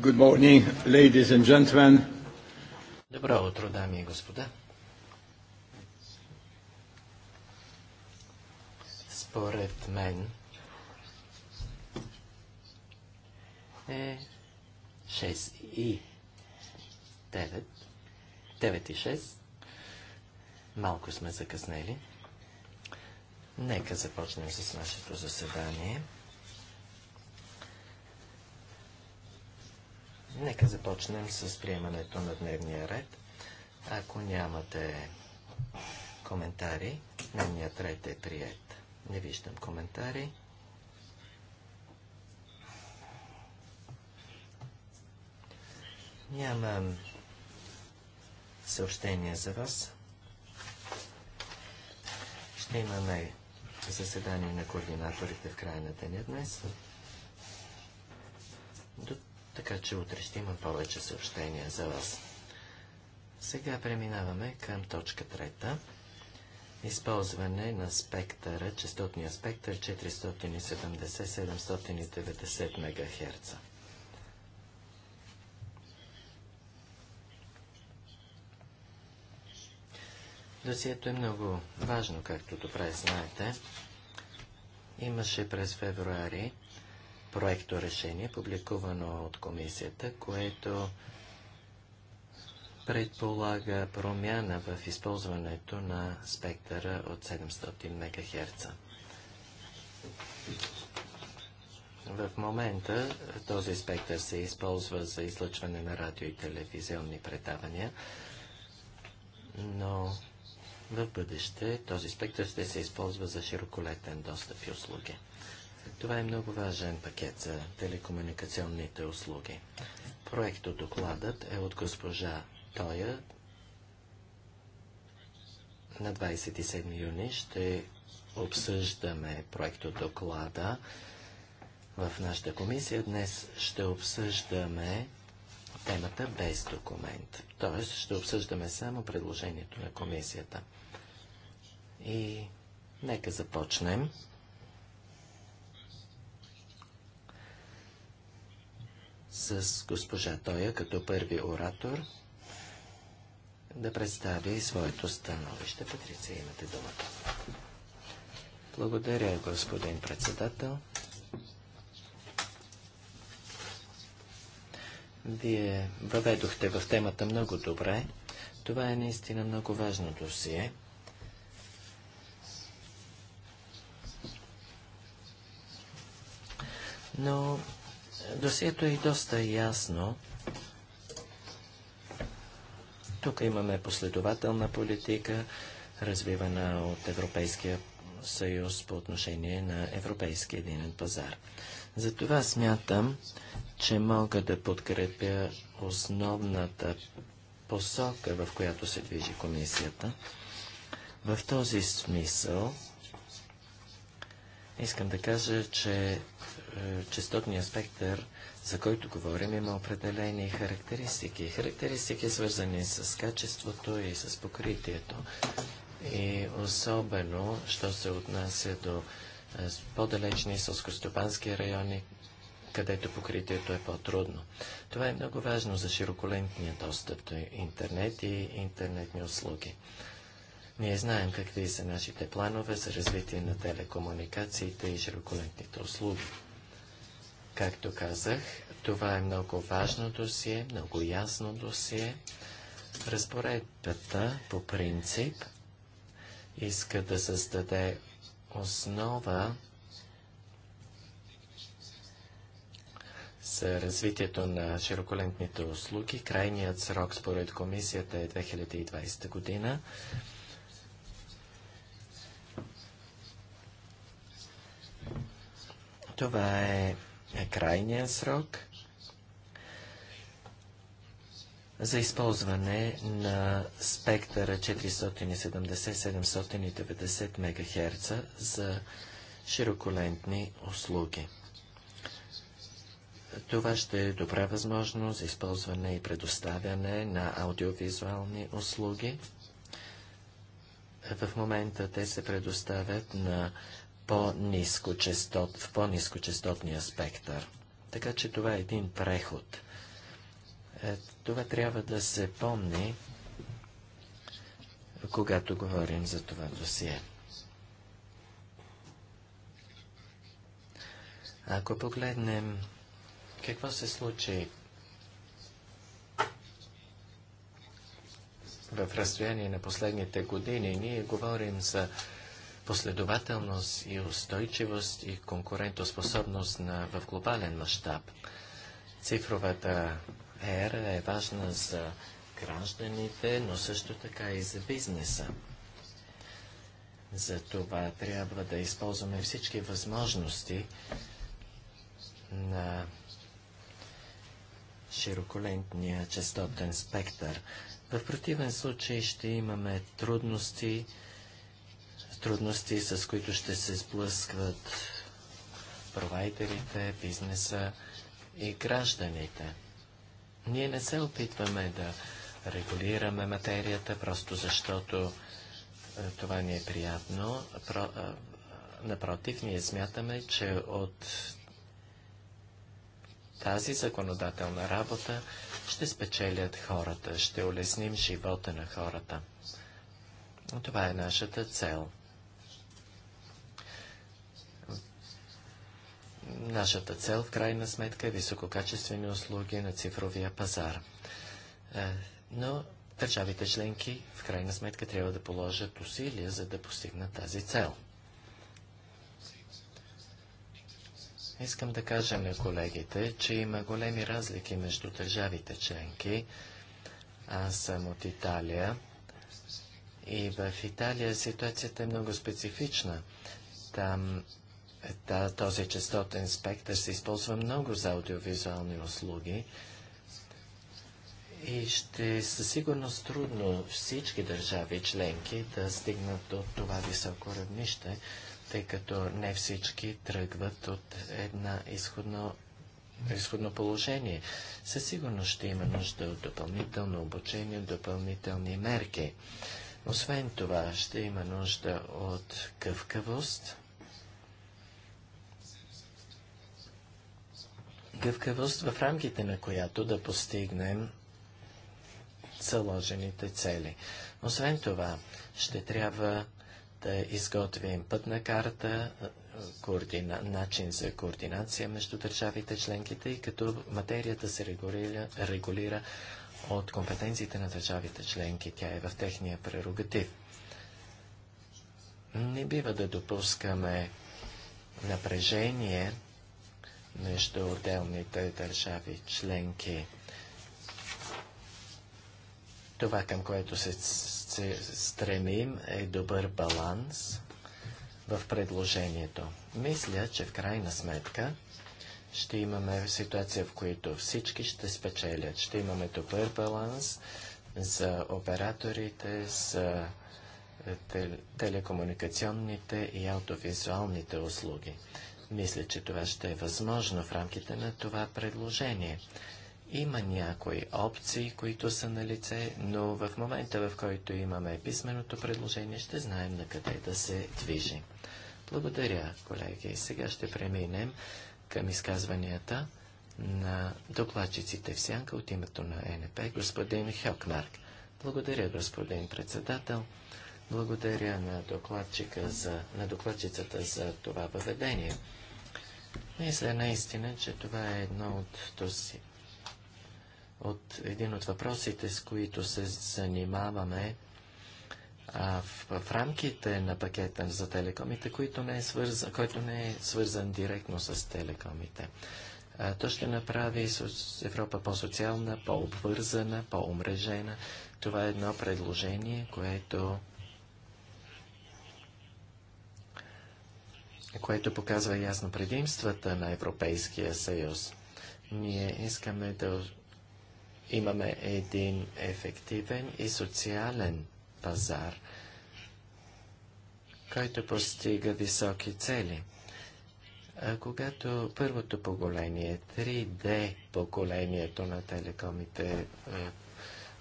Good morning, ladies and gentlemen. Добро утро, дами и господа. Според мен е 6 и 9, 9 и 6. Малко сме закъснели. Нека започнем с нашето заседание. Нека започнем с приемането на дневния ред. Ако нямате коментари, дневният ред е прият. Не виждам коментари. Нямам съобщение за вас. Ще имаме заседание на координаторите в края на деня днес. До така че утре ще има повече съобщения за вас. Сега преминаваме към точка трета. Използване на спектъра, частотния спектър 470-790 МГц. Досието е много важно, както добре знаете. Имаше през февруари проекто решение, публикувано от комисията, което предполага промяна в използването на спектъра от 700 МГц. В момента този спектър се използва за излъчване на радио и телевизионни предавания, но в бъдеще този спектър ще се използва за широколетен достъп и услуги. Това е много важен пакет за телекомуникационните услуги. Проектът докладът е от госпожа Тоя. На 27 юни ще обсъждаме проектът доклада в нашата комисия. Днес ще обсъждаме темата без документ. Тоест ще обсъждаме само предложението на комисията. И нека започнем. с госпожа Тоя като първи оратор да представя и своето становище. Патриция, имате думата. Благодаря, господин председател. Вие въведохте в темата много добре. Това е наистина много важно досие. Но досието е доста ясно. Тук имаме последователна политика, развивана от Европейския съюз по отношение на Европейския единен пазар. Затова смятам, че мога да подкрепя основната посока, в която се движи комисията. В този смисъл искам да кажа, че е, частотния спектър, за който говорим, има определени характеристики. Характеристики свързани с качеството и с покритието. И особено, що се отнася до е, по-далечни сълскостопански райони, където покритието е по-трудно. Това е много важно за широколентния достъп до интернет и интернетни услуги. Ние знаем какви са нашите планове за развитие на телекомуникациите и широколентните услуги. Както казах, това е много важно досие, много ясно досие. Разпоредбата по принцип иска да създаде основа за развитието на широколентните услуги. Крайният срок според комисията е 2020 година. Това е е крайния срок за използване на спектъра 470-790 МГц за широколентни услуги. Това ще е добра възможност за използване и предоставяне на аудиовизуални услуги. В момента те се предоставят на по в по-низкочастотния спектър. Така че това е един преход. Е, това трябва да се помни, когато говорим за това досие. Ако погледнем какво се случи в разстояние на последните години, ние говорим за последователност и устойчивост и конкурентоспособност на, в глобален мащаб. Цифровата ера е важна за гражданите, но също така и за бизнеса. Затова трябва да използваме всички възможности на широколентния частотен спектър. В противен случай ще имаме трудности трудности, с които ще се сблъскват провайдерите, бизнеса и гражданите. Ние не се опитваме да регулираме материята, просто защото е, това ни е приятно. Е, напротив, ние смятаме, че от тази законодателна работа ще спечелят хората, ще улесним живота на хората. Това е нашата цел. Нашата цел в крайна сметка е висококачествени услуги на цифровия пазар. Е, но държавите членки в крайна сметка трябва да положат усилия, за да постигнат тази цел. Искам да кажа на колегите, че има големи разлики между държавите членки. Аз съм от Италия и в Италия ситуацията е много специфична. Там този частотен спектър се използва много за аудиовизуални услуги и ще със сигурност трудно всички държави членки да стигнат до това високо равнище, тъй като не всички тръгват от една изходно, изходно положение. Със сигурност ще има нужда от допълнително обучение, допълнителни мерки. Освен това, ще има нужда от къвкавост. гъвкавост, в рамките на която да постигнем заложените цели. Освен това, ще трябва да изготвим пътна карта, координа... начин за координация между държавите членките и като материята се регулира, регулира от компетенциите на държавите членки. Тя е в техния прерогатив. Не бива да допускаме напрежение между отделните държави членки. Това, към което се стремим, е добър баланс в предложението. Мисля, че в крайна сметка ще имаме ситуация, в която всички ще спечелят. Ще имаме добър баланс за операторите, за е, телекомуникационните и аутовизуалните услуги. Мисля, че това ще е възможно в рамките на това предложение. Има някои опции, които са на лице, но в момента, в който имаме писменото предложение, ще знаем на къде да се движим. Благодаря, колеги. Сега ще преминем към изказванията на докладчиците в сянка от името на НП, господин Хьокмарк. Благодаря, господин председател. Благодаря на, докладчика за, на докладчицата за това въведение. Мисля наистина, че това е едно от, този, от един от въпросите, с които се занимаваме а, в, в рамките на пакета за телекомите, който не е свързан, който не е свързан директно с телекомите. А, то ще направи Европа по-социална, по-обвързана, по-умрежена. Това е едно предложение, което което показва ясно предимствата на Европейския съюз. Ние искаме да имаме един ефективен и социален пазар, който постига високи цели. А когато първото поколение, 3D поколението на телекомите, е,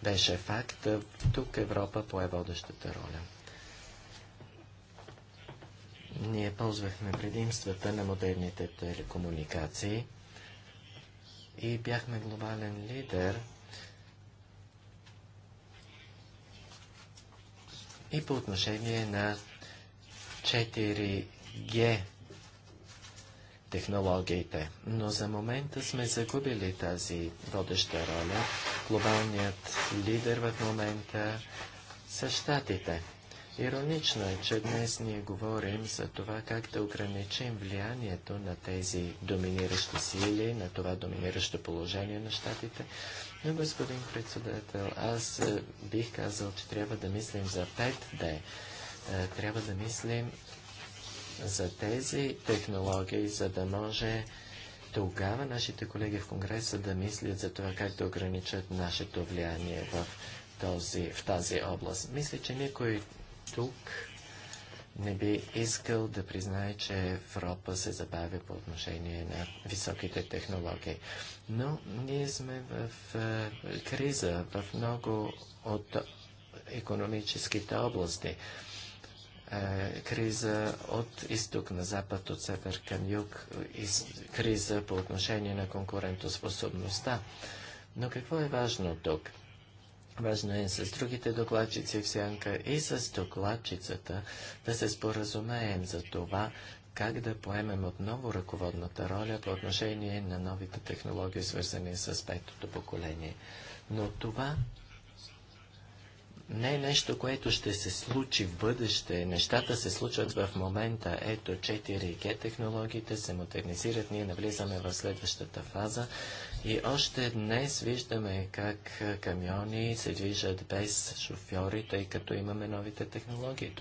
беше факт, тук Европа пое водещата роля. Ние ползвахме предимствата на модерните телекомуникации и бяхме глобален лидер и по отношение на 4G технологиите. Но за момента сме загубили тази водеща роля. Глобалният лидер в момента са щатите. Иронично е, че днес ние говорим за това как да ограничим влиянието на тези доминиращи сили, на това доминиращо положение на щатите. Но, господин председател, аз е, бих казал, че трябва да мислим за 5D. Е, трябва да мислим за тези технологии, за да може тогава нашите колеги в Конгреса да мислят за това как да ограничат нашето влияние в, този, в тази област. Мисля, че никой тук не би искал да признае, че Европа се забавя по отношение на високите технологии. Но ние сме в е, криза в много от економическите области. Е, криза от изток на запад, от север към юг, из, криза по отношение на конкурентоспособността. Но какво е важно тук? Важно е с другите докладчици в сянка и с докладчицата да се споразумеем за това, как да поемем отново ръководната роля по отношение на новите технологии, свързани с петото поколение. Но това не е нещо, което ще се случи в бъдеще. Нещата се случват в момента. Ето 4G технологиите се модернизират, ние навлизаме в следващата фаза и още днес виждаме как камиони се движат без шофьори, тъй като имаме новите технологии.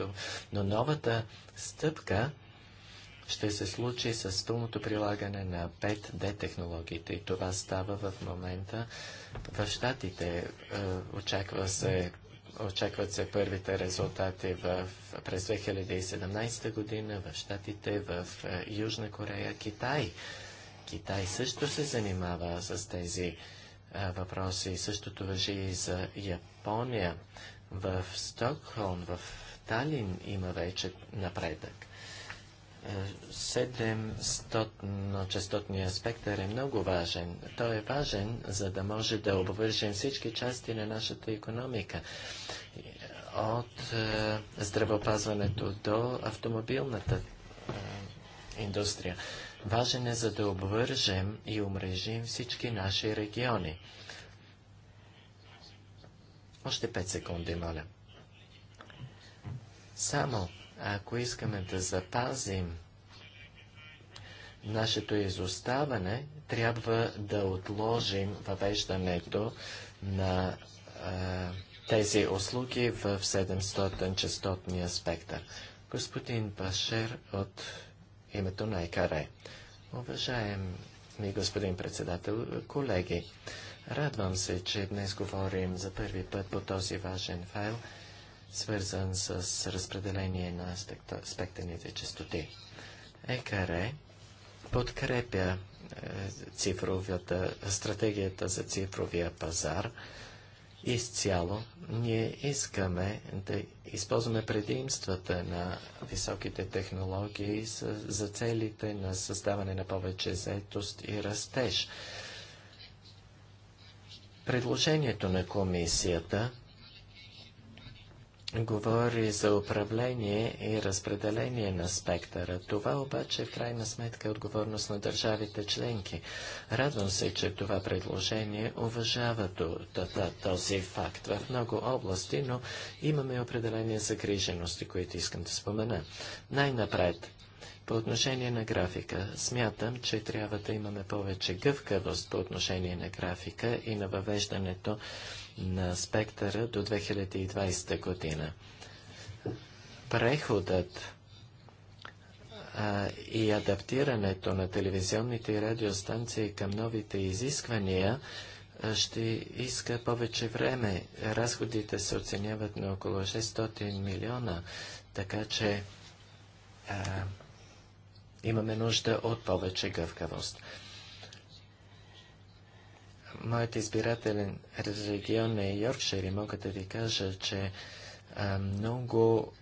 Но новата стъпка ще се случи с пълното прилагане на 5D технологиите и това става в момента в щатите е, очаква се Очакват се първите резултати в, през 2017 година в Штатите, в е, Южна Корея, Китай. Китай също се занимава с тези а, е, въпроси. Същото въжи и за Япония. В Стокхолм, в Талин има вече напредък. 700-частотния спектър е много важен. Той е важен, за да може да обвържем всички части на нашата економика. От здравопазването здравеопазването до автомобилната е, индустрия. Важен е, за да обвържем и умрежим всички наши региони. Още 5 секунди, моля. Само ако искаме да запазим нашето изоставане, трябва да отложим въвеждането на а, тези услуги в 700 частотния спектър. Господин Башер от името на ЕКАРЕ. Уважаеми господин председател, колеги, радвам се, че днес говорим за първи път по този важен файл – свързан с разпределение на спектърните частоти. ЕКР подкрепя е, цифровата, стратегията за цифровия пазар изцяло. Ние искаме да използваме предимствата на високите технологии за целите на създаване на повече заетост и растеж. Предложението на комисията – говори за управление и разпределение на спектъра. Това обаче в крайна сметка е отговорност на държавите членки. Радвам се, че това предложение уважава този факт в много области, но имаме определени загрижености, които искам да спомена. Най-напред, по отношение на графика, смятам, че трябва да имаме повече гъвкавост по отношение на графика и на въвеждането на спектъра до 2020 година. Преходът а, и адаптирането на телевизионните и радиостанции към новите изисквания ще иска повече време. Разходите се оценяват на около 600 милиона, така че а, имаме нужда от повече гъвкавост моят избирателен регион е Йоркшир и мога да ви кажа, че много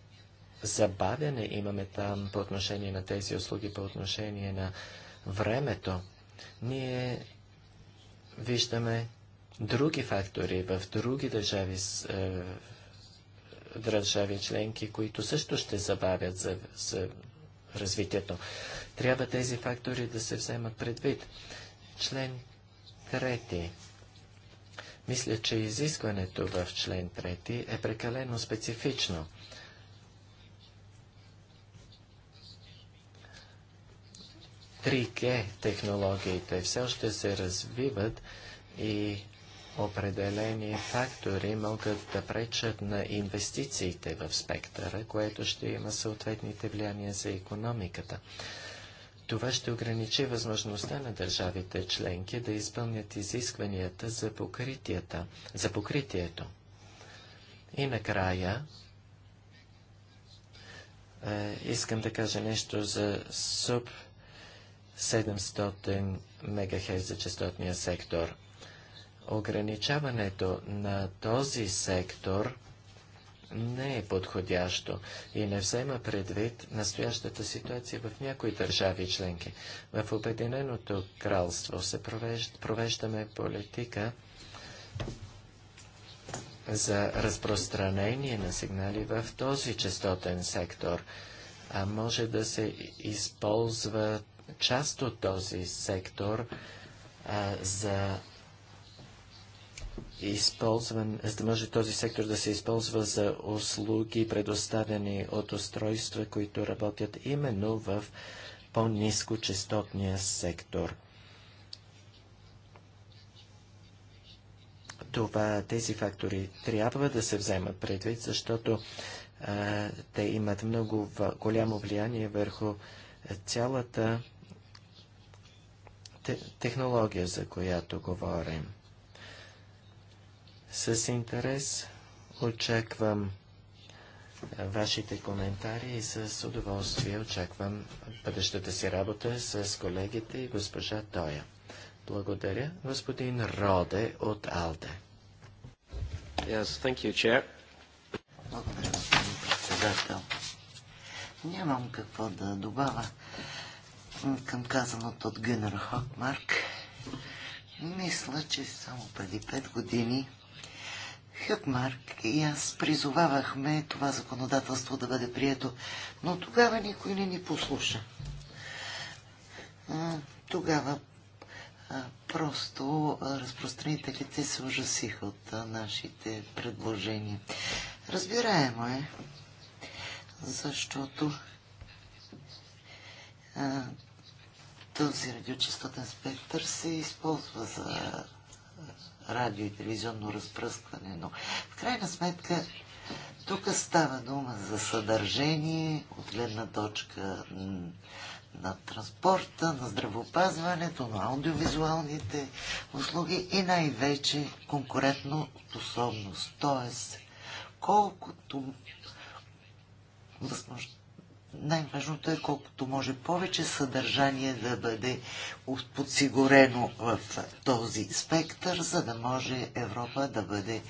забавяне имаме там по отношение на тези услуги, по отношение на времето. Ние виждаме други фактори в други държави, е, държави членки, които също ще забавят за, за развитието. Трябва тези фактори да се вземат предвид. Член трети. Мисля, че изискването в член трети е прекалено специфично. Трике технологиите все още се развиват и определени фактори могат да пречат на инвестициите в спектъра, което ще има съответните влияния за економиката. Това ще ограничи възможността на държавите членки да изпълнят изискванията за, за покритието. И накрая е, искам да кажа нещо за суб 700 МГц за частотния сектор. Ограничаването на този сектор – не е подходящо и не взема предвид настоящата ситуация в някои държави членки. В Обединеното кралство се провежд, провеждаме политика за разпространение на сигнали в този частотен сектор, а може да се използва част от този сектор а, за използван, за да може този сектор да се използва за услуги, предоставени от устройства, които работят именно в по-низкочастотния сектор. Това, тези фактори трябва да се вземат предвид, защото а, те имат много голямо влияние върху цялата технология, за която говорим. С интерес очаквам вашите коментари и с удоволствие очаквам бъдещата си работа с колегите и госпожа Тоя. Благодаря, господин Роде от Алде. Yes, thank you, chair. Благодаря, господин председател. Нямам какво да добавя към казаното от Гюнер Хокмарк. Мисля, че само преди 5 години Хътмарк и аз призовавахме това законодателство да бъде прието, но тогава никой не ни послуша. Тогава просто разпространителите се ужасиха от нашите предложения. Разбираемо е, защото този радиочастотен спектър се използва за радио и телевизионно разпръскване, но в крайна сметка тук става дума за съдържание от гледна точка на транспорта, на здравеопазването, на аудиовизуалните услуги и най-вече конкурентно способност. Тоест, колкото възможност най-важното е колкото може повече съдържание да бъде подсигурено в този спектър, за да може Европа да бъде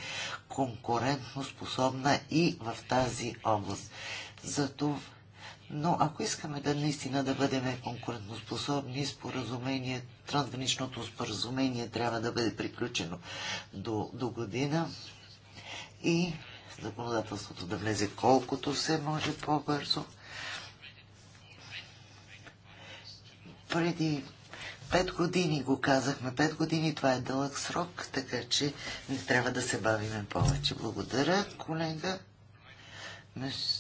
конкурентно способна и в тази област. Зато, но ако искаме да наистина да бъдем конкурентоспособни, споразумение, трансграничното споразумение трябва да бъде приключено до, до година и законодателството да влезе колкото се може по-бързо. преди пет години го казахме. Пет години това е дълъг срок, така че не трябва да се бавиме повече. Благодаря, колега.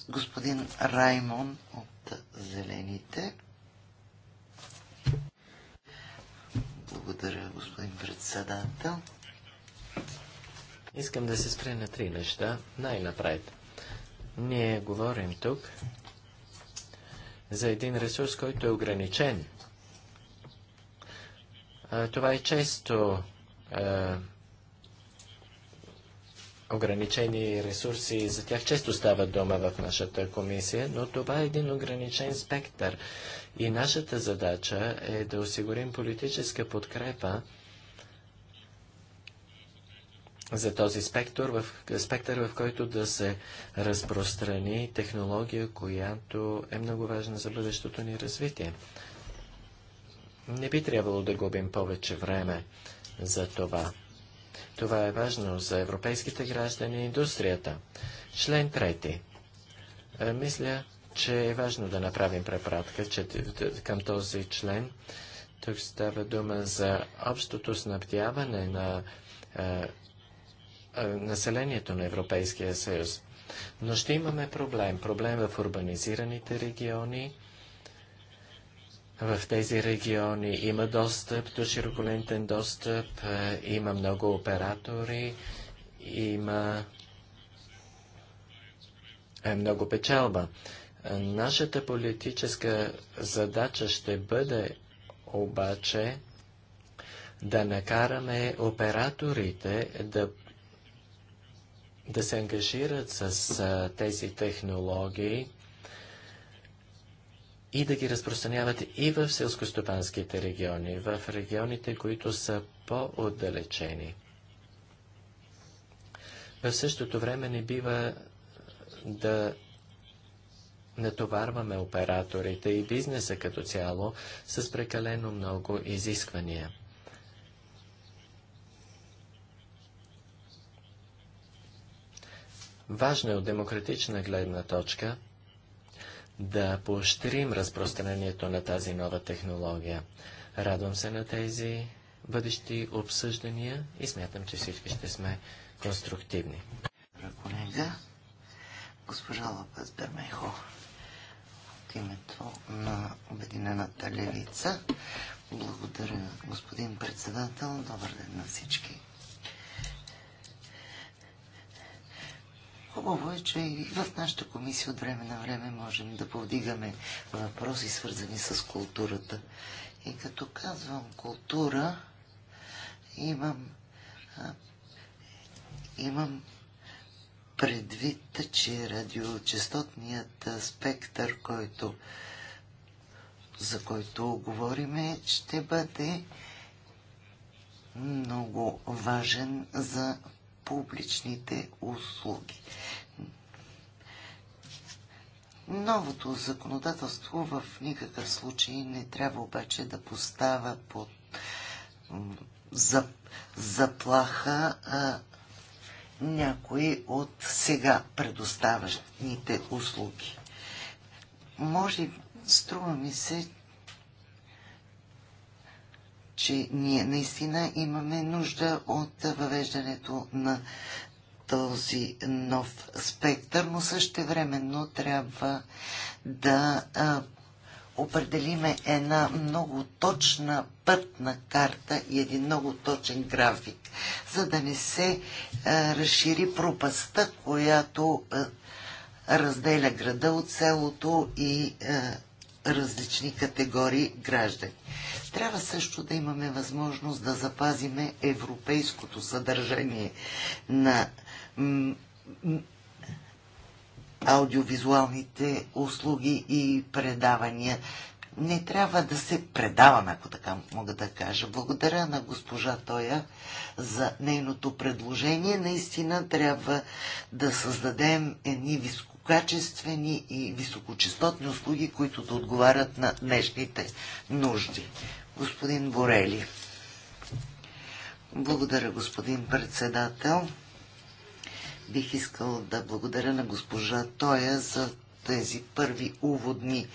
Господин Раймон от Зелените. Благодаря, господин председател. Искам да се спре на три неща. Най-напред. Ние говорим тук за един ресурс, който е ограничен. Това е често ограничени ресурси, за тях често става дома в нашата комисия, но това е един ограничен спектър. И нашата задача е да осигурим политическа подкрепа за този спектър, в, спектър, в който да се разпространи технология, която е много важна за бъдещото ни развитие. Не би трябвало да губим повече време за това. Това е важно за европейските граждани и индустрията. Член 3. Е, мисля, че е важно да направим препратка че, към този член. Тук става дума за общото снабдяване на е, е, населението на Европейския съюз. Но ще имаме проблем. Проблем в урбанизираните региони в тези региони има достъп до широколентен достъп, е, има много оператори, има е, много печалба. Нашата политическа задача ще бъде обаче да накараме операторите да, да се ангажират с е, тези технологии, и да ги разпространяват и в селскостопанските региони, в регионите, които са по-отдалечени. В същото време не бива да натоварваме операторите и бизнеса като цяло с прекалено много изисквания. Важно е от демократична гледна точка – да поощрим разпространението на тази нова технология. Радвам се на тези бъдещи обсъждания и смятам, че всички ще сме конструктивни. Колега, госпожа Лопес Бермехо, от името на Обединената левица, благодаря господин председател, добър ден на всички. Хубаво е, че и в нашата комисия от време на време можем да повдигаме въпроси, свързани с културата. И като казвам култура, имам, а, имам предвид, че радиочастотният спектър, който, за който говориме, ще бъде много важен за публичните услуги. Новото законодателство в никакъв случай не трябва обаче да поставя под заплаха а, някои от сега предоставящите услуги. Може, струва ми се, че ние наистина имаме нужда от въвеждането на този нов спектър, но също времено трябва да а, определиме една много точна пътна карта и един много точен график, за да не се а, разшири пропаста, която а, разделя града от селото и а, различни категории граждани. Трябва също да имаме възможност да запазиме европейското съдържание на аудиовизуалните услуги и предавания не трябва да се предаваме, ако така мога да кажа. Благодаря на госпожа Тоя за нейното предложение. Наистина трябва да създадем едни висококачествени и високочастотни услуги, които да отговарят на днешните нужди. Господин Борели. Благодаря, господин председател. Бих искал да благодаря на госпожа Тоя за тези първи уводни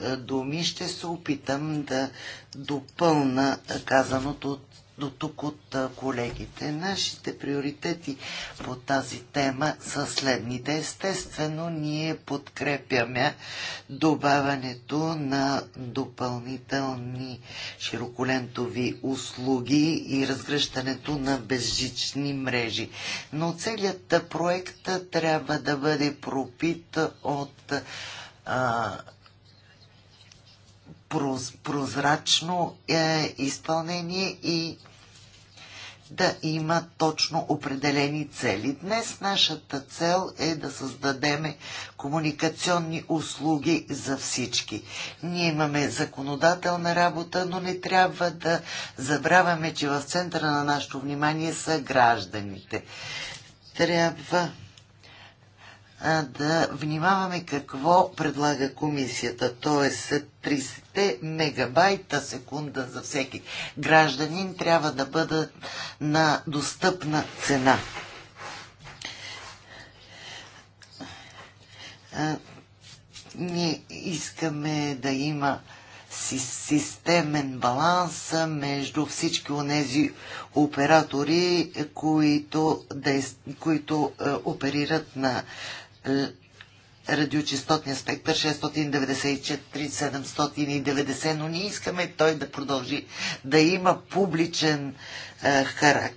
е, думи, ще се опитам да допълна казаното от до тук от колегите. Нашите приоритети по тази тема са следните. Естествено, ние подкрепяме добавянето на допълнителни широколентови услуги и разгръщането на безжични мрежи. Но целият проект трябва да бъде пропит от а, прозрачно е, изпълнение и да има точно определени цели. Днес нашата цел е да създадеме комуникационни услуги за всички. Ние имаме законодателна работа, но не трябва да забравяме, че в центъра на нашето внимание са гражданите. Трябва да внимаваме какво предлага комисията, т.е. 30 мегабайта секунда за всеки гражданин трябва да бъдат на достъпна цена. Ние искаме да има системен баланс между всички онези оператори, които, които е, оперират на е, радиочастотния спектър 694-790, но ние искаме той да продължи да има публичен а, е, характер,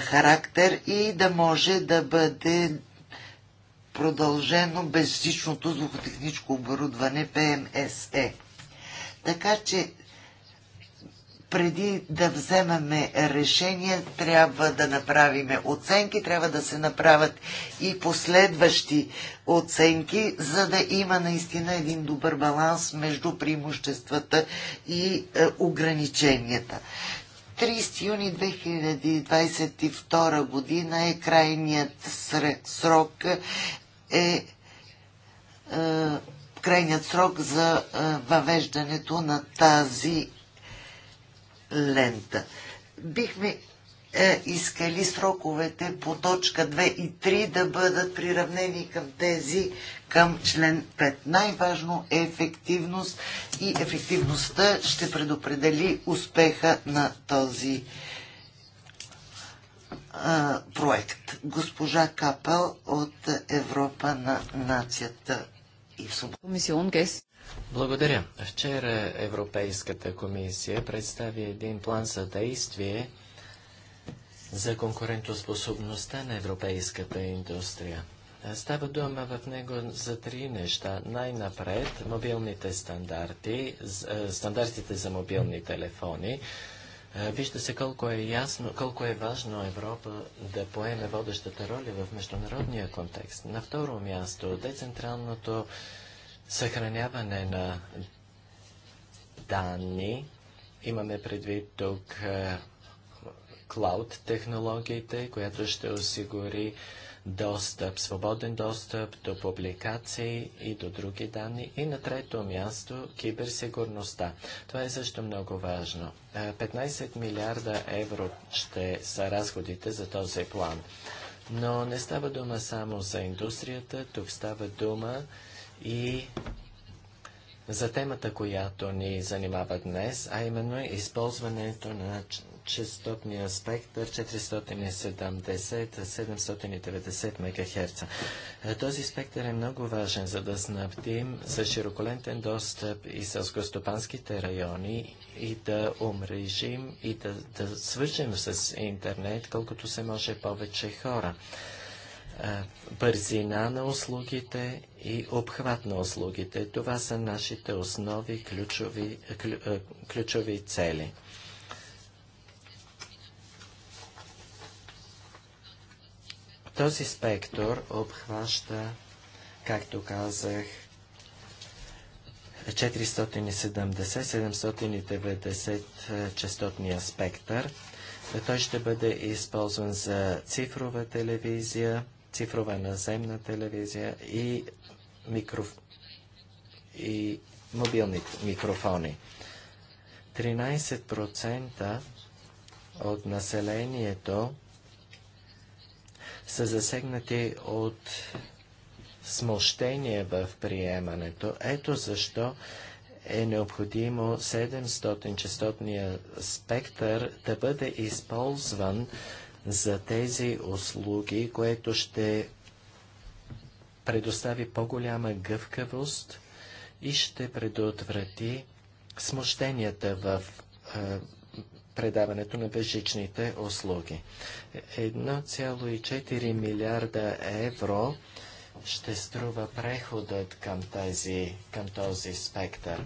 характер и да може да бъде продължено без всичкото звукотехническо оборудване ПМСЕ. E. Така че преди да вземеме решения, трябва да направим оценки, трябва да се направят и последващи оценки, за да има наистина един добър баланс между преимуществата и е, ограниченията. 30 юни 2022 година е крайният срок е, е крайният срок за е, въвеждането на тази лента. Бихме е, искали сроковете по точка 2 и 3 да бъдат приравнени към тези към член 5. Най-важно е ефективност и ефективността ще предопредели успеха на този е, проект. Госпожа Капел от Европа на нацията и Гест. Благодаря. Вчера Европейската комисия представи един план за действие за конкурентоспособността на европейската индустрия. Става дума в него за три неща. Най-напред мобилните стандарти, е, стандартите за мобилни телефони. Е, Вижте се колко е ясно, колко е важно Европа да поеме водещата роля в международния контекст. На второ място, децентралното съхраняване на данни. Имаме предвид тук е, клауд технологиите, която ще осигури достъп, свободен достъп до публикации и до други данни. И на трето място киберсигурността. Това е също много важно. 15 е, милиарда евро ще са разходите за този план. Но не става дума само за индустрията, тук става дума и за темата, която ни занимава днес, а именно използването на частотния спектър 470-790 МГц. Е, този спектър е много важен, за да снабдим с широколентен достъп и с гостопанските райони и да умрежим и да, да свържем с интернет колкото се може повече хора. Е, бързина на услугите и обхват на услугите. Това са нашите основи, ключови, ключ, е, ключови цели. Този спектър обхваща, както казах, 470-790 е, частотния спектър. Той ще бъде използван за цифрова телевизия, цифрова наземна телевизия и микроф... и мобилни микрофони. 13% от населението са засегнати от смущение в приемането. Ето защо е необходимо 700-частотния спектър да бъде използван за тези услуги, което ще предостави по-голяма гъвкавост и ще предотврати смущенията в е, предаването на бежичните услуги. 1,4 милиарда евро ще струва преходът към, тази, към този спектър.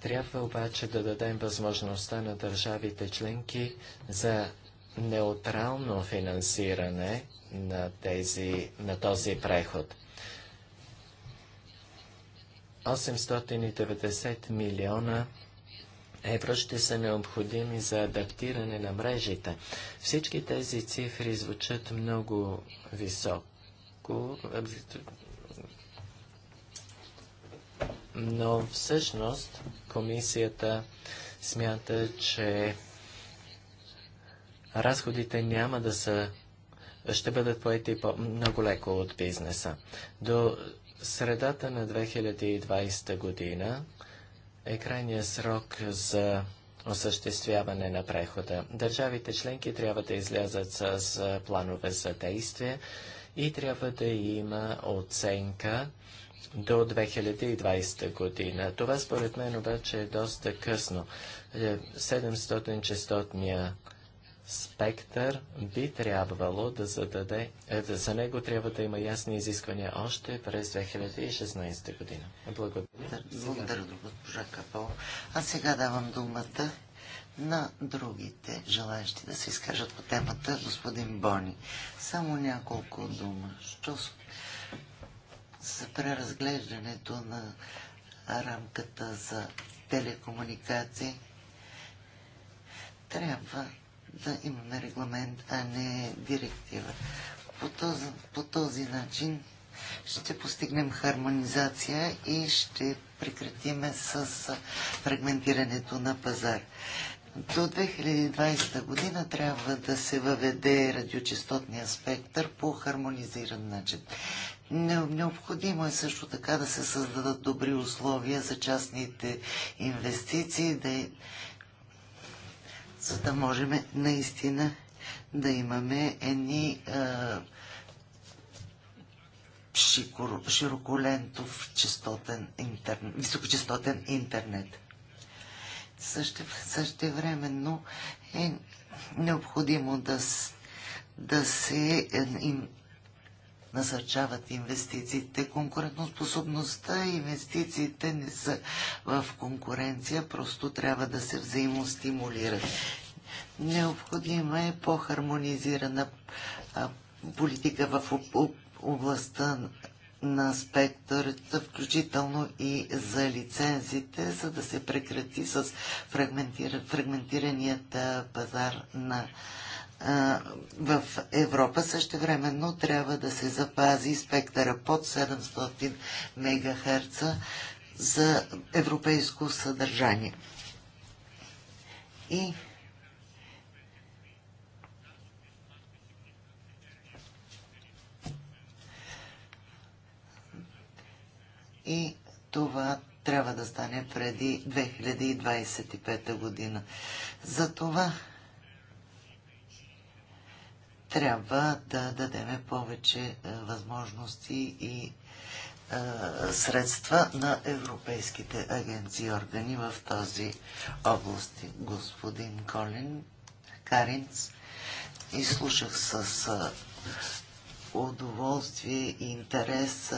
Трябва обаче да дадем възможността на държавите членки за неутрално финансиране на, тези, на този преход. 890 милиона евро ще са необходими за адаптиране на мрежите. Всички тези цифри звучат много високо, но всъщност комисията смята, че разходите няма да са, ще бъдат поети по много леко от бизнеса. До средата на 2020 година е крайният срок за осъществяване на прехода. Държавите членки трябва да излязат с планове за действие и трябва да има оценка до 2020 година. Това според мен обаче е доста късно. 700-600 е, спектър би трябвало да зададе, е, за него трябва да има ясни изисквания още през 2016 година. Благодаря. Благодаря, госпожа Капал. А сега давам думата на другите желаящи да се изкажат по темата, господин Бони. Само няколко дума. Що за преразглеждането на рамката за телекомуникации трябва да имаме регламент, а не директива. По този, по този начин ще постигнем хармонизация и ще прекратиме с фрагментирането на пазар. До 2020 година трябва да се въведе радиочастотния спектър по хармонизиран начин. Необходимо е също така да се създадат добри условия за частните инвестиции, да е за да можем наистина да имаме едни широколентов частотен интернет, високочастотен интернет. Също, същевременно е необходимо да, да се е, насърчават инвестициите. Конкурентоспособността и инвестициите не са в конкуренция, просто трябва да се взаимостимулират. Необходима е по-хармонизирана политика в областта на спектърът, включително и за лицензите, за да се прекрати с фрагментира, фрагментираният пазар на в Европа. Същевременно трябва да се запази спектъра под 700 МГц за европейско съдържание. И и това трябва да стане преди 2025 година. За това трябва да дадеме повече е, възможности и е, средства на европейските агенции и органи в този област. Господин Колин Каринц, изслушах с е, удоволствие и интерес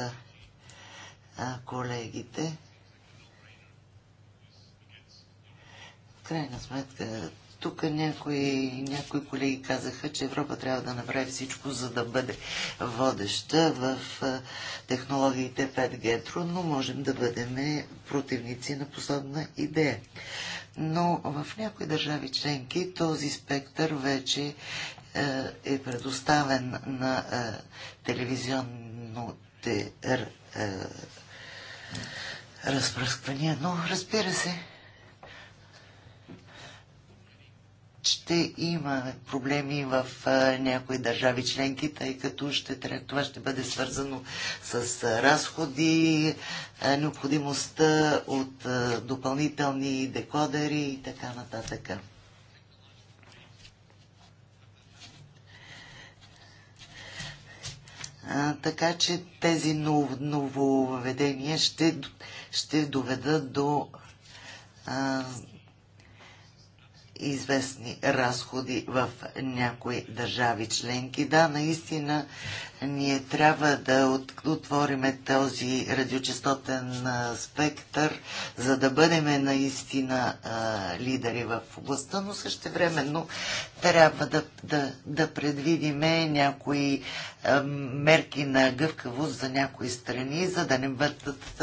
колегите. В крайна сметка тук някои, някои колеги казаха, че Европа трябва да направи всичко, за да бъде водеща в технологиите 5G. но можем да бъдем противници на подобна идея. Но в някои държави членки този спектър вече е предоставен на телевизионните разпръсквания. Но разбира се, ще има проблеми в някои държави членки, тъй като ще, това ще бъде свързано с разходи, необходимостта от допълнителни декодери и така нататък. така че тези нововведения ще, ще доведат до а, известни разходи в някои държави членки. Да, наистина ние трябва да отвориме този радиочастотен спектър, за да бъдем наистина лидери в областта, но също времено трябва да, да, да предвидиме някои мерки на гъвкавост за някои страни, за да не бъдат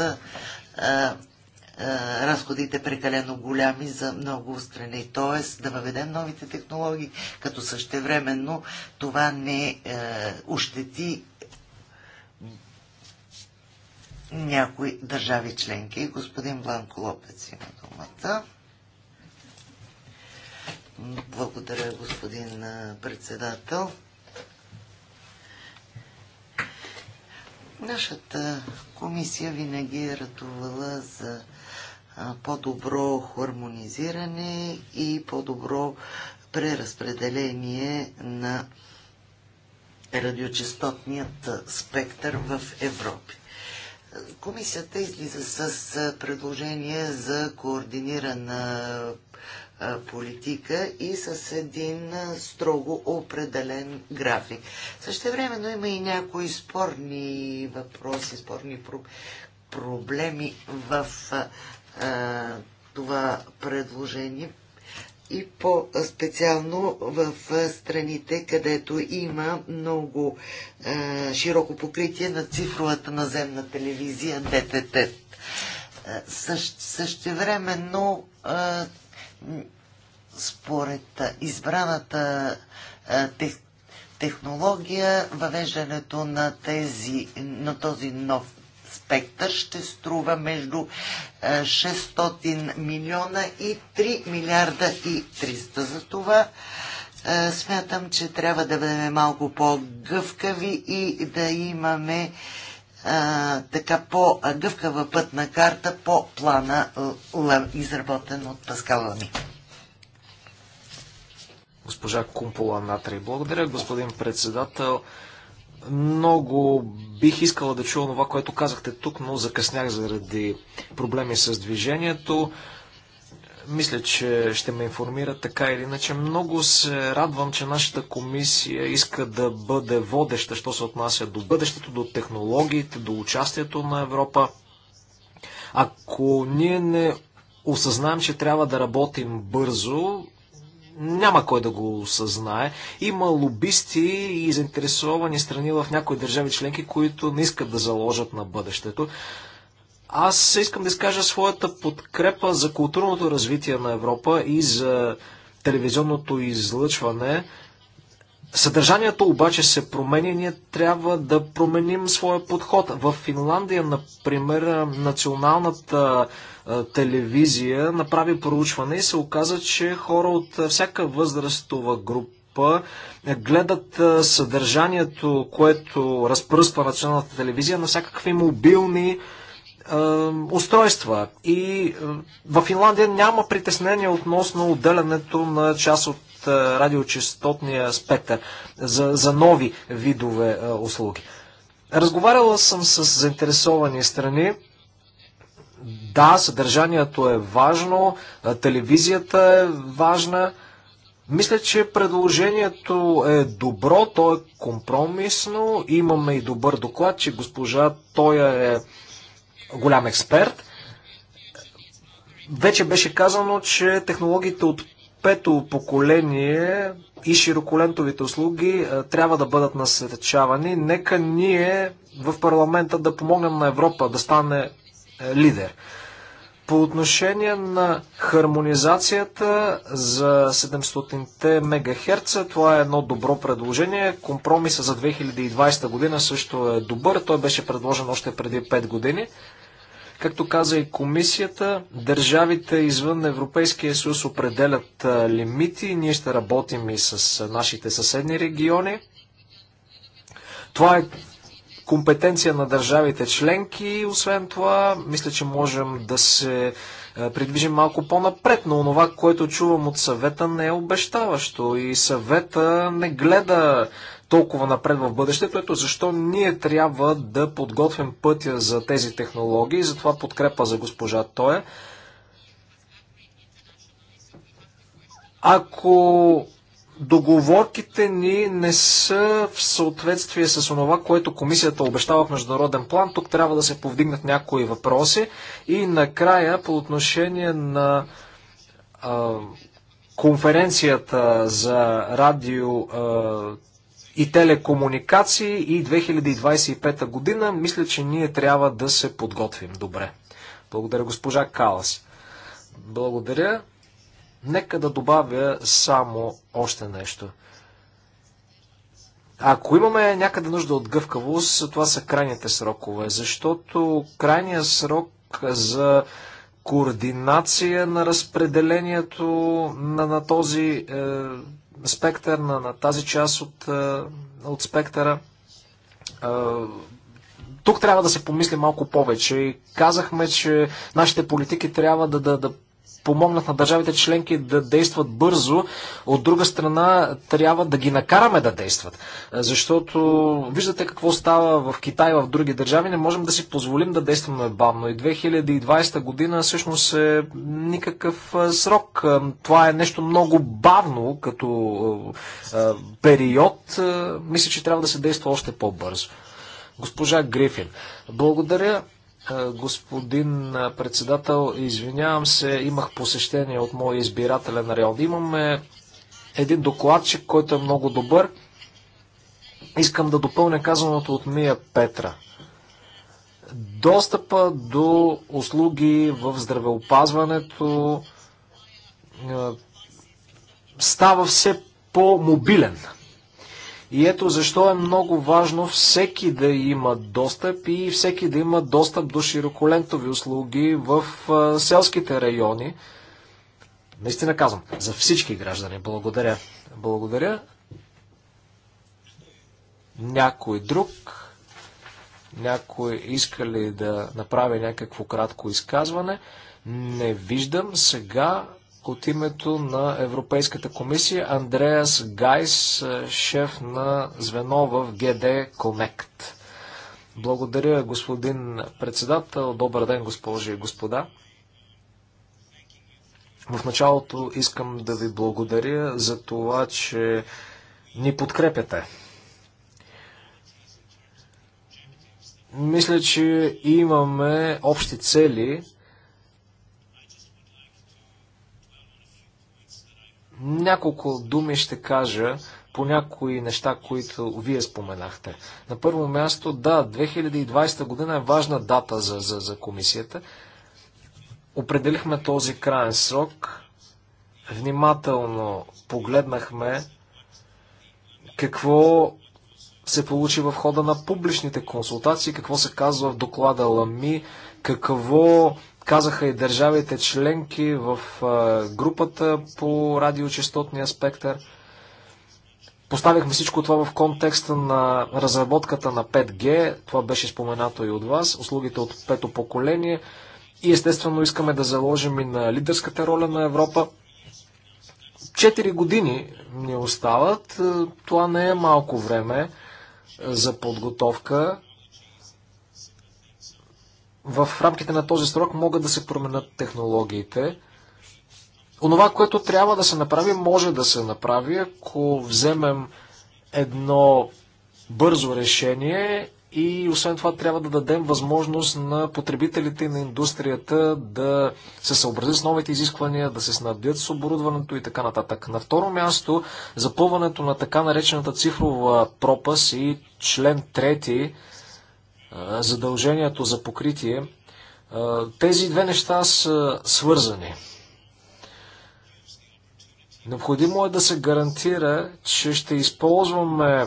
разходите прекалено голями за много страни. Тоест да въведем новите технологии, като същевременно това не е, ощети някои държави членки. Господин Бланко Лопец има думата. Благодаря, господин председател. Нашата комисия винаги е ратувала за по-добро хармонизиране и по-добро преразпределение на радиочастотният спектър в Европи. Комисията излиза с предложение за координирана политика и с един строго определен график. Също времено има и някои спорни въпроси, спорни проблеми в а, това предложение и по-специално в страните, където има много е, широко покритие на цифровата наземна телевизия ДТТ. Същ, същевременно, е, според избраната е, тех, технология, въвеждането на, тези, на този нов спектър ще струва между 600 е, милиона и 3 милиарда и 300. За това е, смятам, че трябва да бъдем малко по-гъвкави и да имаме а, е, така по-гъвкава пътна карта по плана, изработен от Паскал Лами. Госпожа Кумпола Натри, благодаря господин председател. Много бих искала да чуя това, което казахте тук, но закъснях заради проблеми с движението. Мисля, че ще ме информира така или иначе. Много се радвам, че нашата комисия иска да бъде водеща, що се отнася до бъдещето, до технологиите, до участието на Европа. Ако ние не осъзнаем, че трябва да работим бързо, няма кой да го осъзнае. Има лобисти и заинтересовани страни в някои държави членки, които не искат да заложат на бъдещето. Аз искам да изкажа своята подкрепа за културното развитие на Европа и за телевизионното излъчване. Съдържанието обаче се променя и ние трябва да променим своя подход. В Финландия, например, националната телевизия направи проучване и се оказа, че хора от всяка възрастова група гледат съдържанието, което разпръства националната телевизия на всякакви мобилни устройства. И в Финландия няма притеснение относно отделянето на част от радиочастотния спектър, за, за нови видове а, услуги. Разговаряла съм с заинтересовани страни. Да, съдържанието е важно, телевизията е важна. Мисля, че предложението е добро, то е компромисно. Имаме и добър доклад, че госпожа Тоя е голям експерт. Вече беше казано, че технологиите от пето поколение и широколентовите услуги е, трябва да бъдат насърчавани. Нека ние в парламента да помогнем на Европа да стане е, лидер. По отношение на хармонизацията за 700-те мегахерца, това е едно добро предложение. Компромиса за 2020 година също е добър. Той беше предложен още преди 5 години. Както каза и комисията, държавите извън Европейския съюз определят лимити. Ние ще работим и с нашите съседни региони. Това е компетенция на държавите членки. Освен това, мисля, че можем да се придвижим малко по-напред, но това, което чувам от съвета не е обещаващо и съвета не гледа толкова напред в бъдещето. Ето защо ние трябва да подготвим пътя за тези технологии, затова подкрепа за госпожа Тоя. Ако договорките ни не са в съответствие с това, което комисията обещава в международен план, тук трябва да се повдигнат някои въпроси. И накрая, по отношение на а, конференцията за радио, а, и телекомуникации и 2025 година, мисля, че ние трябва да се подготвим добре. Благодаря, госпожа Калас. Благодаря. Нека да добавя само още нещо. Ако имаме някъде нужда от гъвкавост, това са крайните срокове, защото крайният срок за координация на разпределението на, на този е, спектър, на, на тази част от, е, от спектъра. Е, тук трябва да се помисли малко повече. казахме, че нашите политики трябва да, да, да помогнат на държавите членки да действат бързо, от друга страна трябва да ги накараме да действат. Е, защото виждате какво става в Китай, в други държави, не можем да си позволим да действаме бавно. И 2020 година всъщност е никакъв е, срок. Е, това е нещо много бавно като период. Мисля, че трябва да се действа още по-бързо. Госпожа Грифин, благодаря господин председател. Извинявам се, имах посещение от моя избирателен район. Имаме един докладчик, който е много добър. Искам да допълня казаното от Мия Петра. Достъпа до услуги в здравеопазването става все по-мобилен и ето защо е много важно всеки да има достъп и всеки да има достъп до широколентови услуги в селските райони. Наистина казвам, за всички граждани. Благодаря. Благодаря. Някой друг? Някой иска ли да направи някакво кратко изказване? Не виждам. Сега от името на Европейската комисия Андреас Гайс, е, шеф на звено в ГД Connect. Благодаря, господин председател. Добър ден, госпожи и господа. В началото искам да ви благодаря за това, че ни подкрепяте. Мисля, че имаме общи цели, Няколко думи ще кажа по някои неща, които вие споменахте. На първо място, да, 2020 година е важна дата за, за, за комисията. Определихме този крайен срок. Внимателно погледнахме какво се получи в хода на публичните консултации, какво се казва в доклада Лами, какво казаха и държавите членки в групата по радиочастотния спектър. Поставихме всичко това в контекста на разработката на 5G, това беше споменато и от вас, услугите от пето поколение и естествено искаме да заложим и на лидерската роля на Европа. Четири години ни остават, е, това не е малко време за подготовка в рамките на този срок могат да се променят технологиите. Онова, което трябва да се направи, може да се направи, ако вземем едно бързо решение и освен това трябва да дадем възможност на потребителите и на индустрията да се съобразят с новите изисквания, да се снабдят с оборудването и така нататък. На второ място, запълването на така наречената цифрова пропас и член трети задължението за покритие, тези две неща са свързани. Необходимо е да се гарантира, че ще използваме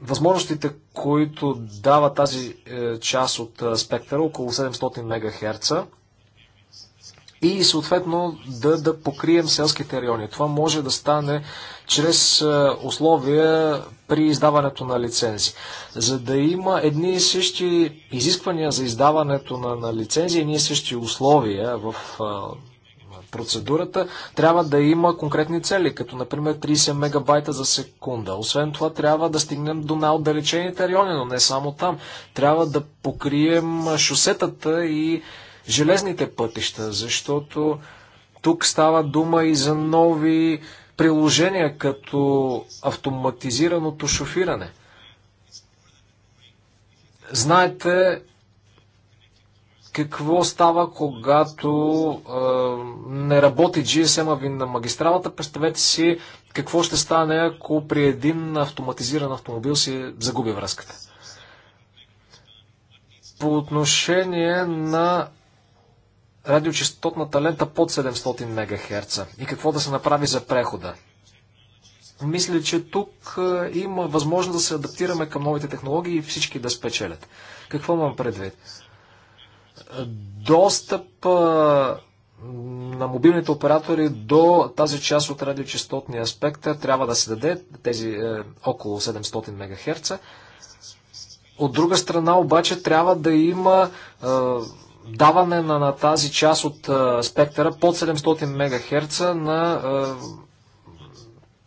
възможностите, които дава тази е, част от е, спектъра, около 700 МГц, и съответно да, да покрием селските райони. Това може да стане чрез е, условия при издаването на лицензи. За да има едни и същи изисквания за издаването на, на лицензи, едни и същи условия в а, е, процедурата, трябва да има конкретни цели, като например 30 мегабайта за секунда. Освен това трябва да стигнем до най-отдалечените райони, но не само там. Трябва да покрием шосетата и железните пътища, защото тук става дума и за нови приложения, като автоматизираното шофиране. Знаете какво става, когато е, не работи GSM-а ви на магистралата. Представете си какво ще стане, ако при един автоматизиран автомобил си загуби връзката. По отношение на радиочастотната лента под 700 МГц и какво да се направи за прехода. Мисля, че тук е, има възможност да се адаптираме към новите технологии и всички да спечелят. Какво имам предвид? Достъп е, на мобилните оператори до тази част от радиочастотния спектър трябва да се даде тези е, около 700 МГц. От друга страна обаче трябва да има е, даване на, на тази част от а, спектъра под 700 МГц на а,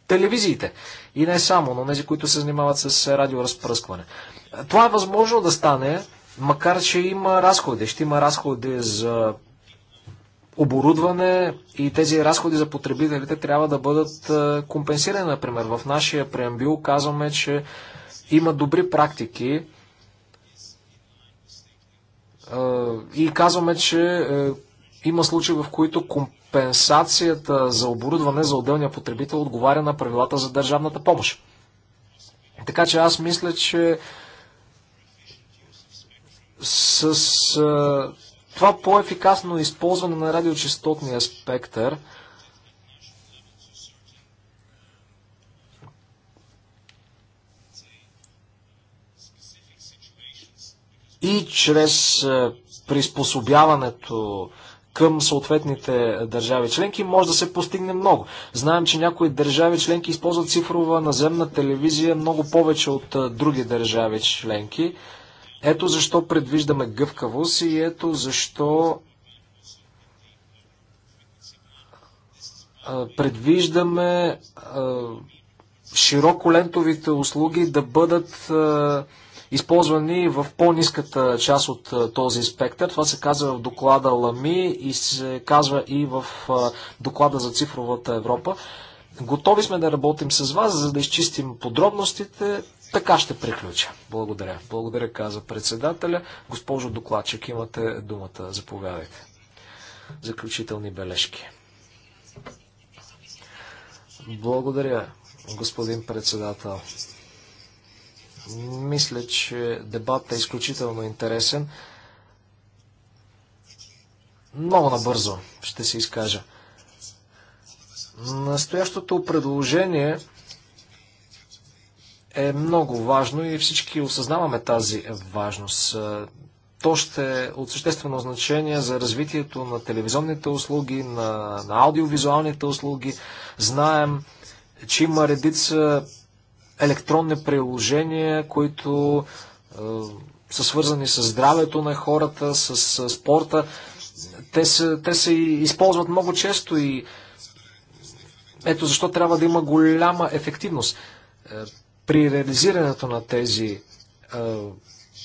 телевизиите. И не само, но тези, които се занимават с радиоразпръскване. Това е възможно да стане, макар че има разходи. Ще има разходи за оборудване и тези разходи за потребителите трябва да бъдат компенсирани, например. В нашия преамбил казваме, че има добри практики, и казваме, че е, има случаи, в които компенсацията за оборудване за отделния потребител отговаря на правилата за държавната помощ. Така че аз мисля, че с е, това по-ефикасно използване на радиочастотния спектър, и чрез приспособяването към съответните държави членки може да се постигне много. Знаем, че някои държави членки използват цифрова наземна телевизия много повече от други държави членки. Ето защо предвиждаме гъвкавост и ето защо предвиждаме широколентовите услуги да бъдат използвани в по-низката част от този спектър. Това се казва в доклада ЛАМИ и се казва и в доклада за цифровата Европа. Готови сме да работим с вас, за да изчистим подробностите. Така ще приключа. Благодаря. Благодаря, каза председателя. Госпожо докладчик, имате думата. Заповядайте. Заключителни бележки. Благодаря, господин председател. Мисля, че дебатът е изключително интересен. Много набързо ще се изкажа. Настоящото предложение е много важно и всички осъзнаваме тази важност. То ще е от съществено значение за развитието на телевизионните услуги, на, на аудиовизуалните услуги. Знаем, че има редица електронни приложения, които е, са свързани с здравето на хората, с, с спорта. Те се, те се използват много често и ето защо трябва да има голяма ефективност е, при реализирането на тези е,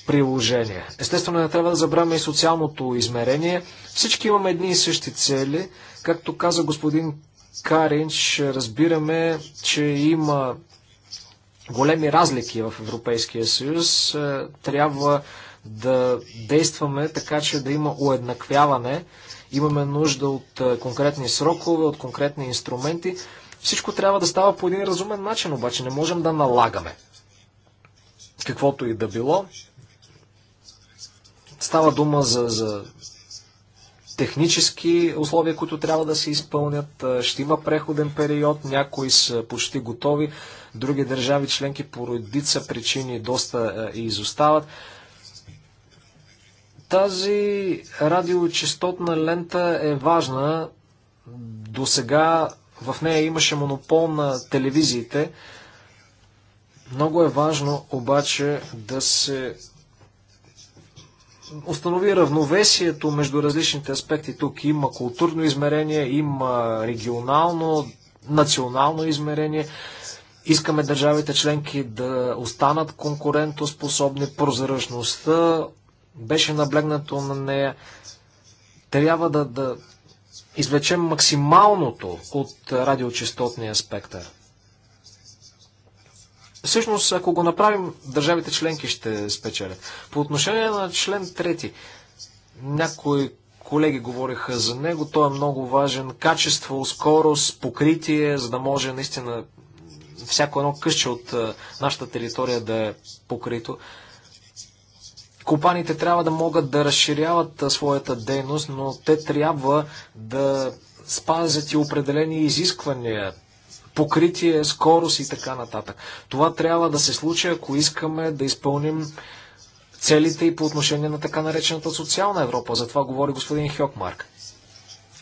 приложения. Естествено, не трябва да забравяме и социалното измерение. Всички имаме едни и същи цели. Както каза господин Каринч, разбираме, че има големи разлики в Европейския съюз. Е, трябва да действаме така, че да има уеднаквяване. Имаме нужда от е, конкретни срокове, от конкретни инструменти. Всичко трябва да става по един разумен начин, обаче не можем да налагаме каквото и да било. Става дума за, за технически условия, които трябва да се изпълнят. Ще има преходен период, някои са почти готови, други държави членки по родица причини доста изостават. Тази радиочастотна лента е важна. До сега в нея имаше монопол на телевизиите. Много е важно обаче да се установи равновесието между различните аспекти. Тук има културно измерение, има регионално, национално измерение. Искаме държавите членки да останат конкурентоспособни. Прозрачността беше наблегнато на нея. Трябва да, да извлечем максималното от радиочастотния спектър. Всъщност, ако го направим, държавите членки ще спечелят. По отношение на член 3, някои колеги говориха за него. Той е много важен. Качество, скорост, покритие, за да може наистина всяко едно къще от нашата територия да е покрито. Компаниите трябва да могат да разширяват своята дейност, но те трябва да спазят и определени изисквания покритие, скорост и така нататък. Това трябва да се случи, ако искаме да изпълним целите и по отношение на така наречената социална Европа. За това говори господин Хьокмарк.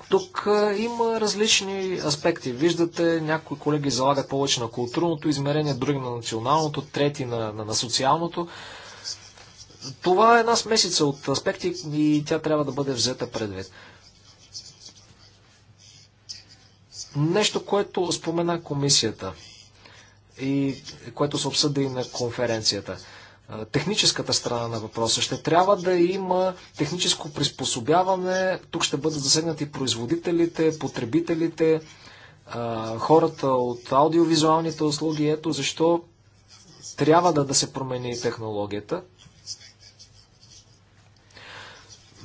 Тук има различни аспекти. Виждате, някои колеги залагат повече на културното измерение, други на националното, трети на, на, на социалното. Това е една смесица от аспекти и тя трябва да бъде взета предвид. Нещо, което спомена комисията и което се обсъди и на конференцията. Техническата страна на въпроса. Ще трябва да има техническо приспособяване. Тук ще бъдат засегнати производителите, потребителите, хората от аудиовизуалните услуги. Ето защо трябва да, да се промени технологията.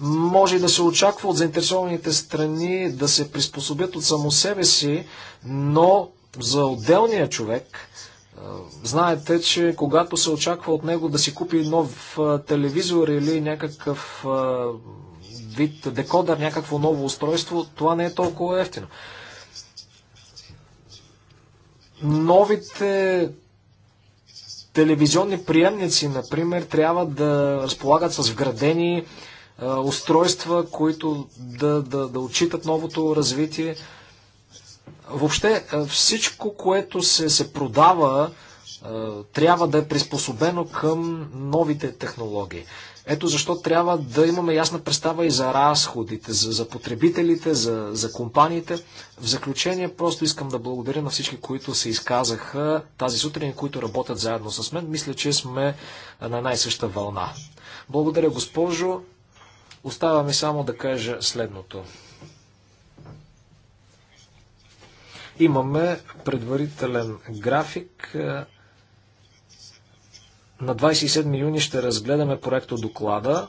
може да се очаква от заинтересованите страни да се приспособят от само себе си, но за отделния човек, знаете, че когато се очаква от него да си купи нов телевизор или някакъв вид декодър, някакво ново устройство, това не е толкова ефтино. Новите телевизионни приемници, например, трябва да разполагат с вградени устройства, които да, да, да отчитат новото развитие. Въобще всичко, което се, се продава, трябва да е приспособено към новите технологии. Ето защо трябва да имаме ясна представа и за разходите, за, за потребителите, за, за компаниите. В заключение просто искам да благодаря на всички, които се изказаха тази сутрин, които работят заедно с мен. Мисля, че сме на най-съща вълна. Благодаря, госпожо. Остава ми само да кажа следното. Имаме предварителен график. На 27 юни ще разгледаме проекто доклада.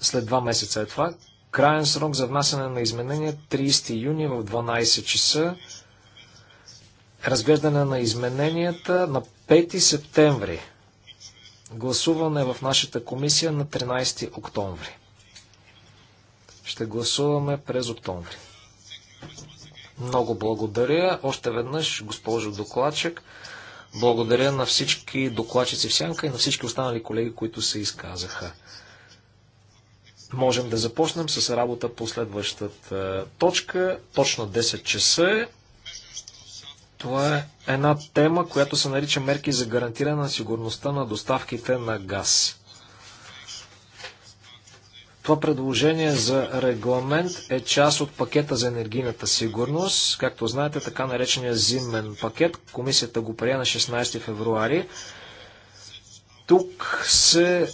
След два месеца е това. Краен срок за внасяне на изменения 30 юни в 12 часа. Разглеждане на измененията на 5 септември гласуване в нашата комисия на 13 октомври. Ще гласуваме през октомври. Много благодаря. Още веднъж, госпожо докладчик, благодаря на всички докладчици в Сянка и на всички останали колеги, които се изказаха. Можем да започнем с работа по следващата е, точка. Точно 10 часа това е една тема, която се нарича мерки за гарантиране на сигурността на доставките на газ. Това предложение за регламент е част от пакета за енергийната сигурност, както знаете, така наречения зимен пакет. Комисията го прие на 16 февруари. Тук се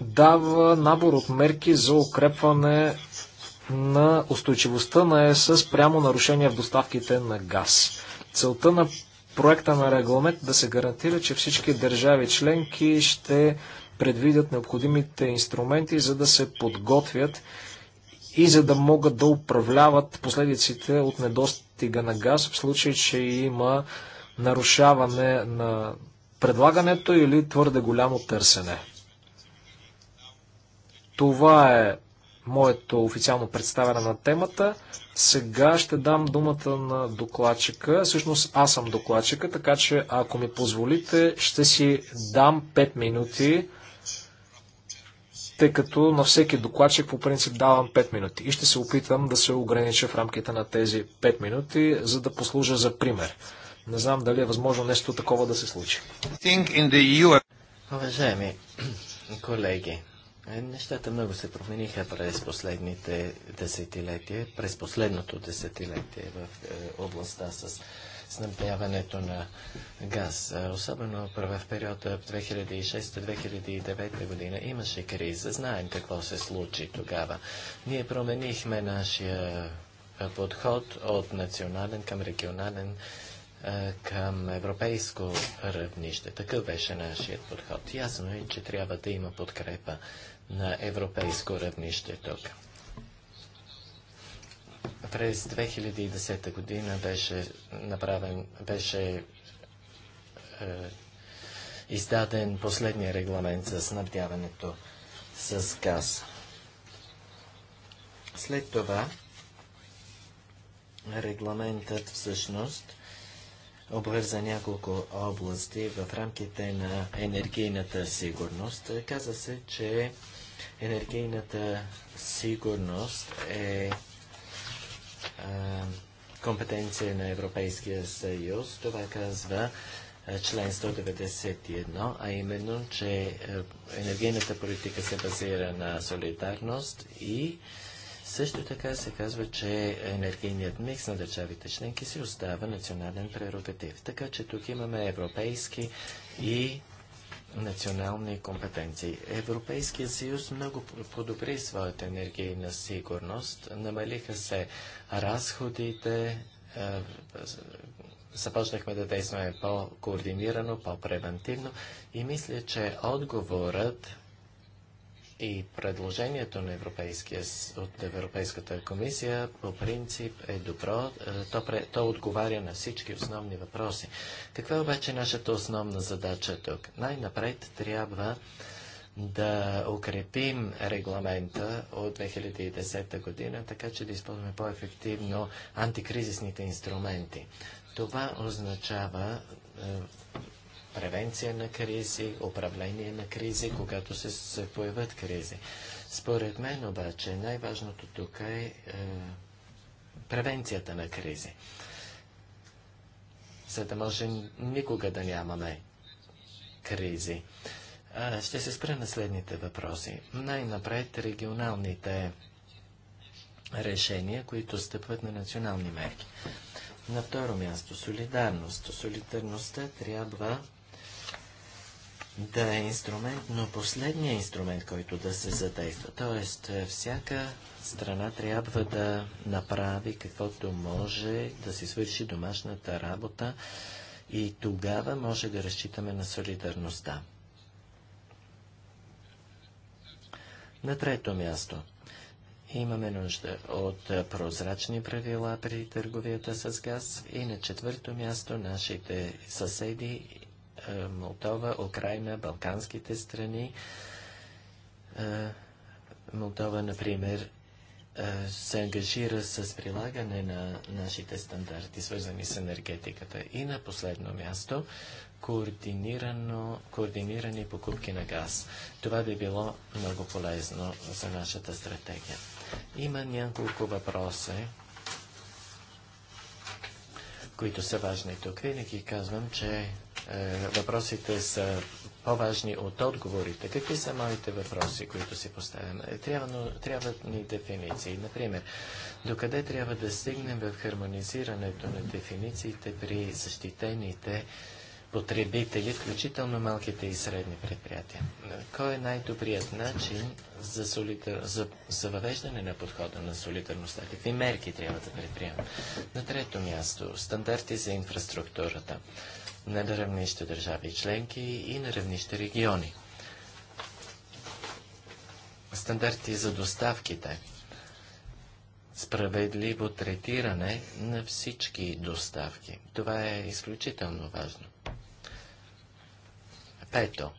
дава набор от мерки за укрепване на устойчивостта на ЕС прямо нарушения в доставките на газ. Целта на проекта на регламент е да се гарантира, че всички държави членки ще предвидят необходимите инструменти, за да се подготвят и за да могат да управляват последиците от недостига на газ в случай, че има нарушаване на предлагането или твърде голямо търсене. Това е моето официално представяне на темата. Сега ще дам думата на докладчика. Всъщност аз съм докладчика, така че ако ми позволите, ще си дам 5 минути, тъй като на всеки докладчик по принцип давам 5 минути. И ще се опитам да се огранича в рамките на тези 5 минути, за да послужа за пример. Не знам дали е възможно нещо такова да се случи. Уважаеми колеги, е, нещата много се промениха през последните десетилетия, през последното десетилетие в е, областта с снабдяването на газ. Е, особено в периода 2006-2009 година имаше криза. Знаем какво се случи тогава. Ние променихме нашия подход от национален към регионален към европейско равнище. Такъв беше нашият подход. Ясно е, че трябва да има подкрепа на европейско равнище тук. През 2010 година беше направен, беше е, издаден последния регламент за снабдяването с газ. След това регламентът всъщност обвърза няколко области в рамките на енергийната сигурност. Каза се, че Енергийната сигурност е а, компетенция на Европейския съюз. Това казва член 191, а именно, че енергийната политика се базира на солидарност и също така се казва, че енергийният микс на държавите членки си остава национален прерогатив. Така че тук имаме европейски и национални компетенции. Европейския съюз много подобри своята енергийна сигурност, намалиха се разходите, е, започнахме да действаме по-координирано, по-превентивно и мисля, че отговорът и предложението на Европейския, от Европейската комисия по принцип е добро. Е, то, то отговаря на всички основни въпроси. Каква е обаче нашата основна задача тук? Най-напред трябва да укрепим регламента от 2010 година, така че да използваме по-ефективно антикризисните инструменти. Това означава е, превенция на кризи, управление на кризи, когато се, се появят кризи. Според мен обаче най-важното тук е, е превенцията на кризи, за да може никога да нямаме кризи. А, ще се спра на следните въпроси. Най-напред регионалните решения, които стъпват на национални мерки. На второ място солидарност. Солидарността трябва да е инструмент, но последният инструмент, който да се задейства. Тоест, е, всяка страна трябва да направи каквото може, да си свърши домашната работа и тогава може да разчитаме на солидарността. На трето място. Имаме нужда от прозрачни правила при търговията с газ и на четвърто място нашите съседи Молдова, Украина, Балканските страни. Молдова, например, се ангажира с прилагане на нашите стандарти, свързани с енергетиката. И на последно място, координирани покупки на газ. Това би било много полезно за нашата стратегия. Има няколко въпроса, които са важни тук. Винаги казвам, че е, въпросите са по-важни от отговорите. Какви са моите въпроси, които си поставям? Е, трябва, трябват ни дефиниции. Например, докъде трябва да стигнем в хармонизирането на дефинициите при защитените потребители, включително малките и средни предприятия. Кой е най-добрият начин за, солидар... за, за въвеждане на подхода на солидарността? Какви мерки трябва да предприемем? На трето място, стандарти за инфраструктурата на равнище държави членки и на равнище региони. Стандарти за доставките. Справедливо третиране на всички доставки. Това е изключително важно. Пето.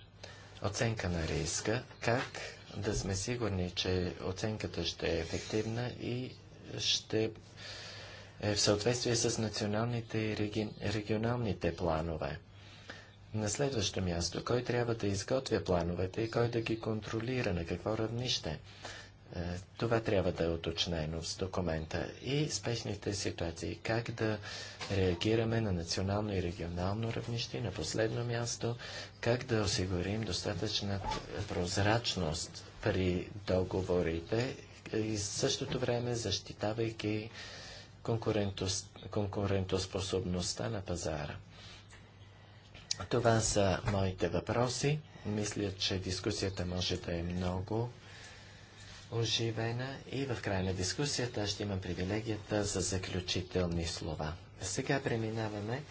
Оценка на риска. Как да сме сигурни, че оценката ще е ефективна и ще е в съответствие с националните и реги... регионалните планове. На следващо място, кой трябва да изготвя плановете и кой да ги контролира, на какво равнище? Е, това трябва да е уточнено с документа и спешните ситуации. Как да реагираме на национално и регионално равнище на последно място, как да осигурим достатъчна прозрачност при договорите и в същото време защитавайки конкурентоспособността на пазара. Това са моите въпроси. Мисля, че дискусията може да е много оживена и в края на дискусията ще имам привилегията за заключителни слова. Сега преминаваме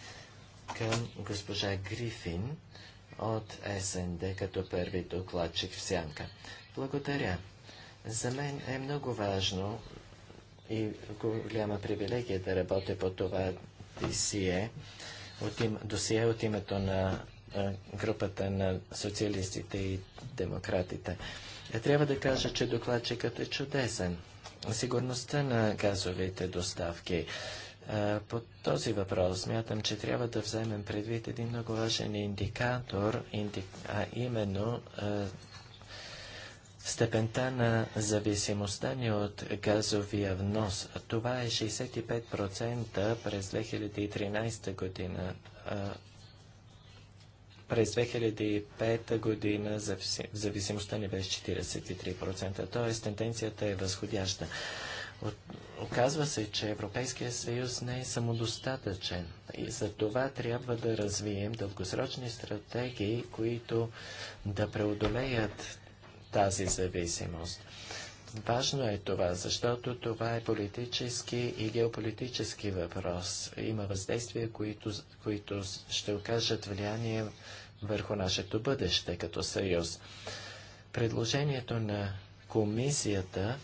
към госпожа Грифин от СНД като първи докладчик в Сянка. Благодаря. За мен е много важно и голяма привилегия да работя по това досие от, им, досие от името на групата на социалистите и демократите. Е, трябва да кажа, че докладчикът е чудесен. Сигурността на газовите доставки. По този въпрос смятам, че трябва да вземем предвид един много важен индикатор, инди... а именно Степента на зависимостта ни от газовия внос. Това е 65% през 2013 година. през 2005 година зависимостта ни беше 43%, т.е. тенденцията е възходяща. оказва се, че Европейския съюз не е самодостатъчен и за това трябва да развием дългосрочни стратегии, които да преодолеят тази зависимост. Важно е това, защото това е политически и геополитически въпрос. Има въздействия, които, които ще окажат влияние върху нашето бъдеще като съюз. Предложението на комисията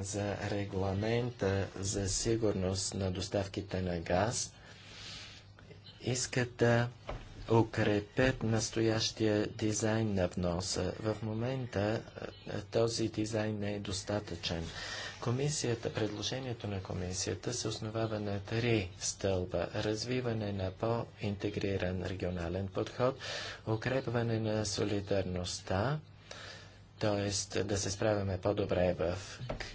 за регламента за сигурност на доставките на газ иска да укрепят настоящия дизайн на вноса. В момента е, е, този дизайн не е достатъчен. Комисията, предложението на комисията се основава на три стълба. Развиване на по-интегриран регионален подход, укрепване на солидарността, т.е. да се справяме по-добре в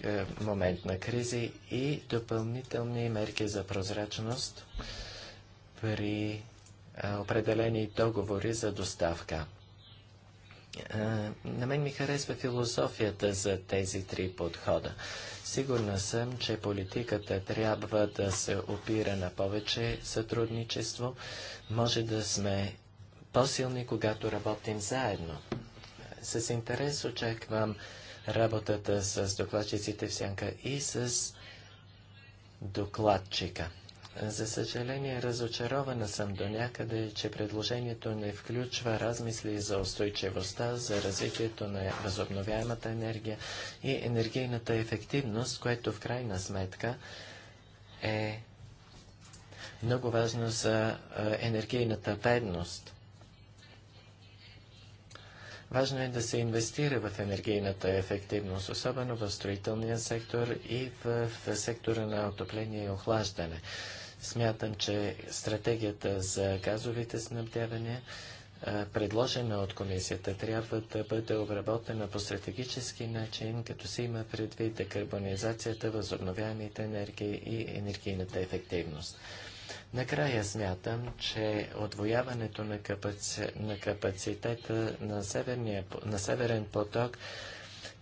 е, момент на кризи и допълнителни мерки за прозрачност при е, определени договори за доставка. Е, на мен ми харесва философията за тези три подхода. Сигурна съм, че политиката трябва да се опира на повече сътрудничество. Може да сме по-силни, когато работим заедно. С интерес очаквам работата с докладчиците в сянка и с докладчика. За съжаление, разочарована съм до някъде, че предложението не включва размисли за устойчивостта, за развитието на възобновяемата енергия и енергийната ефективност, което в крайна сметка е много важно за енергийната бедност. Важно е да се инвестира в енергийната ефективност, особено в строителния сектор и в, сектора на отопление и охлаждане. Смятам, че стратегията за газовите снабдявания, предложена от комисията, трябва да бъде обработена по стратегически начин, като се има предвид декарбонизацията, възобновяемите енергии и енергийната ефективност. Накрая смятам, че отвояването на, капаци... на капацитета на, северния... на Северен поток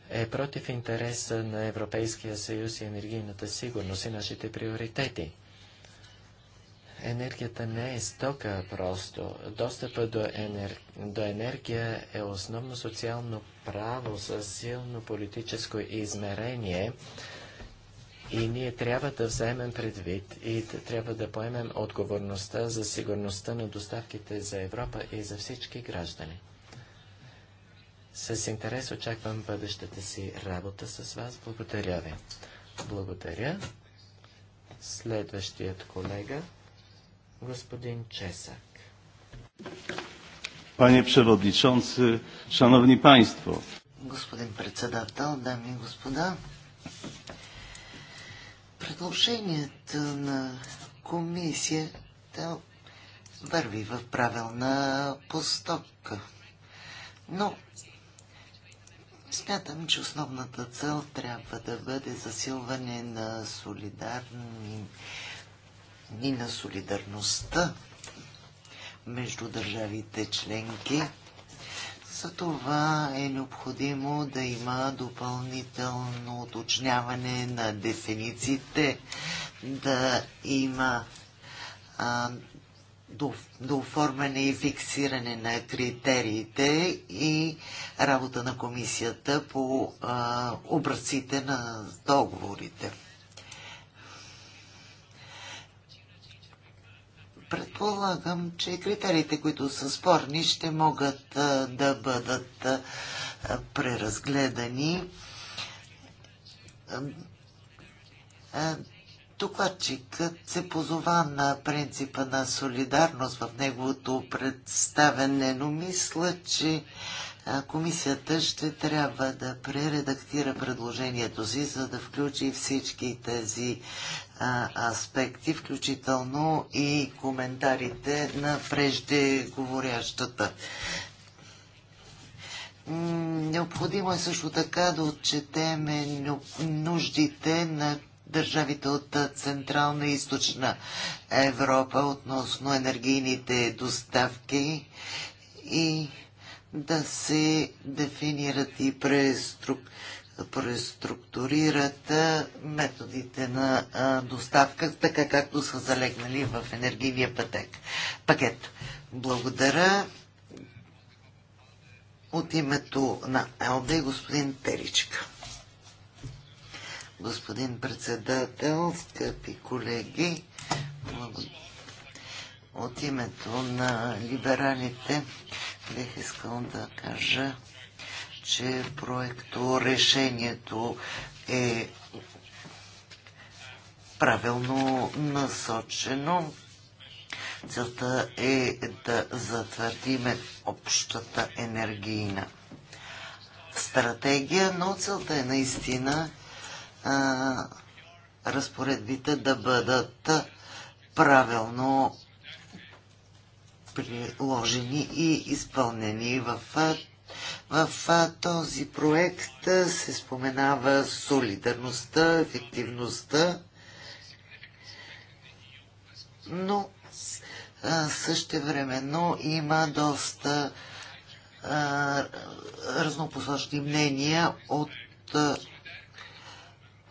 е против интереса на Европейския съюз и енергийната сигурност и нашите приоритети енергията не е стока просто. Достъпа до, енер... до енергия е основно социално право с силно политическо измерение. И ние трябва да вземем предвид и да, трябва да поемем отговорността за сигурността на доставките за Европа и за всички граждани. С интерес очаквам бъдещата си работа с вас. Благодаря ви. Благодаря. Следващият колега господин Чесак. Panie Przewodniczący, Szanowni Państwo. Господин председател, дами и господа, предложението на комисията върви в правилна постъпка. Но смятам, че основната цел трябва да бъде засилване на солидарни ни на солидарността между държавите членки. За това е необходимо да има допълнително уточняване на дефинициите, да има а, до, до оформяне и фиксиране на критериите и работа на комисията по а, образците на договорите. Предполагам, че критериите, които са спорни, ще могат да бъдат преразгледани. Докладчикът се позова на принципа на солидарност в неговото представене, но мисля, че комисията ще трябва да прередактира предложението си, за да включи всички тези аспекти, включително и коментарите на преждеговорящата. Необходимо е също така да отчетеме нуждите на държавите от Централна и Източна Европа относно енергийните доставки и да се дефинират и преструк... преструктурират методите на доставка, така както са залегнали в енергийния пътек. пакет. Благодаря от името на ЛД и господин Теричка. Господин председател, скъпи колеги, от името на либералите бих искал да кажа, че проекто решението е правилно насочено. Целта е да затвърдиме общата енергийна стратегия, но целта е наистина а, разпоредбите да бъдат правилно приложени и изпълнени. В, в, в този проект се споменава солидарността, ефективността, но същевременно има доста а, разнопосочни мнения от а,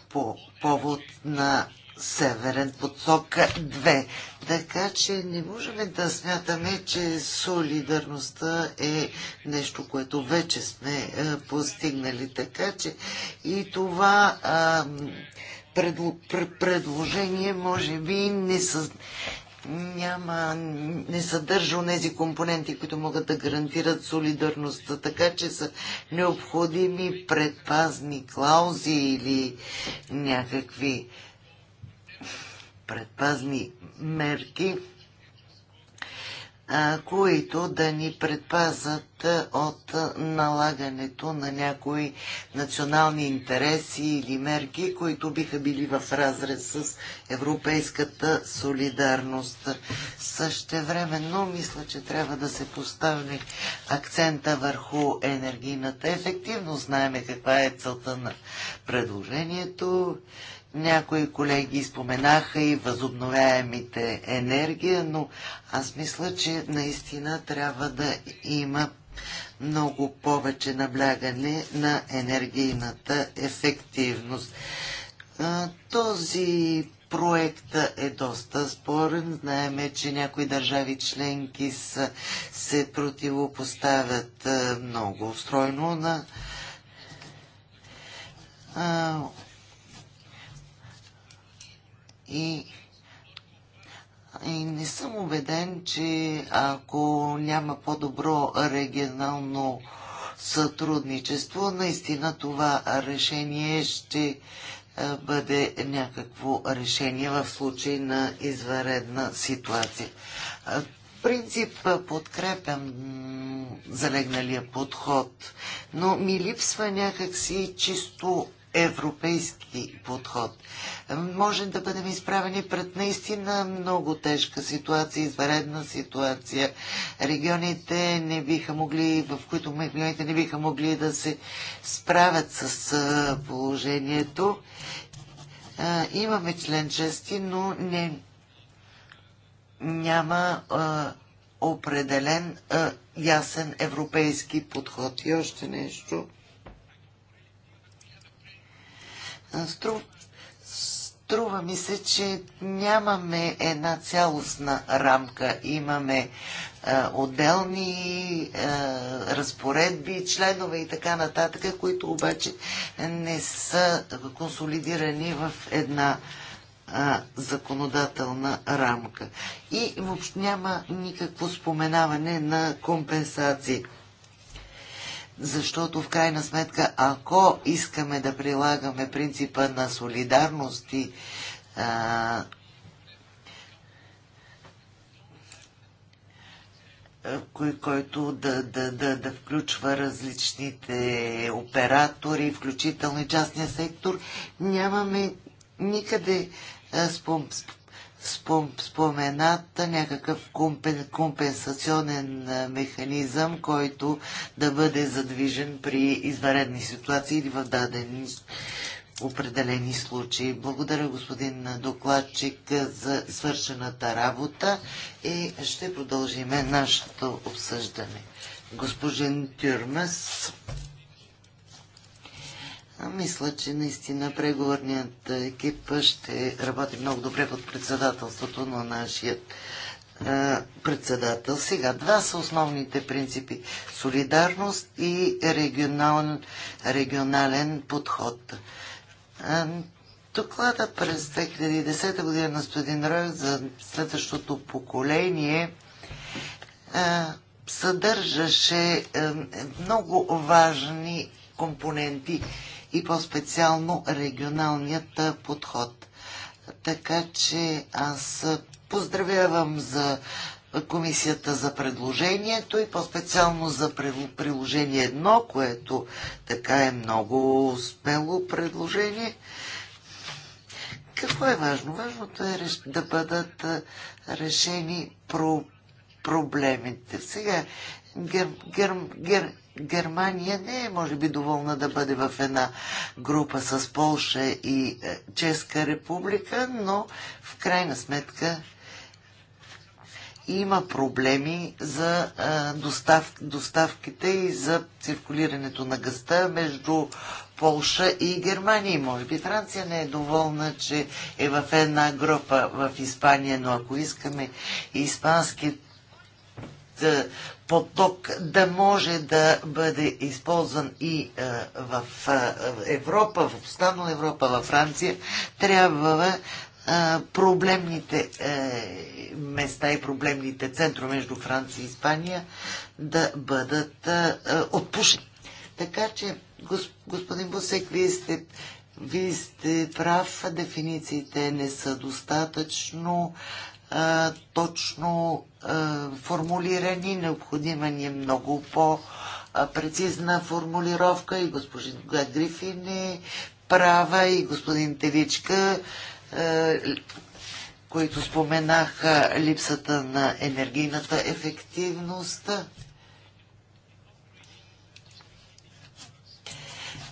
по повод на Северен поток 2. Така че не можем да смятаме, че солидарността е нещо, което вече сме е, постигнали. Така че и това предложение може би не съ... няма, не съдържа тези компоненти, които могат да гарантират солидарността, така че са необходими предпазни клаузи или някакви предпазни мерки, които да ни предпазат от налагането на някои национални интереси или мерки, които биха били в разрез с европейската солидарност. времено, мисля, че трябва да се постави акцента върху енергийната ефективност. Знаеме каква е целта на предложението някои колеги споменаха и възобновяемите енергия, но аз мисля, че наистина трябва да има много повече наблягане на енергийната ефективност. Този проект е доста спорен. Знаеме, че някои държави членки са, се противопоставят много стройно на и, и не съм убеден, че ако няма по-добро регионално сътрудничество, наистина това решение ще е, бъде някакво решение в случай на изваредна ситуация. Е, принцип е, подкрепям залегналия подход, но ми липсва някакси чисто европейски подход. Можем да бъдем изправени пред наистина много тежка ситуация, изваредна ситуация. Регионите не биха могли, в които регионите не биха могли да се справят с положението. Имаме член чести, но не, няма определен ясен европейски подход. И още нещо Стру... Струва ми се, че нямаме една цялостна рамка. Имаме а, отделни а, разпоредби, членове и така нататък, които обаче не са консолидирани в една а, законодателна рамка. И въобще няма никакво споменаване на компенсации защото в крайна сметка, ако искаме да прилагаме принципа на солидарност и а, кой, който да, да, да, да включва различните оператори, включително и частния сектор, нямаме никъде спом, споменат някакъв компенсационен механизъм, който да бъде задвижен при изваредни ситуации или в дадени определени случаи. Благодаря господин докладчик за свършената работа и ще продължиме нашето обсъждане. Господин Тюрмес. Мисля, че наистина преговорният екип ще работи много добре под председателството на нашия председател. Сега, два са основните принципи. Солидарност и регионал, регионален подход. Доклада през 2010 година на Студен Рой за следващото поколение съдържаше много важни компоненти и по-специално регионалният подход. Така че аз поздравявам за комисията за предложението и по-специално за приложение едно, което така е много смело предложение. Какво е важно? Важното е да бъдат решени проблемите. Сега Гер, гер, гер, Германия не е, може би, доволна да бъде в една група с Полша и е, Ческа република, но в крайна сметка има проблеми за е, достав, доставките и за циркулирането на гъста между Полша и Германия. И може би Франция не е доволна, че е в една група в Испания, но ако искаме испанските е, поток да може да бъде използван и е, в е, Европа, в останала Европа, във Франция, трябва проблемните места и проблемните центрове между Франция и Испания да бъдат отпушени. Така че, господин Босек, вие сте, вие сте прав, дефинициите не са достатъчно а, точно а, формулирани, необходима ни е много по-прецизна формулировка и господин Грифин е права и господин Теличка, а, които споменаха липсата на енергийната ефективност.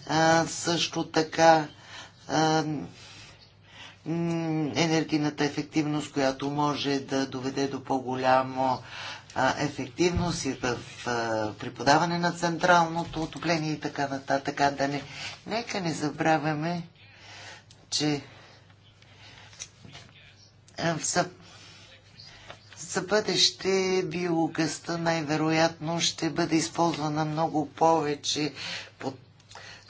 А, също така а, енергийната ефективност, която може да доведе до по-голямо ефективност и в преподаване на централното отопление и така нататък. Да не, нека не забравяме, че в за бъдеще биогъста най-вероятно ще бъде използвана много повече под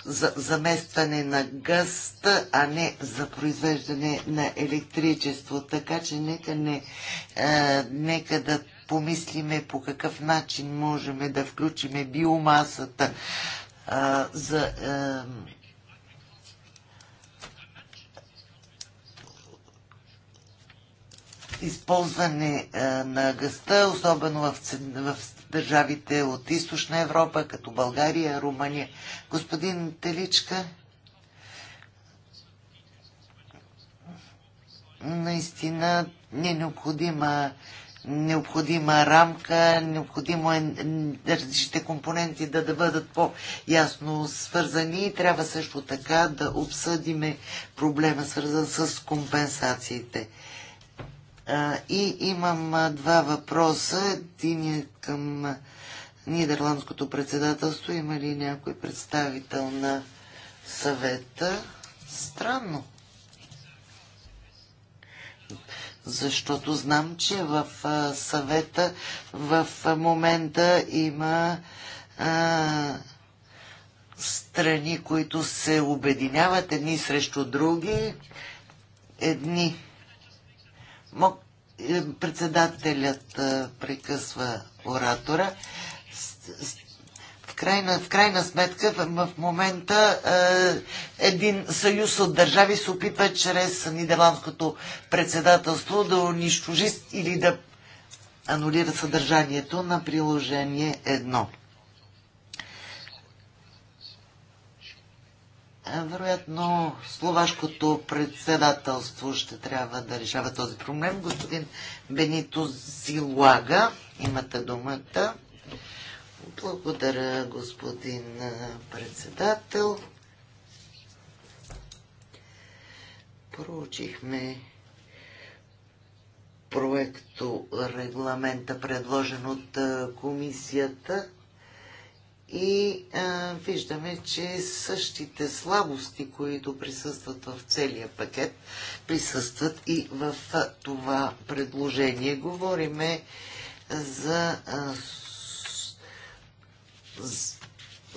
за заместване на гъст, а не за произвеждане на електричество. Така че нека, не, а, е, нека да помислиме по какъв начин можем да включиме биомасата а, е, за А, е, използване а, на гъста, особено в, в държавите от източна Европа, като България, Румъния. Господин Теличка, наистина не е необходима необходима рамка, необходимо е различните компоненти да, да бъдат по-ясно свързани. и Трябва също така да обсъдиме проблема, свързан с компенсациите. И имам два въпроса. Един е към Нидерландското председателство. Има ли някой представител на съвета? Странно. Защото знам, че в съвета в момента има а, страни, които се обединяват едни срещу други. Едни е, председателят е, прекъсва оратора. В крайна, в крайна сметка, в момента е, един съюз от държави се опитва чрез нидерландското председателство да унищожи или да анулира съдържанието на приложение 1. Вероятно, словашкото председателство ще трябва да решава този проблем. Господин Бенито Зилага, имате думата. Благодаря, господин председател. Проучихме проекто регламента, предложен от комисията и а, виждаме, че същите слабости, които присъстват в целия пакет, присъстват и в а, това предложение. Говориме за, а, с,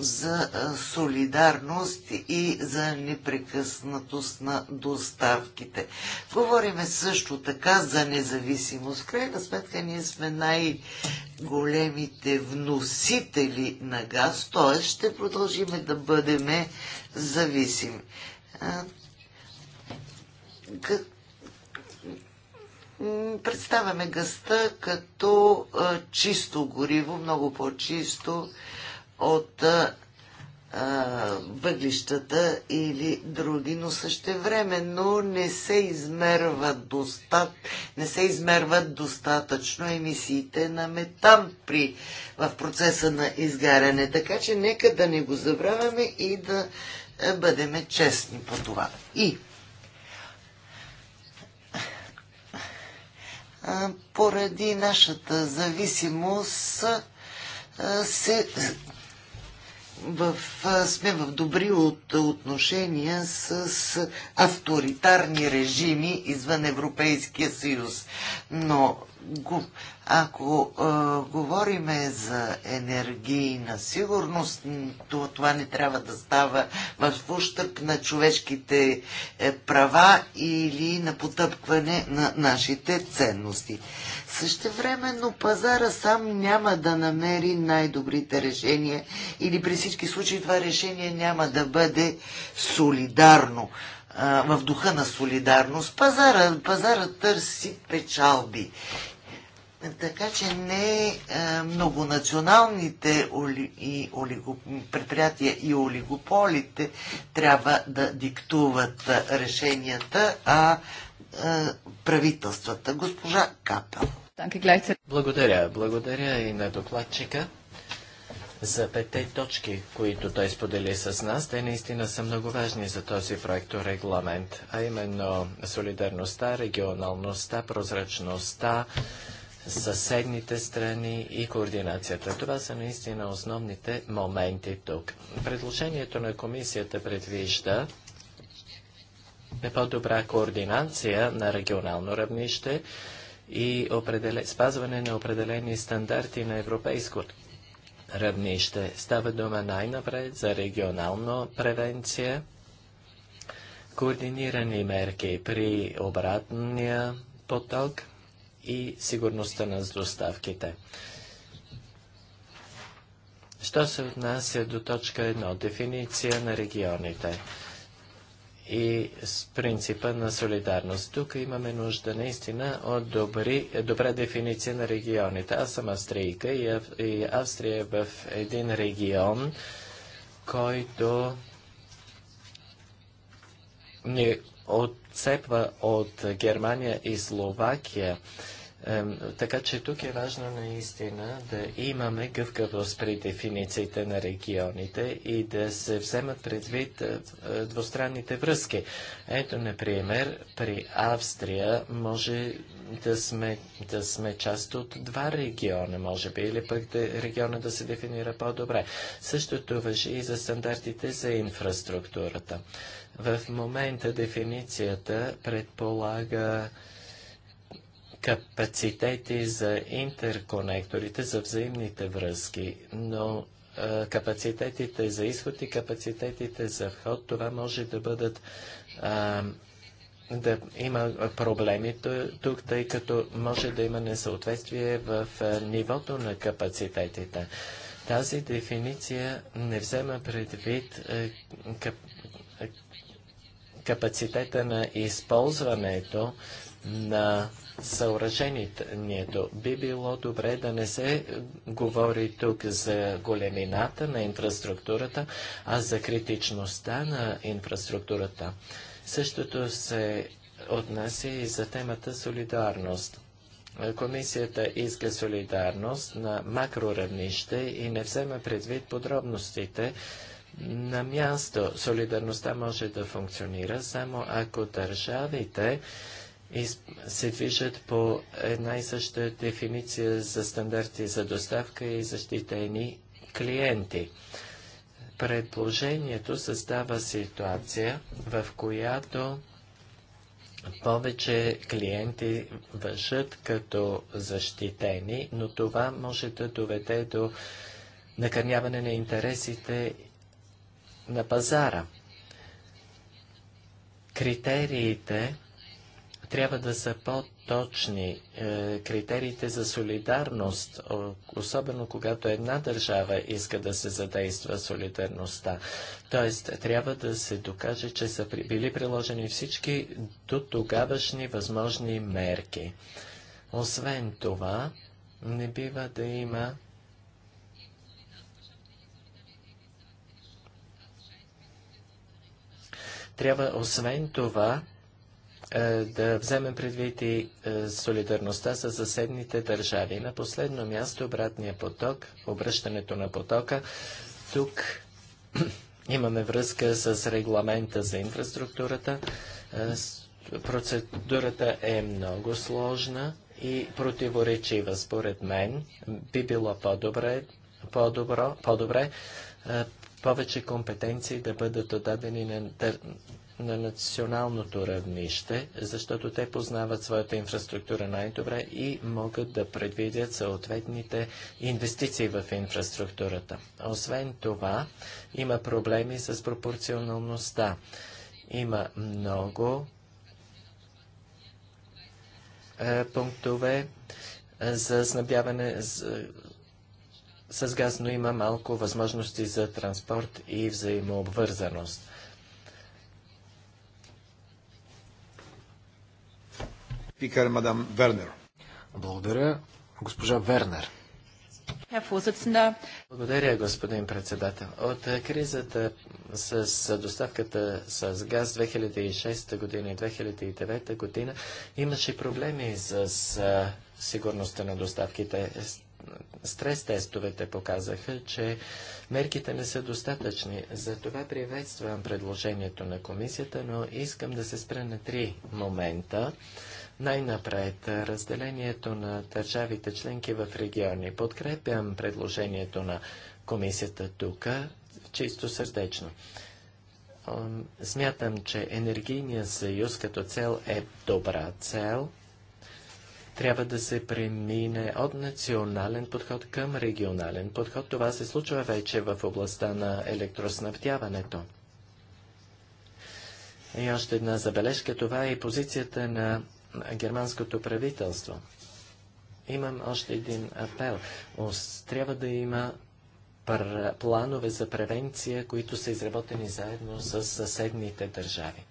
за солидарност и за непрекъснатост на доставките. Говориме също така за независимост. В крайна сметка ние сме най-големите вносители на газ, т.е. ще продължиме да бъдем зависими. Представяме гъста като чисто гориво, много по-чисто от а, въглищата или други, но същевременно не се измерват, достат, не се измерват достатъчно емисиите на метан при, в процеса на изгаряне. Така че нека да не го забравяме и да е, бъдем честни по това. И поради нашата зависимост се в, сме в добри от, отношения с, с авторитарни режими извън Европейския съюз. Но ако а, говориме за енергийна сигурност, то, това не трябва да става в ущърп на човешките е, права или на потъпкване на нашите ценности. Същевременно пазара сам няма да намери най-добрите решения или при всички случаи това решение няма да бъде солидарно а, в духа на солидарност. Пазара, пазара търси печалби. Така че не а, многонационалните оли, и олигу, предприятия и олигополите трябва да диктуват решенията, а, а правителствата. Госпожа Капел. Благодаря. Благодаря и на докладчика за пете точки, които той сподели с нас. Те наистина са много важни за този проект регламент, а именно солидарността, регионалността, прозрачността, съседните страни и координацията. Това са наистина основните моменти тук. Предложението на комисията предвижда по-добра координация на регионално равнище и спазване на определени стандарти на европейското равнище. Става дума най-напред за регионална превенция, координирани мерки при обратния поток и сигурността на доставките. Що се отнася до точка 1? Дефиниция на регионите и с принципа на солидарност. Тук имаме нужда наистина от добри, добра дефиниция на регионите. Аз съм австрийка и, Ав... и Австрия е в един регион, който ни отцепва от Германия и Словакия. Така че тук е важно наистина да имаме гъвкавост при дефинициите на регионите и да се вземат предвид е, е, двустранните връзки. Ето, например, при Австрия може да сме, да сме част от два региона, може би, или пък да, региона да се дефинира по-добре. Същото въжи и за стандартите за инфраструктурата. В момента дефиницията предполага капацитети за интерконекторите, за взаимните връзки, но капацитетите за изход и капацитетите за вход, това може да бъдат да има проблеми тук, тъй като може да има несъответствие в нивото на капацитетите. Тази дефиниция не взема предвид капацитета на използването на съоръжението. Би било добре да не се говори тук за големината на инфраструктурата, а за критичността на инфраструктурата. Същото се отнася и за темата солидарност. Комисията иска солидарност на макроравнище и не взема предвид подробностите на място. Солидарността може да функционира само ако държавите се движат по една и съща дефиниция за стандарти за доставка и защитени клиенти. Предложението създава ситуация, в която повече клиенти въжат като защитени, но това може да доведе до накърняване на интересите на пазара. Критериите трябва да са по-точни е, критериите за солидарност, особено когато една държава иска да се задейства солидарността. Тоест, трябва да се докаже, че са били приложени всички до тогавашни възможни мерки. Освен това, не бива да има трябва освен това е, да вземем предвид и е, солидарността с съседните държави. На последно място обратния поток, обръщането на потока. Тук имаме връзка с регламента за инфраструктурата. Е, процедурата е много сложна и противоречива. Според мен би било по-добре, по-добро, по-добре повече компетенции да бъдат отдадени на на националното равнище, защото те познават своята инфраструктура най-добре и могат да предвидят съответните инвестиции в инфраструктурата. Освен това, има проблеми с пропорционалността. Има много е, пунктове е, за снабдяване с газ, но има малко възможности за транспорт и взаимообвързаност. Спикър, мадам Вернер. Благодаря, госпожа Вернер. Благодаря, господин председател. От е, кризата с доставката с газ 2006 година и 2009 година имаше проблеми с сигурността на доставките. Стрес-тестовете показаха, че мерките не са достатъчни. Затова приветствам предложението на комисията, но искам да се спра на три момента най-напред разделението на държавите членки в региони. Подкрепям предложението на комисията тук чисто сърдечно. Смятам, че енергийният съюз като цел е добра цел. Трябва да се премине от национален подход към регионален подход. Това се случва вече в областта на електроснабдяването. И още една забележка. Това е позицията на германското правителство. Имам още един апел. Трябва да има планове за превенция, които са изработени заедно с съседните държави.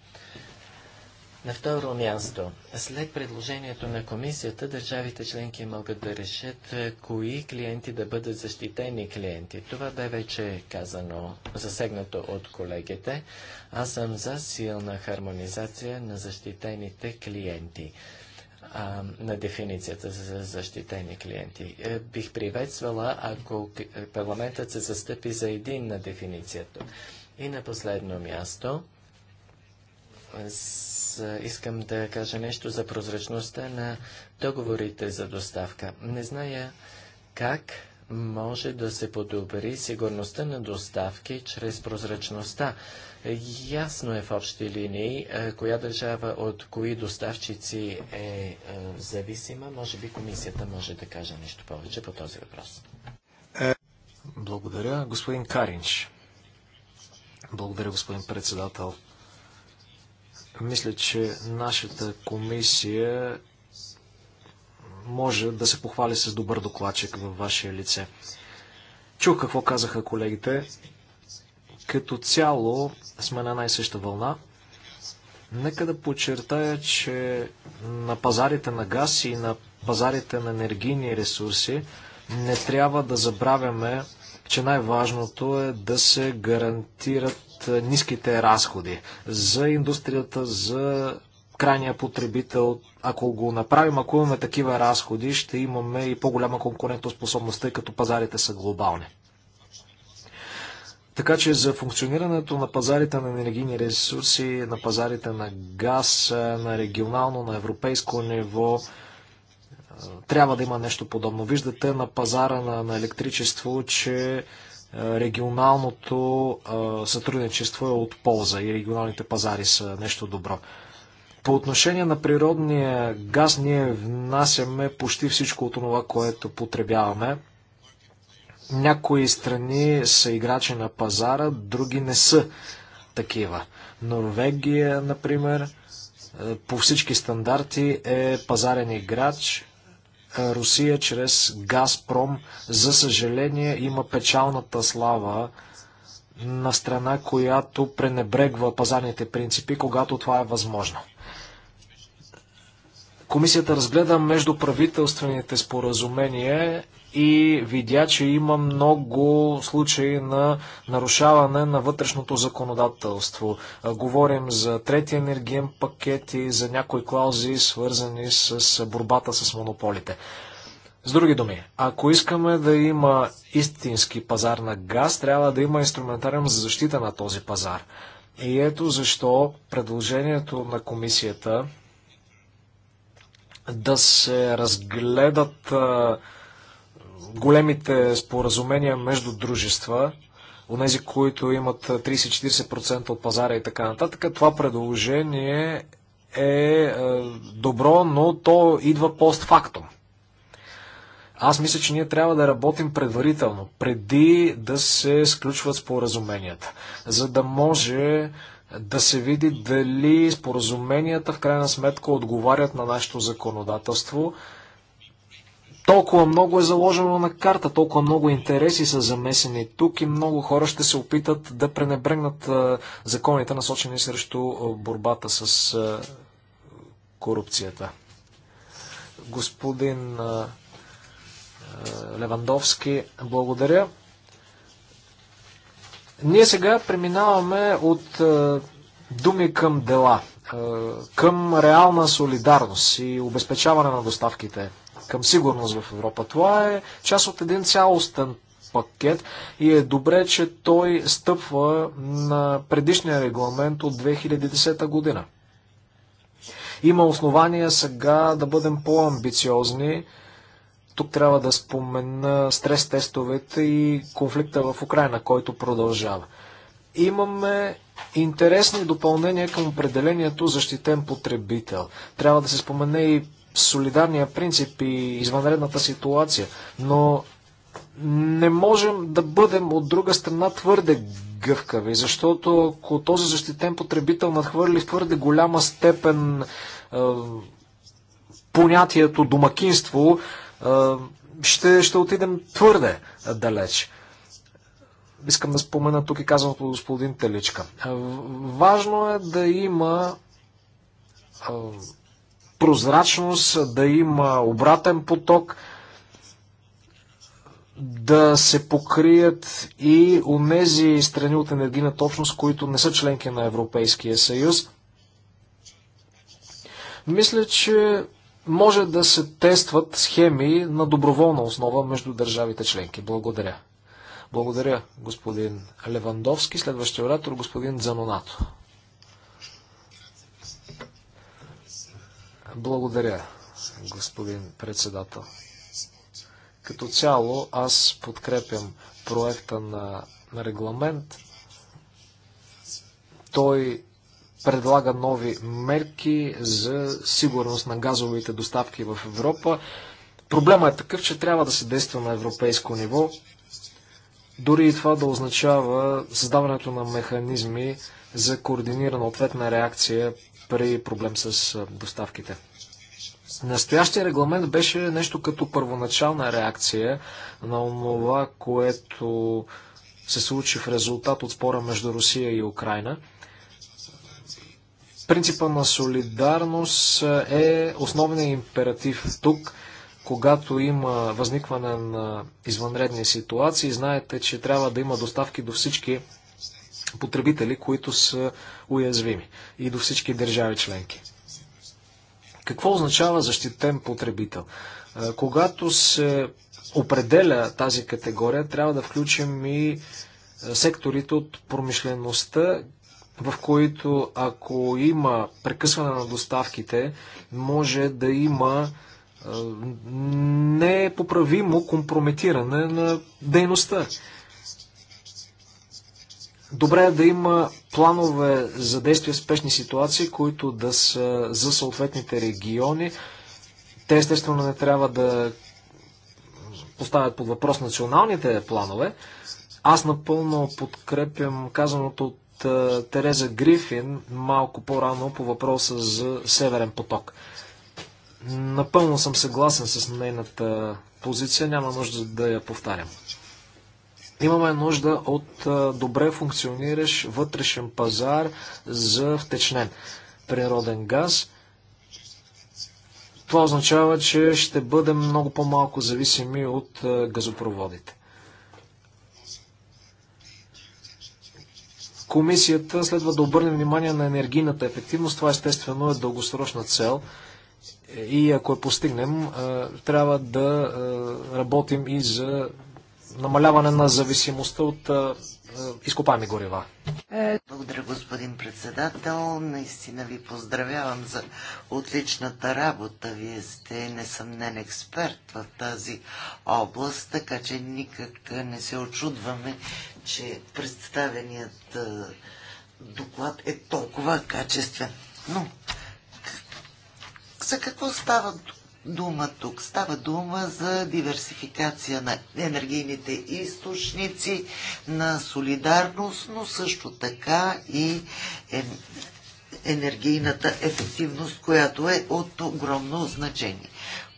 На второ място, след предложението на комисията, държавите членки могат да решат е, кои клиенти да бъдат защитени клиенти. Това бе вече казано, засегнато от колегите. Аз съм за силна хармонизация на защитените клиенти на дефиницията за защитени клиенти. Е, бих приветствала, ако е, парламентът се застъпи за един на дефиницията. И на последно място, искам да кажа нещо за прозрачността на договорите за доставка. Не зная как може да се подобри сигурността на доставки чрез прозрачността. Ясно е в общи линии коя държава от кои доставчици е, зависима. Може би комисията може да каже нещо повече по този въпрос. Е, благодаря, господин Каринч. Благодаря, господин председател. Мисля, че нашата комисия може да се похвали с добър докладчик във вашия лице. Чух какво казаха колегите. Като цяло сме на най-съща вълна. Нека да подчертая, че на пазарите на газ и на пазарите на енергийни ресурси не трябва да забравяме, че най-важното е да се гарантират от е, ниските разходи за индустрията, за крайния потребител. Ако го направим, ако имаме такива разходи, ще имаме и по-голяма конкурентоспособност, тъй като пазарите са глобални. Така че за функционирането на пазарите на енергийни ресурси, на пазарите на газ, е, на регионално, на европейско ниво, е, трябва да има нещо подобно. Виждате на пазара на, на електричество, че е, регионалното е, сътрудничество е от полза и регионалните пазари са нещо добро. По отношение на природния газ, ние внасяме почти всичко от това, което потребяваме. Някои страни са играчи на пазара, други не са такива. Норвегия, например, е, по всички стандарти е пазарен играч. Русия чрез Газпром, за съжаление, има печалната слава на страна, която пренебрегва пазарните принципи, когато това е възможно. Комисията разгледа между правителствените споразумения и видя, че има много случаи на нарушаване на вътрешното законодателство. Говорим за трети енергиен пакет и за някои клаузи, свързани с борбата с монополите. С други думи, ако искаме да има истински пазар на газ, трябва да има инструментариум за защита на този пазар. И ето защо предложението на комисията да се разгледат големите споразумения между дружества, онези, които имат 30-40% от пазара и така нататък. Това предложение е, е добро, но то идва постфактум. Аз мисля, че ние трябва да работим предварително, преди да се сключват споразуменията, за да може да се види дали споразуменията в крайна сметка отговарят на нашето законодателство, толкова много е заложено на карта, толкова много интереси са замесени тук и много хора ще се опитат да пренебрегнат законите, насочени срещу борбата с корупцията. Господин Левандовски, благодаря. Ние сега преминаваме от думи към дела, към реална солидарност и обезпечаване на доставките към сигурност в Европа. Това е част от един цялостен пакет и е добре, че той стъпва на предишния регламент от 2010 година. Има основания сега да бъдем по-амбициозни. Тук трябва да спомена стрес-тестовете и конфликта в Украина, който продължава. Имаме интересни допълнения към определението защитен потребител. Трябва да се спомене и солидарния принцип и извънредната ситуация, но не можем да бъдем от друга страна твърде гъвкави, защото ако този защитен потребител надхвърли в твърде голяма степен е, понятието домакинство, е, ще, ще отидем твърде далеч. Искам да спомена тук и казаното господин Теличка. Е, важно е да има е, прозрачност, да има обратен поток, да се покрият и онези страни от енергийната общност, които не са членки на Европейския съюз. Мисля, че може да се тестват схеми на доброволна основа между държавите членки. Благодаря. Благодаря, господин Левандовски. Следващия оратор, господин Занонато. Благодаря, господин председател. Като цяло аз подкрепям проекта на, на регламент. Той предлага нови мерки за сигурност на газовите доставки в Европа. Проблема е такъв, че трябва да се действа на европейско ниво. Дори и това да означава създаването на механизми за координирана ответна реакция при проблем с доставките. Настоящия регламент беше нещо като първоначална реакция на това, което се случи в резултат от спора между Русия и Украина. Принципа на солидарност е основният императив тук, когато има възникване на извънредни ситуации. Знаете, че трябва да има доставки до всички потребители, които са уязвими и до всички държави членки. Какво означава защитен потребител? Когато се определя тази категория, трябва да включим и секторите от промишлеността, в които ако има прекъсване на доставките, може да има непоправимо компрометиране на дейността. Добре е да има планове за действие в спешни ситуации, които да са за съответните региони. Те естествено не трябва да поставят под въпрос националните планове. Аз напълно подкрепям казаното от е, Тереза Грифин малко по-рано по въпроса за Северен поток. Напълно съм съгласен с нейната позиция, няма нужда да я повтарям. Имаме нужда от добре функциониращ вътрешен пазар за втечнен природен газ. Това означава, че ще бъдем много по-малко зависими от газопроводите. Комисията следва да обърне внимание на енергийната ефективност. Това естествено е дългосрочна цел. И ако я постигнем, трябва да работим и за намаляване на зависимостта от изкопаеми горива. Е, Благодаря, господин председател. Наистина ви поздравявам за отличната работа. Вие сте несъмнен експерт в тази област, така че никак не се очудваме, че представеният доклад е толкова качествен. Но за какво става дума тук? Става дума за диверсификация на енергийните източници, на солидарност, но също така и енергийната ефективност, която е от огромно значение.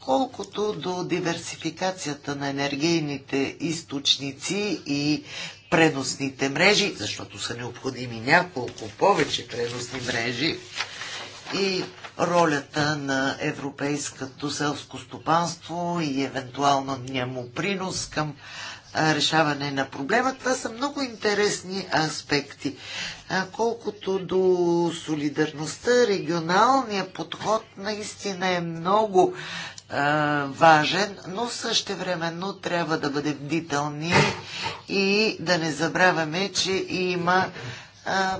Колкото до диверсификацията на енергийните източници и преносните мрежи, защото са необходими няколко повече преносни мрежи и ролята на европейското селско стопанство и евентуално му принос към решаване на проблема. Това са много интересни аспекти. Колкото до солидарността, регионалният подход наистина е много важен, но същевременно трябва да бъдем бдителни и да не забравяме, че има а,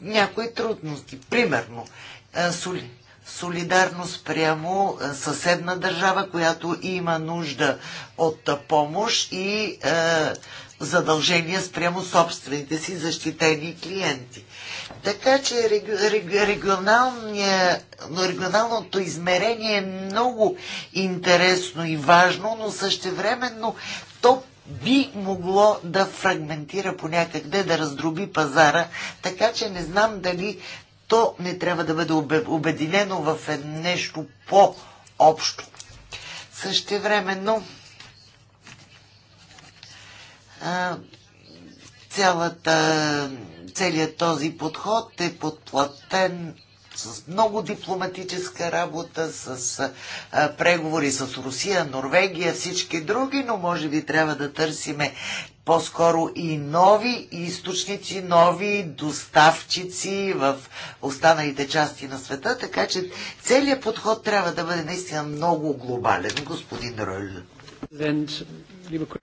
някои трудности. Примерно, е, соли, солидарност прямо е, съседна държава, която има нужда от е, помощ и е, задължения спрямо собствените си защитени клиенти. Така че регионалното измерение е много интересно и важно, но същевременно то би могло да фрагментира по някъде, да раздроби пазара, така че не знам дали то не трябва да бъде обединено в нещо по-общо. Същевременно цялата, целият този подход е подплатен с много дипломатическа работа, с а, преговори с Русия, Норвегия, всички други, но може би трябва да търсиме по-скоро и нови източници, нови доставчици в останалите части на света, така че целият подход трябва да бъде наистина много глобален, господин Ройл.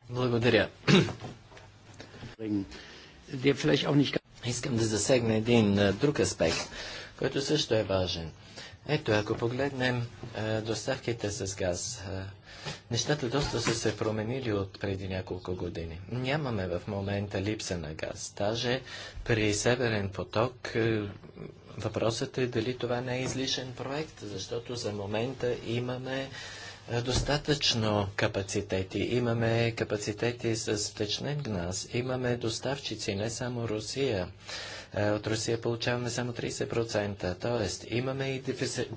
Благодаря. Искам да засегна един друг аспект, който също е важен – ето, ако погледнем е, доставките с газ, е, нещата доста са се променили от преди няколко години. Нямаме в момента липса на газ. Даже при Северен поток е, въпросът е дали това не е излишен проект, защото за момента имаме достатъчно капацитети. Имаме капацитети с течнен газ, имаме доставчици, не само Русия. Е, от Русия получаваме само 30%. Тоест, имаме и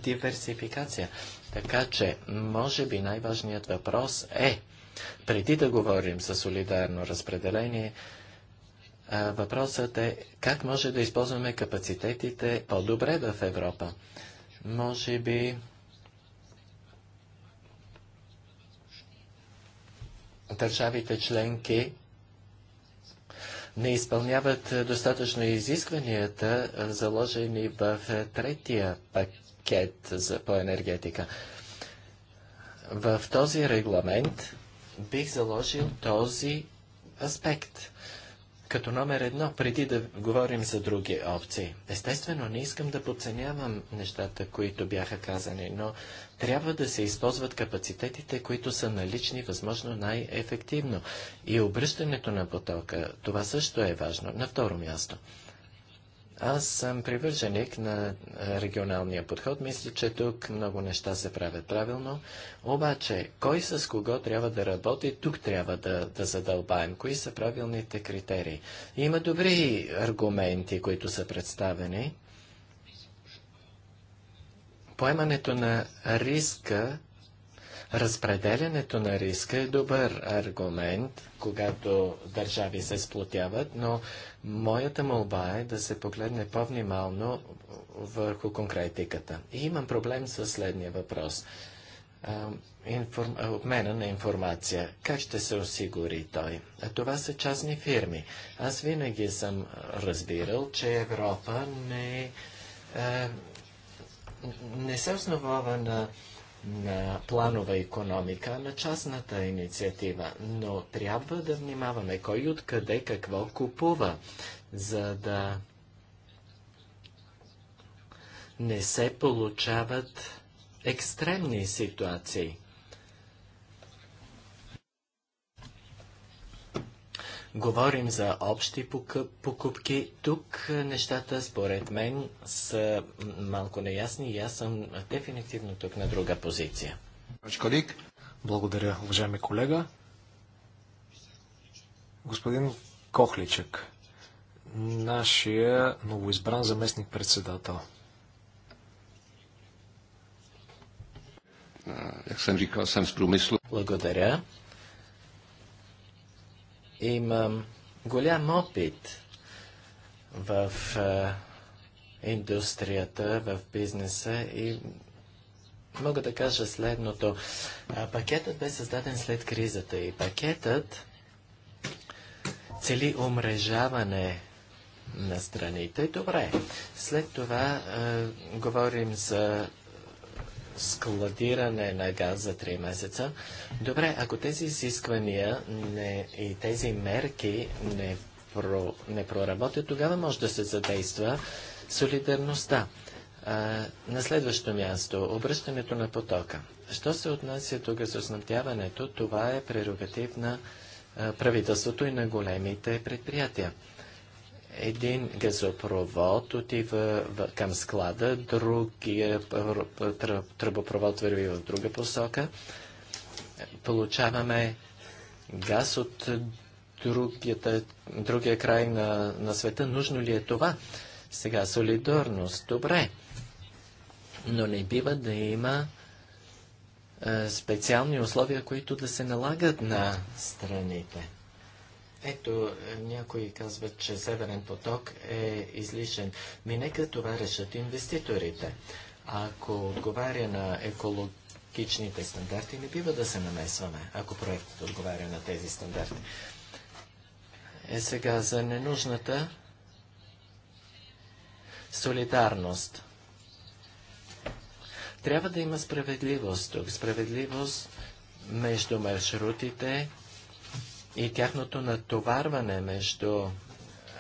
диверсификация. Така че, може би най-важният въпрос е, преди да говорим за солидарно разпределение, е, въпросът е как може да използваме капацитетите по-добре в Европа. Може би държавите членки не изпълняват е, достатъчно изискванията, е, заложени в е, третия пакет за, по енергетика. В този регламент бих заложил този аспект като номер едно, преди да говорим за други опции. Естествено, не искам да подценявам нещата, които бяха казани, но трябва да се използват капацитетите, които са налични възможно най-ефективно. И обръщането на потока, това също е важно. На второ място – аз съм привърженик на регионалния подход. Мисля, че тук много неща се правят правилно. Обаче, кой с кого трябва да работи, тук трябва да, да задълбаем. Кои са правилните критерии? Има добри аргументи, които са представени. Поемането на риска Разпределянето на риска е добър аргумент, когато държави се сплотяват, но моята молба е да се погледне по-внимално върху конкретиката. И имам проблем с следния въпрос. Обмена на информация. Как ще се осигури той? А това са частни фирми. Аз винаги съм разбирал, че Европа не, е, не се основава на на планова економика, на частната инициатива, но трябва да внимаваме кой откъде какво купува, за да не се получават екстремни ситуации. Говорим за общи покупки. Тук е, нещата, според мен, са малко неясни и аз съм дефинитивно тук на друга позиция. Благодаря, уважаеми колега. Господин Кохличек, нашия новоизбран заместник председател. Благодаря. Имам голям опит в индустрията, в бизнеса и мога да кажа следното. Пакетът бе създаден след кризата и пакетът цели умрежаване на страните. Добре. След това а, говорим за складиране на газ за 3 месеца. Добре, ако тези изисквания не, и тези мерки не, про, не проработят, тогава може да се задейства солидарността. А, на следващо място, обръщането на потока. Що се отнася до газоснабдяването, това е прерогатив на правителството и на големите предприятия. Един газопровод отива към склада, другия тръбопровод върви в друга посока. Получаваме газ от другията, другия край на, на света. Нужно ли е това? Сега солидарност, добре. Но не бива да има специални условия, които да се налагат на страните. Ето, някои казват, че Северен поток е излишен. Ми нека това решат инвеститорите. Ако отговаря на екологичните стандарти, не бива да се намесваме, ако проектът отговаря на тези стандарти. Е сега за ненужната солидарност. Трябва да има справедливост тук. Справедливост между маршрутите, и тяхното натоварване между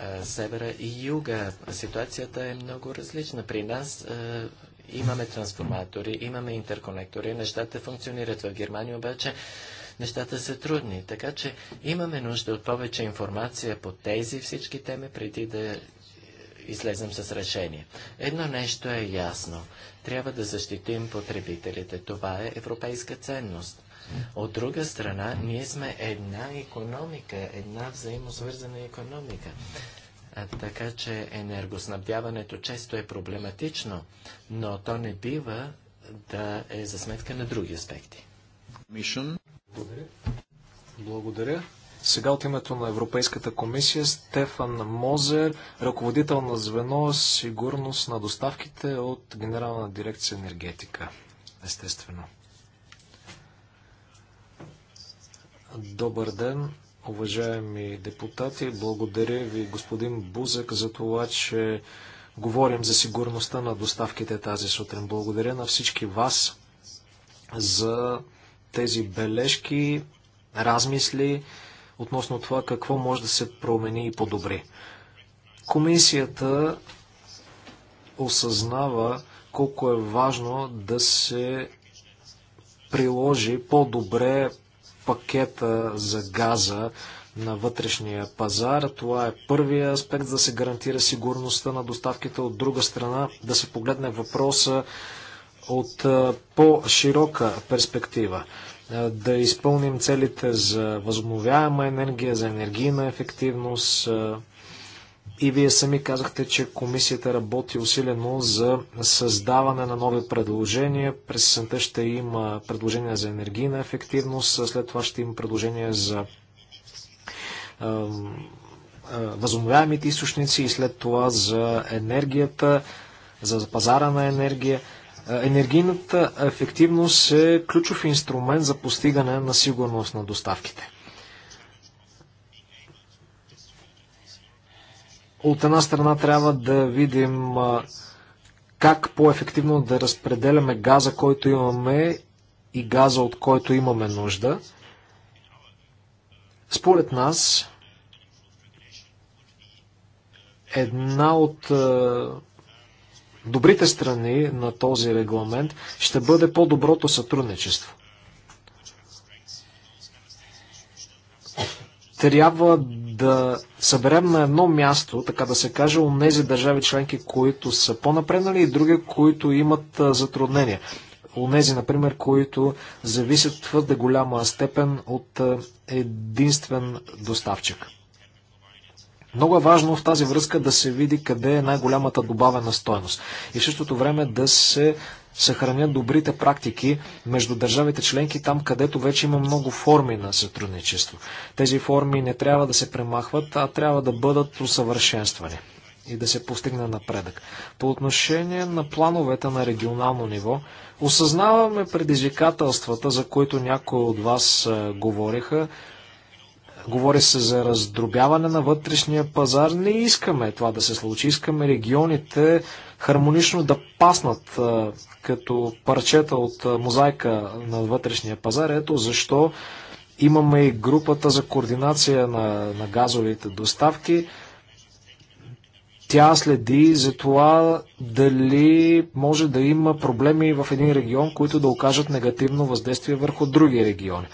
а, севера и юга. Ситуацията е много различна. При нас а, имаме трансформатори, имаме интерконектори, нещата функционират в Германия, обаче нещата са трудни. Така че имаме нужда от повече информация по тези всички теми, преди да излезем с решение. Едно нещо е ясно. Трябва да защитим потребителите. Това е европейска ценност. От друга страна, ние сме една економика, една взаимосвързана економика. А, така че енергоснабдяването често е проблематично, но то не бива да е за сметка на други аспекти. Мишън. Благодаря. Благодаря. Сега от името на Европейската комисия Стефан Мозер, ръководител на звено Сигурност на доставките от Генерална дирекция енергетика. Естествено. Добър ден, уважаеми депутати. Благодаря ви, господин Бузък, за това, че говорим за сигурността на доставките тази сутрин. Благодаря на всички вас за тези бележки, размисли относно това какво може да се промени и подобри. Комисията осъзнава колко е важно да се приложи по-добре пакета за газа на вътрешния пазар. Това е първия аспект да се гарантира сигурността на доставките. От друга страна да се погледне въпроса от по-широка перспектива. Да изпълним целите за възобновяема енергия, за енергийна ефективност, и вие сами казахте, че комисията работи усилено за създаване на нови предложения. През сента ще има предложения за енергийна ефективност, след това ще има предложения за е, възобновяемите източници и след това за енергията, за пазара на енергия. Енергийната ефективност е ключов инструмент за постигане на сигурност на доставките. От една страна трябва да видим как по-ефективно да разпределяме газа, който имаме и газа, от който имаме нужда. Според нас, една от добрите страни на този регламент ще бъде по-доброто сътрудничество. Трябва да съберем на едно място, така да се каже, у нези държави членки, които са по-напреднали и други, които имат затруднения. Онези, например, които зависят в твърде голяма степен от единствен доставчик. Много е важно в тази връзка да се види къде е най-голямата добавена стойност и в същото време да се съхранят добрите практики между държавите членки там, където вече има много форми на сътрудничество. Тези форми не трябва да се премахват, а трябва да бъдат усъвършенствани и да се постигне напредък. По отношение на плановете на регионално ниво, осъзнаваме предизвикателствата, за които някои от вас е, говориха. Говори се за раздробяване на вътрешния пазар. Не искаме това да се случи. Искаме регионите хармонично да паснат е, като парчета от мозайка на вътрешния пазар. Ето защо имаме и групата за координация на, на газовите доставки. Тя следи за това дали може да има проблеми в един регион, които да окажат негативно въздействие върху други региони.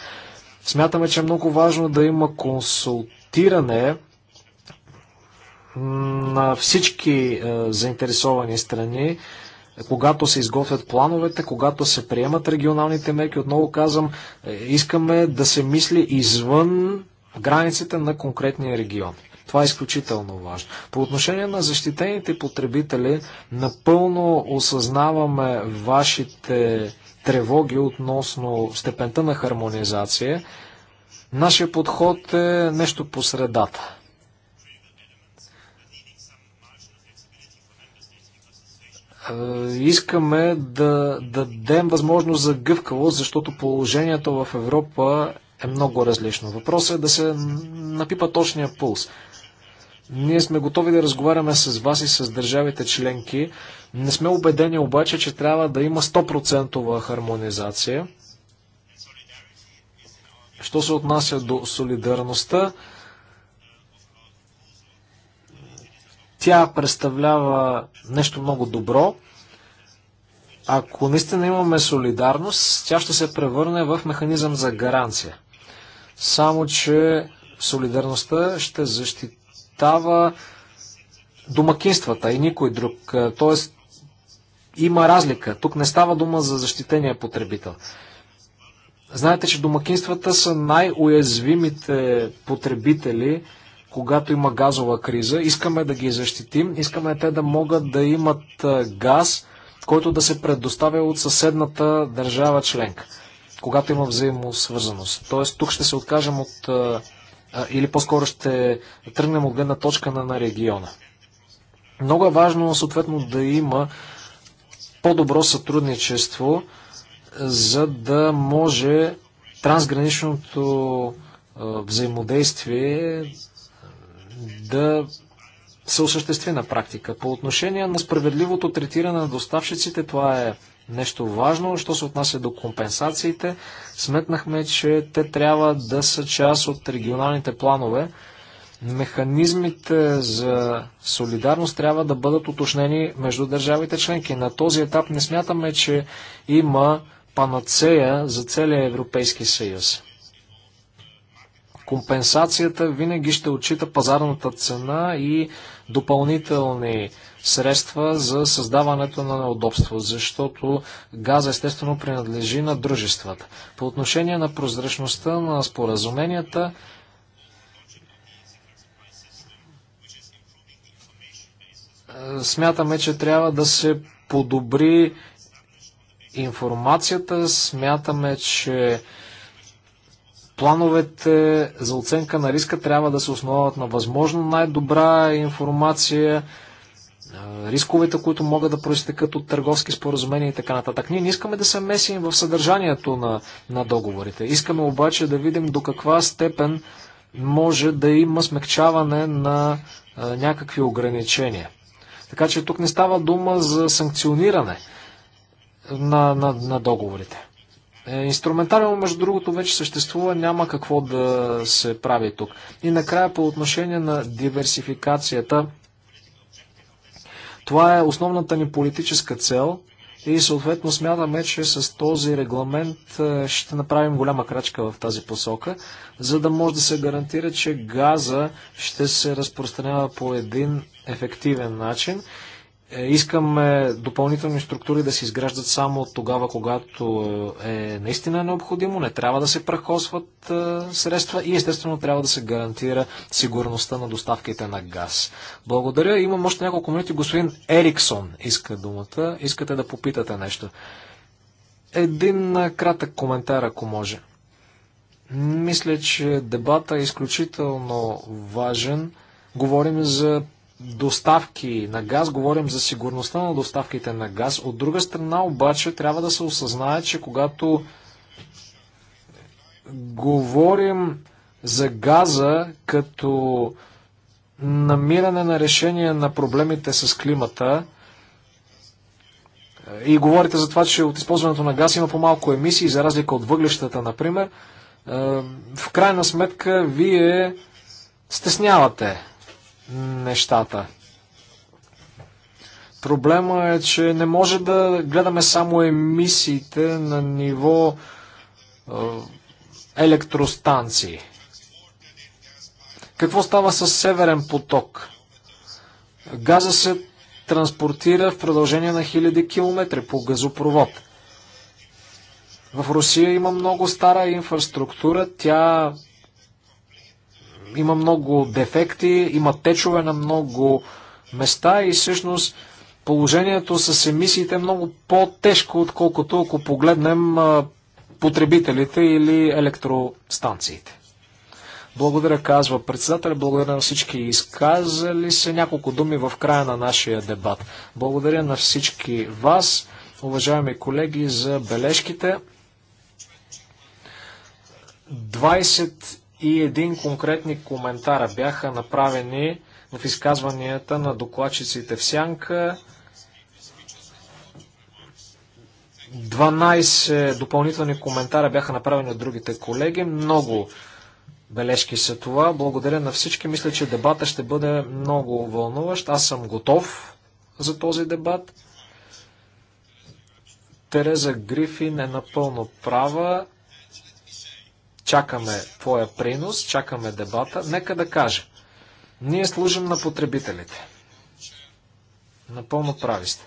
Смятаме, че е много важно да има консултиране на всички е, заинтересовани страни, е, когато се изготвят плановете, когато се приемат регионалните мерки. Отново казвам, е, искаме да се мисли извън границите на конкретния регион. Това е изключително важно. По отношение на защитените потребители, напълно осъзнаваме вашите тревоги относно степента на хармонизация. Нашия подход е нещо по средата. Е, искаме да дадем възможност за гъвкавост, защото положението в Европа е много различно. Въпросът е да се напипа точния пулс. Ние сме готови да разговаряме с вас и с държавите членки. Не сме убедени обаче, че трябва да има 100% хармонизация. Що се отнася до солидарността, Тя представлява нещо много добро. Ако наистина имаме солидарност, тя ще се превърне в механизъм за гаранция. Само, че солидарността ще защитава домакинствата и никой друг. Тоест, има разлика. Тук не става дума за защитения потребител. Знаете, че домакинствата са най-уязвимите потребители когато има газова криза. Искаме да ги защитим, искаме те да могат да имат газ, който да се предоставя от съседната държава членка, когато има взаимосвързаност. Тоест тук ще се откажем от, или по-скоро ще тръгнем от гледна точка на, на региона. Много е важно съответно да има по-добро сътрудничество, за да може трансграничното взаимодействие да се осъществи на практика. По отношение на справедливото третиране на доставчиците, това е нещо важно. Що се отнася до компенсациите, сметнахме, че те трябва да са част от регионалните планове. Механизмите за солидарност трябва да бъдат уточнени между държавите членки. На този етап не смятаме, че има панацея за целия Европейски съюз. Компенсацията винаги ще отчита пазарната цена и допълнителни средства за създаването на неудобство, защото газ естествено принадлежи на дружествата. По отношение на прозрачността на споразуменията, смятаме, че трябва да се подобри информацията, смятаме, че Плановете за оценка на риска трябва да се основават на възможно най-добра информация, рисковете, които могат да проистекат от търговски споразумения и така нататък. Ние не искаме да се месим в съдържанието на, на договорите. Искаме обаче да видим до каква степен може да има смягчаване на а, някакви ограничения. Така че тук не става дума за санкциониране на, на, на договорите. Е, инструментариум, между другото, вече съществува, няма какво да се прави тук. И накрая по отношение на диверсификацията, това е основната ни политическа цел и съответно смятаме, че с този регламент е, ще направим голяма крачка в тази посока, за да може да се гарантира, че газа ще се разпространява по един ефективен начин е, искаме допълнителни структури да се изграждат само тогава, когато е, е наистина необходимо, не трябва да се прахосват е, средства и естествено трябва да се гарантира сигурността на доставките на газ. Благодаря. Имам още няколко минути. Господин Ериксон иска думата. Искате да попитате нещо. Един кратък коментар, ако може. Мисля, че дебата е изключително важен. Говорим за доставки на газ, говорим за сигурността на доставките на газ. От друга страна обаче трябва да се осъзнае, че когато говорим за газа като намиране на решение на проблемите с климата и говорите за това, че от използването на газ има по-малко емисии, за разлика от въглещата, например, е, в крайна сметка вие стеснявате нещата. Проблема е, че не може да гледаме само емисиите на ниво е, електростанции. Какво става с Северен поток? Газа се транспортира в продължение на хиляди километри по газопровод. В Русия има много стара инфраструктура, тя има много дефекти, има течове на много места и всъщност положението с емисиите е много по-тежко, отколкото ако погледнем потребителите или електростанциите. Благодаря, казва председателя. Благодаря на всички изказали се няколко думи в края на нашия дебат. Благодаря на всички вас, уважаеми колеги, за бележките и един конкретни коментара бяха направени в изказванията на докладчиците в Сянка. 12 допълнителни коментара бяха направени от другите колеги. Много бележки са това. Благодаря на всички. Мисля, че дебата ще бъде много вълнуващ. Аз съм готов за този дебат. Тереза Грифин е напълно права. Чакаме твоя принос, чакаме дебата. Нека да кажа. Ние служим на потребителите. Напълно прави сте.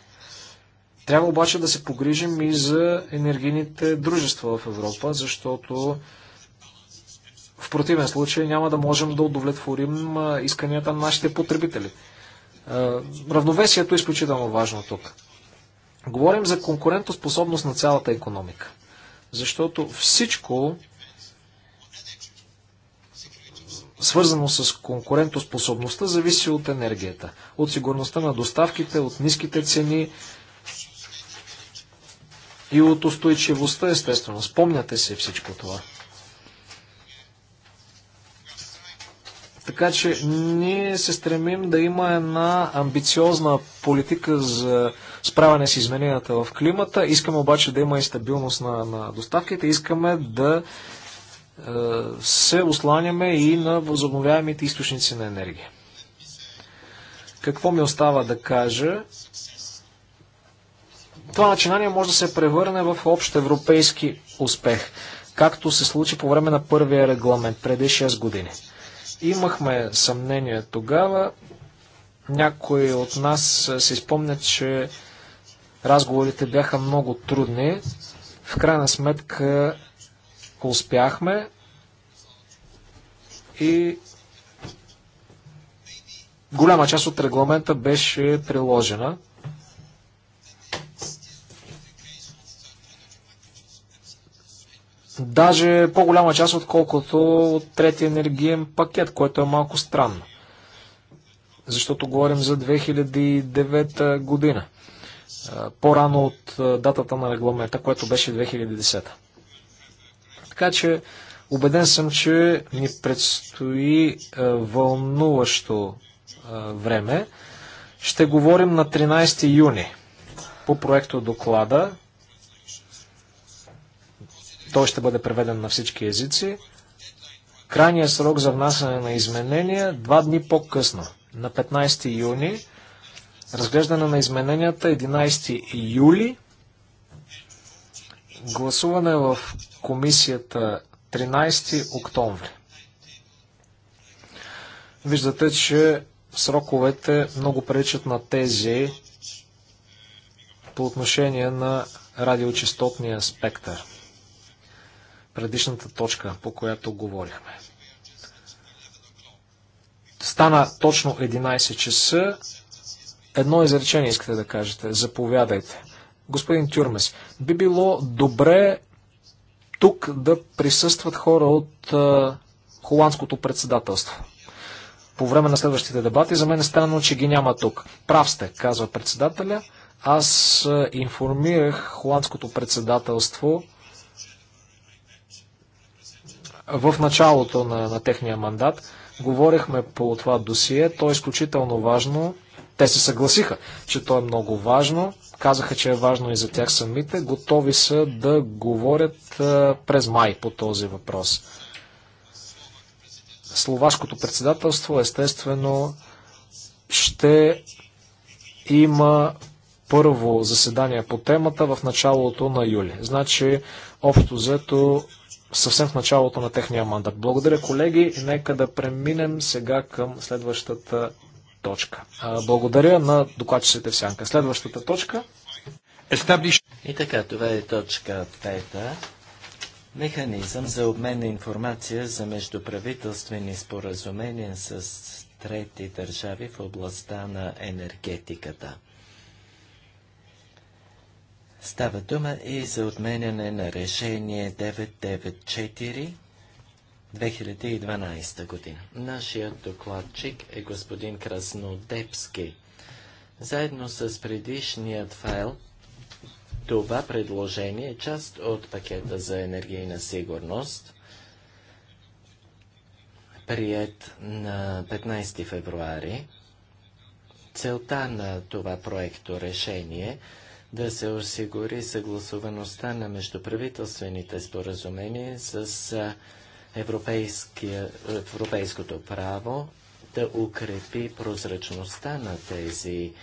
Трябва обаче да се погрижим и за енергийните дружества в Европа, защото в противен случай няма да можем да удовлетворим исканията на нашите потребители. Равновесието е изключително важно тук. Говорим за конкурентоспособност на цялата економика. Защото всичко свързано с конкурентоспособността, зависи от енергията, от сигурността на доставките, от ниските цени и от устойчивостта, естествено. Спомняте се всичко това. Така че ние се стремим да има една амбициозна политика за справяне с измененията в климата. Искаме обаче да има и стабилност на, на доставките. Искаме да се осланяме и на възобновяемите източници на енергия. Какво ми остава да кажа? Това начинание може да се превърне в общ европейски успех, както се случи по време на първия регламент преди 6 години. Имахме съмнение тогава. Някои от нас се изпомнят, че разговорите бяха много трудни. В крайна сметка успяхме и голяма част от регламента беше приложена. Даже по-голяма част, отколкото от третия енергиен пакет, което е малко странно. Защото говорим за 2009 година. По-рано от датата на регламента, което беше 2010. Така че убеден съм, че ни предстои а, вълнуващо а, време. Ще говорим на 13 юни по проекто доклада. Той ще бъде преведен на всички езици. Крайният срок за внасяне на изменения два дни по-късно, на 15 юни. Разглеждане на измененията 11 юли Гласуване в комисията 13 октомври. Виждате, че сроковете много пречат на тези по отношение на радиочастотния спектър. Предишната точка, по която говорихме. Стана точно 11 часа. Едно изречение искате да кажете. Заповядайте господин Тюрмес, би било добре тук да присъстват хора от а, холандското председателство. По време на следващите дебати за мен е странно, че ги няма тук. Прав сте, казва председателя. Аз а, информирах холандското председателство в началото на, на техния мандат. Говорихме по това досие. То е изключително важно. Те се съгласиха, че то е много важно казаха, че е важно и за тях самите. Готови са да говорят през май по този въпрос. Словашкото председателство, естествено, ще има първо заседание по темата в началото на юли. Значи, общо взето, съвсем в началото на техния мандат. Благодаря, колеги. Нека да преминем сега към следващата точка. Благодаря на докладчиците в сянка. Следващата точка. И така, това е точка 5. Механизъм за обмен на информация за междуправителствени споразумения с трети държави в областта на енергетиката. Става дума и за отменяне на решение 994 2012 година. Нашият докладчик е господин Краснодепски. Заедно с предишният файл, това предложение е част от пакета за енергийна сигурност, прият на 15 февруари. Целта на това проекто решение е да се осигури съгласуваността на междуправителствените споразумения с европейското право да укрепи прозрачността на тези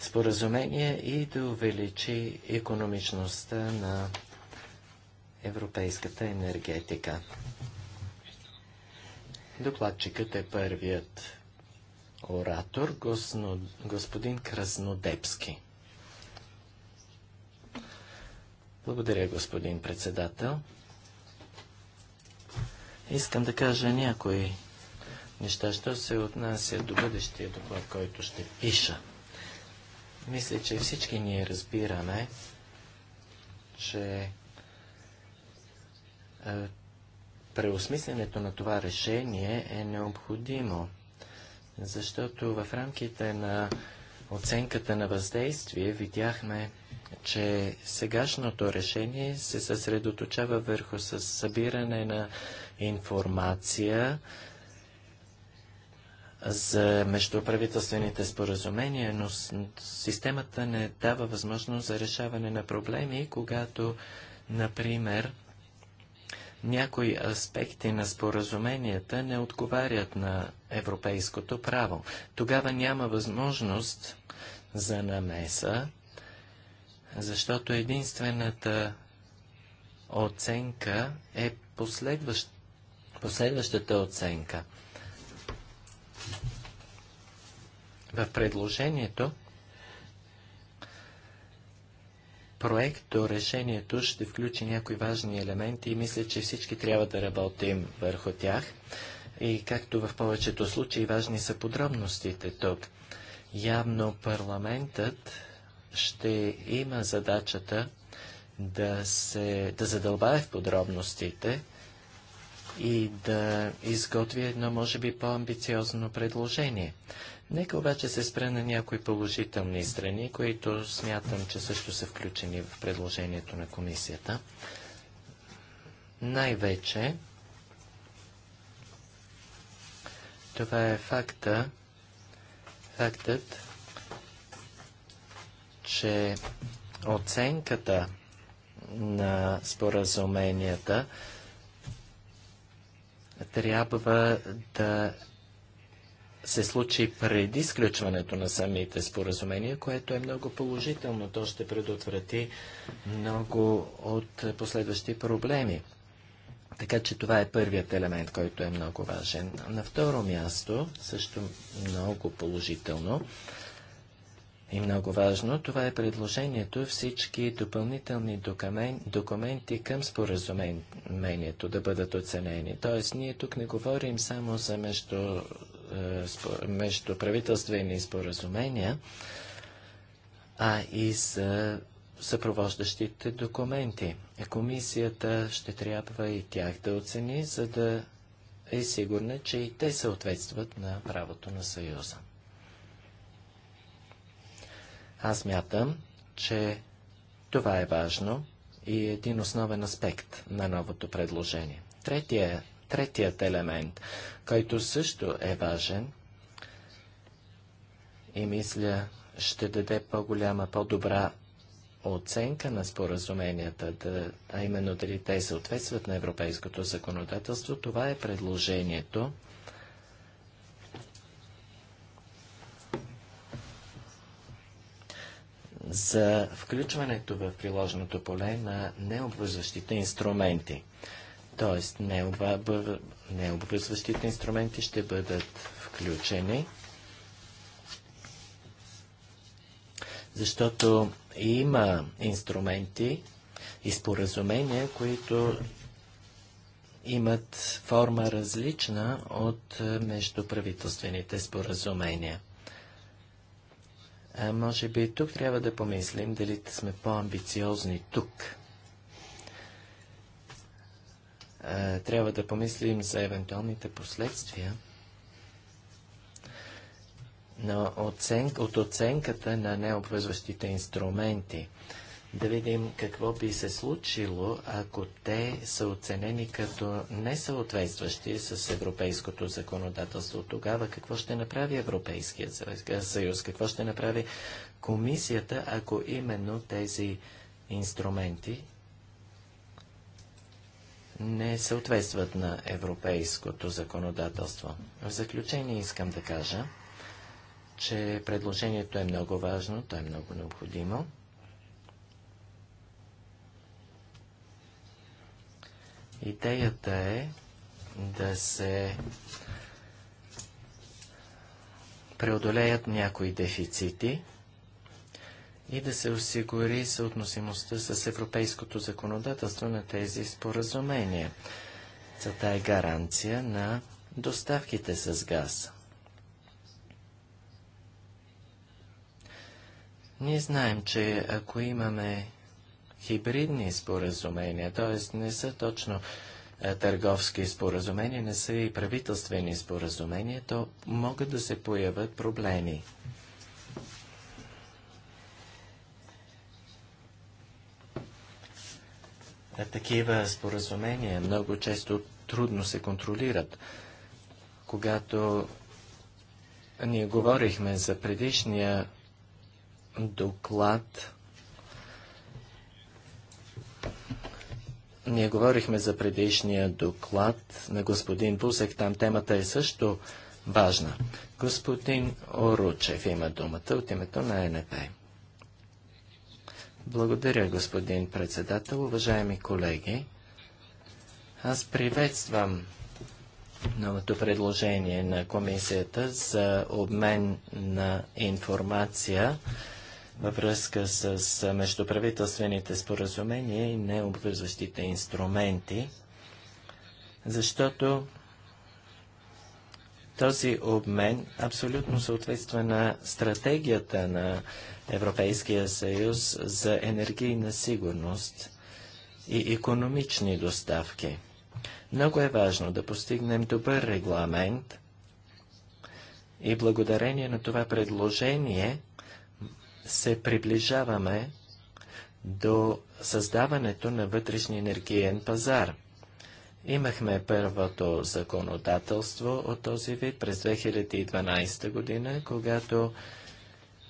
споразумения и да увеличи економичността на европейската енергетика. Докладчикът е първият оратор, господин Краснодепски. Благодаря, господин председател. Искам да кажа някои неща, що се отнася до бъдещия доклад, който ще пиша. Мисля, че всички ние разбираме, че е, преосмисленето на това решение е необходимо, защото в рамките на оценката на въздействие видяхме, че сегашното решение се съсредоточава върху събиране на информация за междуправителствените споразумения, но системата не дава възможност за решаване на проблеми, когато, например, някои аспекти на споразуменията не отговарят на европейското право. Тогава няма възможност за намеса, защото единствената оценка е последващ последващата оценка. В предложението проект до решението ще включи някои важни елементи и мисля, че всички трябва да работим върху тях. И както в повечето случаи, важни са подробностите тук. Явно парламентът ще има задачата да, се, да задълбае в подробностите и да изготви едно, може би, по-амбициозно предложение. Нека обаче се спра на някои положителни страни, които смятам, че също са включени в предложението на комисията. Най-вече това е факта, фактът, че оценката на споразуменията трябва да се случи преди сключването на самите споразумения, което е много положително. То ще предотврати много от последващи проблеми. Така че това е първият елемент, който е много важен. На второ място, също много положително, и много важно. Това е предложението всички допълнителни документи към споразумението да бъдат оценени. Тоест, ние тук не говорим само за между, е, между правителствени споразумения, а и за съпровождащите документи. Комисията ще трябва и тях да оцени, за да е сигурна, че и те съответстват на правото на Съюза. Аз мятам, че това е важно и е един основен аспект на новото предложение. Третия, третият елемент, който също е важен и мисля ще даде по-голяма, по-добра оценка на споразуменията, да, а именно дали те съответстват на европейското законодателство, това е предложението за включването в приложеното поле на необвързващите инструменти. Тоест, необвързващите инструменти ще бъдат включени, защото има инструменти и споразумения, които имат форма различна от е, междуправителствените споразумения. А, може би тук трябва да помислим дали сме по-амбициозни тук. А, трябва да помислим за евентуалните последствия Но оцен... от оценката на необвързващите инструменти да видим какво би се случило, ако те са оценени като несъответстващи с европейското законодателство. Тогава какво ще направи Европейският съюз? Какво ще направи комисията, ако именно тези инструменти не съответстват на европейското законодателство? В заключение искам да кажа, че предложението е много важно, то е много необходимо. Идеята е да се преодолеят някои дефицити и да се осигури съотносимостта с европейското законодателство на тези споразумения. Цата е гаранция на доставките с газ. Ние знаем, че ако имаме хибридни споразумения, т.е. не са точно е, търговски споразумения, не са и правителствени споразумения, то могат да се появят проблеми. А е, такива споразумения много често трудно се контролират. Когато ние говорихме за предишния доклад Ние говорихме за предишния доклад на господин Бузек. Там темата е също важна. Господин Оручев има думата от името на НП. Благодаря, господин председател. Уважаеми колеги, аз приветствам новото предложение на комисията за обмен на информация във връзка с междуправителствените споразумения и необвързващите инструменти, защото този обмен абсолютно съответства на стратегията на Европейския съюз за енергийна сигурност и економични доставки. Много е важно да постигнем добър регламент и благодарение на това предложение – се приближаваме до създаването на вътрешния енергиен пазар. Имахме първото законодателство от този вид през 2012 година, когато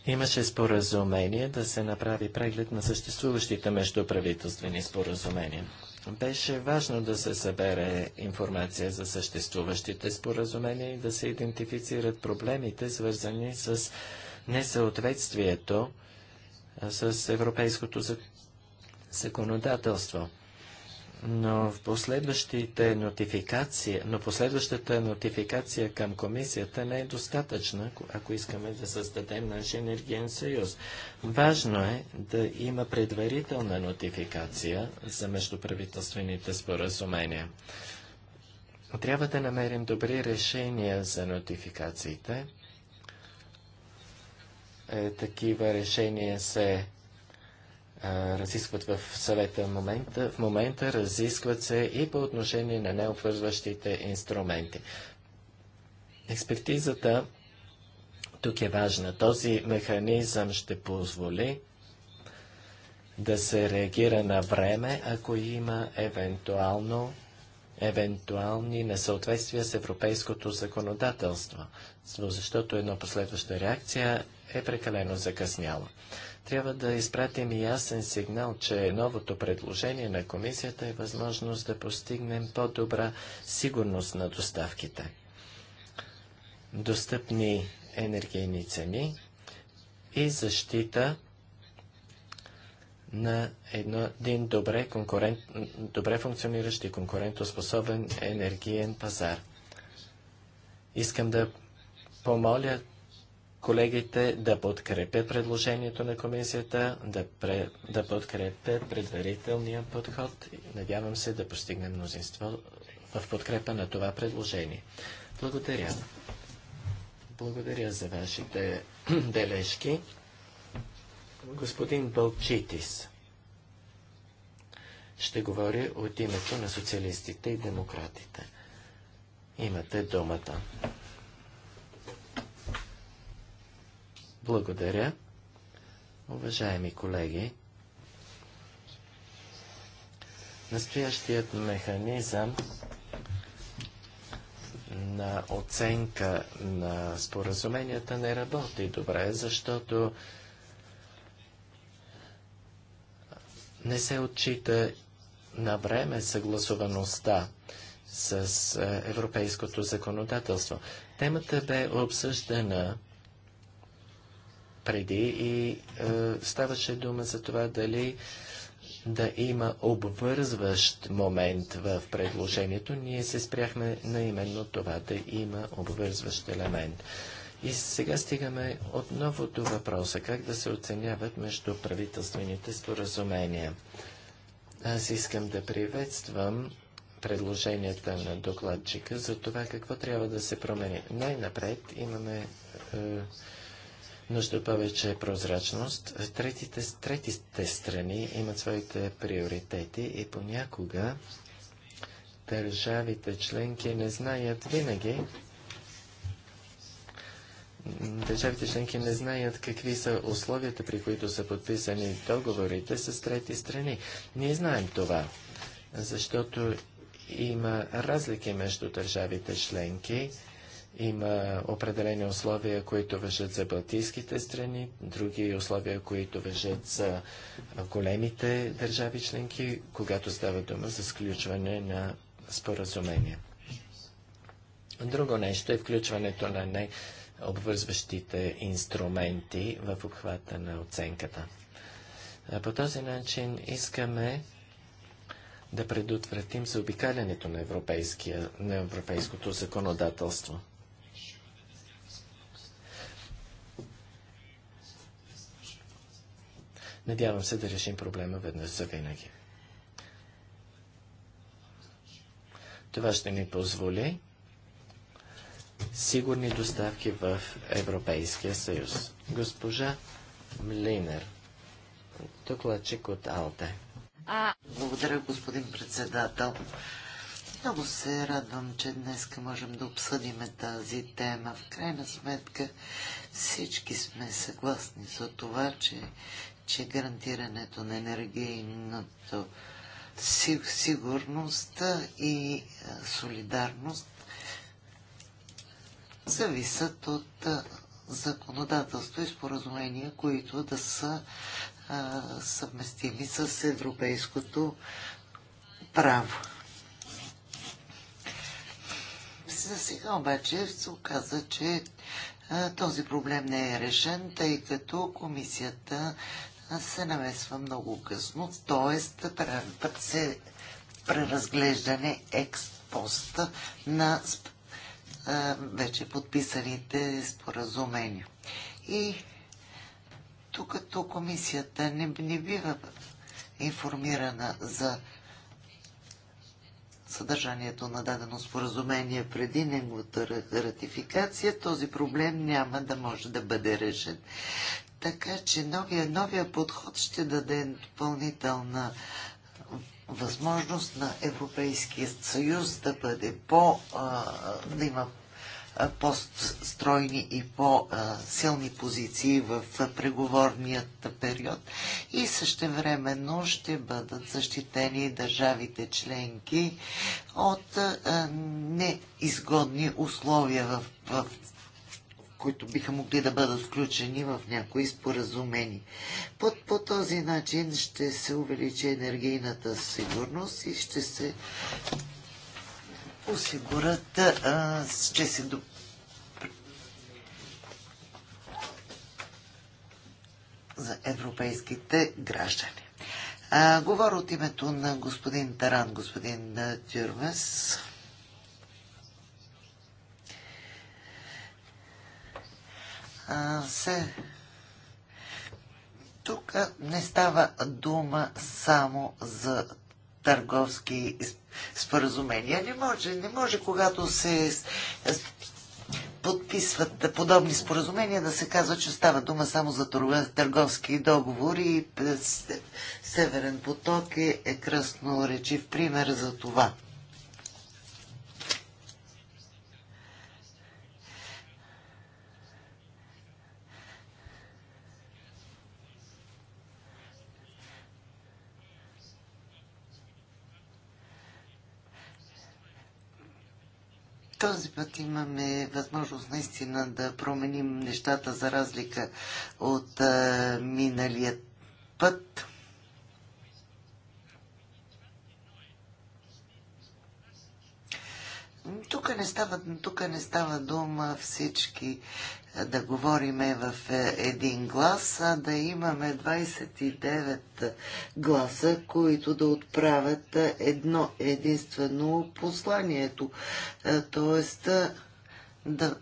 имаше споразумение да се направи преглед на съществуващите междуправителствени споразумения. Беше важно да се събере информация за съществуващите споразумения и да се идентифицират проблемите, свързани с несъответствието с европейското законодателство. Но в последващите нотификации, но последващата нотификация към комисията не е достатъчна, ако искаме да създадем наш енергиен съюз. Важно е да има предварителна нотификация за междуправителствените споразумения. Трябва да намерим добри решения за нотификациите е, такива решения се разискват в съвета в момента, в момента, разискват се и по отношение на необвързващите инструменти. Експертизата тук е важна. Този механизъм ще позволи да се реагира на време, ако има евентуално, евентуални несъответствия с европейското законодателство. Защото една последваща реакция е прекалено закъсняла. Трябва да изпратим ясен сигнал, че новото предложение на комисията е възможност да постигнем по-добра сигурност на доставките. Достъпни енергийни цени и защита на едно, един добре, конкурент, добре функциониращ и конкурентоспособен енергиен пазар. Искам да помоля колегите да подкрепят предложението на комисията, да, пре, да подкрепят предварителния подход. Надявам се да постигнем мнозинство в подкрепа на това предложение. Благодаря. Благодаря за вашите бележки. Господин Балчитис ще говори от името на социалистите и демократите. Имате думата. Благодаря. Уважаеми колеги, настоящият механизъм на оценка на споразуменията не работи добре, защото не се отчита на време съгласуваността с е, европейското законодателство. Темата бе обсъждана преди и е, ставаше дума за това дали да има обвързващ момент в предложението. Ние се спряхме на именно това да има обвързващ елемент. И сега стигаме отново до въпроса как да се оценяват между правителствените споразумения. Аз искам да приветствам предложенията на докладчика за това какво трябва да се промени. Най-напред имаме е, нужда повече прозрачност. Третите, третите страни имат своите приоритети и понякога държавите членки не знаят винаги Държавите членки не знаят какви са условията, при които са подписани договорите с трети страни. Ние знаем това, защото има разлики между държавите членки има определени условия, които въжат за балтийските страни, други условия, които въжат за големите държави членки, когато става дума за сключване на споразумения. Друго нещо е включването на необвързващите инструменти в обхвата на оценката. По този начин искаме да предотвратим заобикалянето на, на европейското законодателство. Надявам се да решим проблема веднъж за винаги. Това ще ни позволи сигурни доставки в Европейския съюз. Госпожа Млинер, докладчик от Алте. А, благодаря, господин председател. Много се радвам, че днес можем да обсъдим тази тема. В крайна сметка всички сме съгласни за това, че че гарантирането на енергийната сигурност и е, солидарност зависят от е, законодателство и споразумения, които да са е, съвместими с европейското право. За сега обаче се оказа, че този проблем не е решен, тъй като комисията се намесва много късно, т.е. се преразглеждане експоста на вече подписаните споразумения. И тук като комисията не, не бива информирана за съдържанието на дадено споразумение преди неговата ратификация, този проблем няма да може да бъде решен. Така че новия, новия подход ще даде допълнителна възможност на Европейския съюз да бъде по, да има по-стройни и по-силни позиции в преговорният период и същевременно ще бъдат защитени държавите членки от неизгодни условия в, в които биха могли да бъдат включени в някои споразумени. По, по този начин ще се увеличи енергийната сигурност и ще се осигурят, а, ще се до... за европейските граждани. А, говоря от името на господин Таран, господин Тюрмес. А се тук не става дума само за търговски споразумения. Не може, не може когато се подписват подобни споразумения да се казва, че става дума само за търговски договори. Северен поток е, е кръсно речив пример за това. Този път имаме възможност наистина да променим нещата за разлика от а, миналият път. тук не става, тук не става дума всички да говориме в е, един глас, а да имаме 29 гласа, които да отправят едно единствено посланието. Тоест да,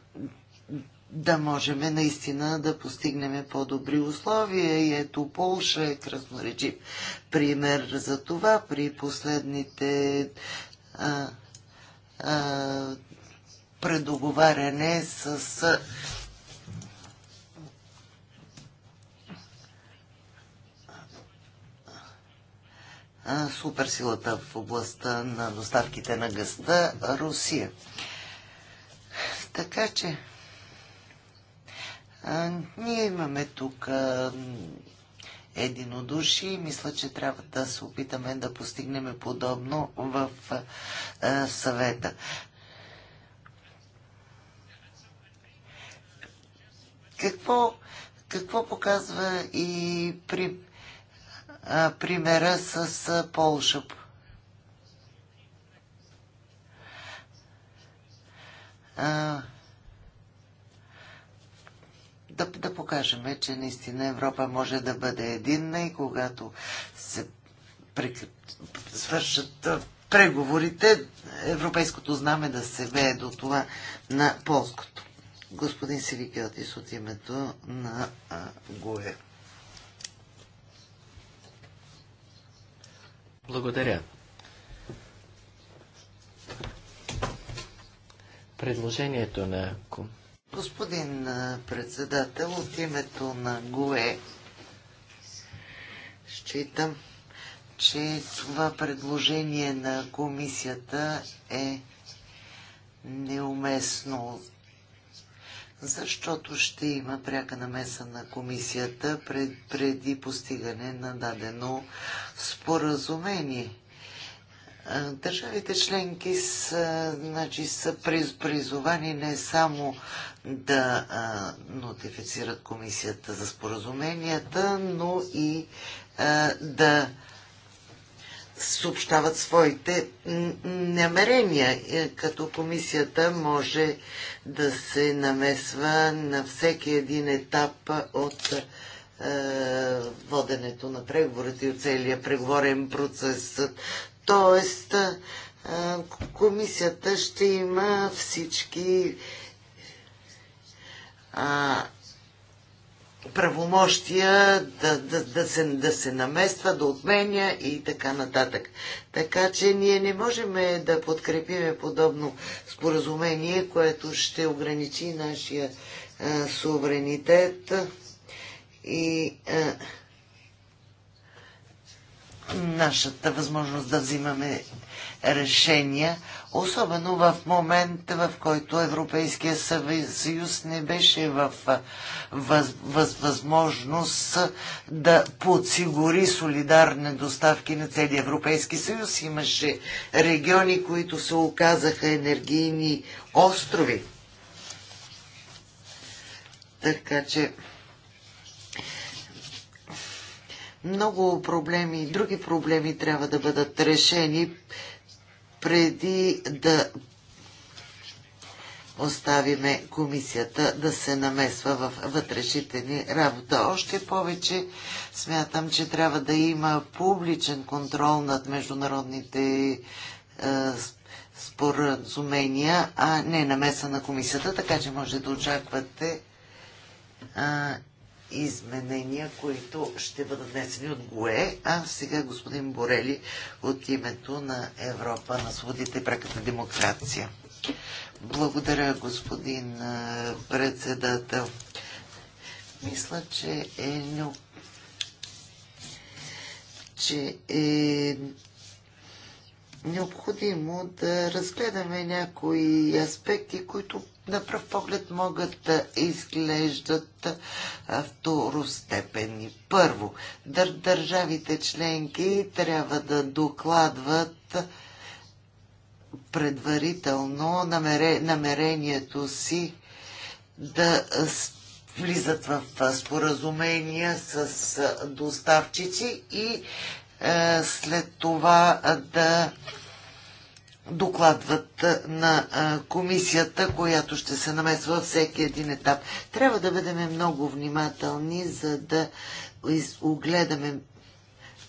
да можем наистина да постигнем по-добри условия. И ето Полша е красноречив пример за това при последните а, предоговаряне с суперсилата в областта на доставките на гъста Русия. Така че а, ние имаме тук а, единодушие и мисля, че трябва да се опитаме да постигнем подобно в а, съвета. Какво, какво показва и при, а, примера с а, Полша? А, да, да покажем, че наистина Европа може да бъде единна и когато се свършат преговорите, европейското знаме да се вее до това на полското. Господин Сирикиотис от името на а, ГУЕ. Благодаря. Предложението на Господин председател, от името на ГУЕ считам, че това предложение на комисията е неуместно, защото ще има пряка намеса на комисията пред, преди постигане на дадено споразумение. Държавите членки са, значи, са призовани не само да а, нотифицират комисията за споразуменията, но и а, да съобщават своите намерения, е, като комисията може да се намесва на всеки един етап от е, воденето на преговорите и от целия преговорен процес. Тоест, е, комисията ще има всички е, а, правомощия да, да, да, се, да се намества, да отменя и така нататък. Така че ние не можем да подкрепиме подобно споразумение, което ще ограничи нашия а, суверенитет и а, нашата възможност да взимаме решения, особено в момента, в който Европейския съюз не беше в въз, въз, възможност да подсигури солидарни доставки на целия Европейски съюз. Имаше региони, които се оказаха енергийни острови. Така че Много проблеми, други проблеми трябва да бъдат решени преди да оставиме комисията да се намесва в вътрешните ни работа. Още повече смятам, че трябва да има публичен контрол над международните е, споразумения, а не намеса на комисията, така че може да очаквате изменения, които ще бъдат внесени от ГОЕ, а сега господин Борели от името на Европа на свободите и праката демокрация. Благодаря, господин председател. Мисля, че е, че е необходимо да разгледаме някои аспекти, които на пръв поглед могат да изглеждат второстепенни. Първо, дър държавите членки трябва да докладват предварително намере, намерението си да влизат в споразумения с доставчици и е, след това да докладват на комисията, която ще се намесва във всеки един етап. Трябва да бъдем много внимателни, за да огледаме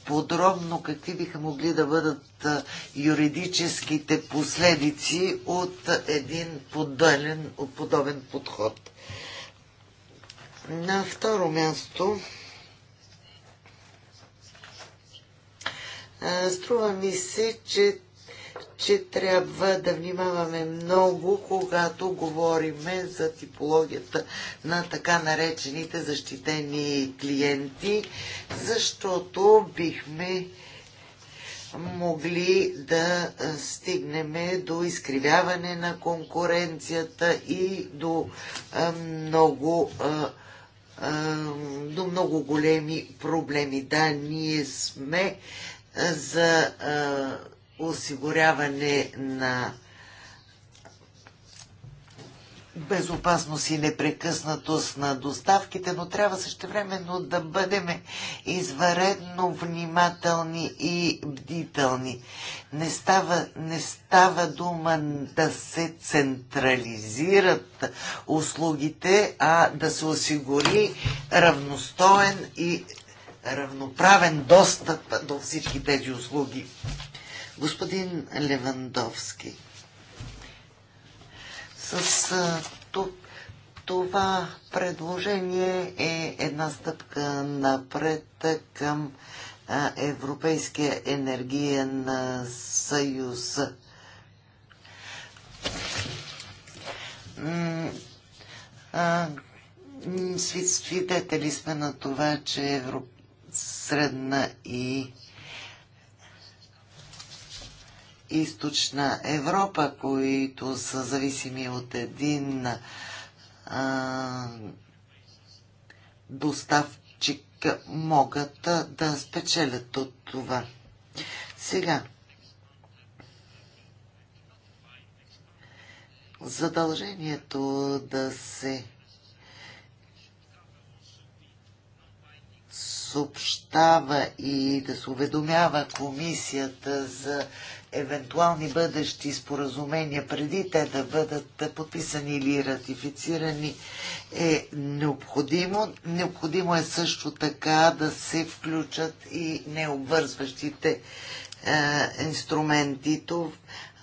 подробно какви биха могли да бъдат юридическите последици от един подобен, подобен подход. На второ място Струва ми се, че, че трябва да внимаваме много, когато говориме за типологията на така наречените защитени клиенти, защото бихме могли да стигнем до изкривяване на конкуренцията и до много до много големи проблеми. Да, ние сме за осигуряване на безопасност и непрекъснатост на доставките, но трябва същевременно да бъдем изваредно внимателни и бдителни. Не става, не става дума да се централизират услугите, а да се осигури равностоен и равноправен достъп до всички тези услуги. Господин Левандовски, с а, това предложение е една стъпка напред към а, Европейския енергиен съюз. Свидетели сме на това, че Европейския средна и източна Европа, които са зависими от един а, доставчик, могат да спечелят от това. Сега, задължението да се съобщава и да се уведомява комисията за евентуални бъдещи споразумения преди те да бъдат подписани или ратифицирани е необходимо. Необходимо е също така да се включат и необвързващите е, инструменти.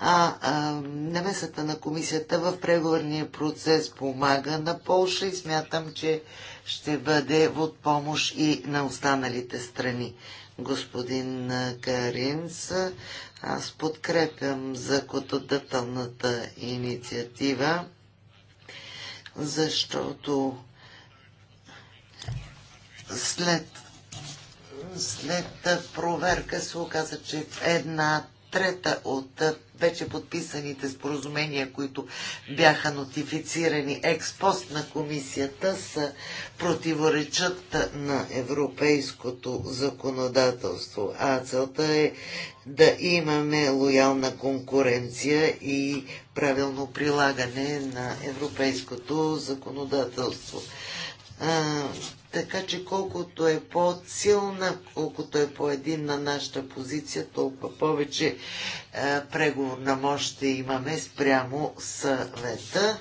А, а намесата на комисията в преговорния процес помага на Полша и смятам, че ще бъде от помощ и на останалите страни. Господин Каринс, аз подкрепям законодателната инициатива, защото след след проверка се оказа, че една трета от вече подписаните споразумения, които бяха нотифицирани експост на комисията, са противоречат на европейското законодателство. А целта е да имаме лоялна конкуренция и правилно прилагане на европейското законодателство така че колкото е по-силна, колкото е по един на нашата позиция, толкова повече е, преговорна мощ ще имаме спрямо съвета.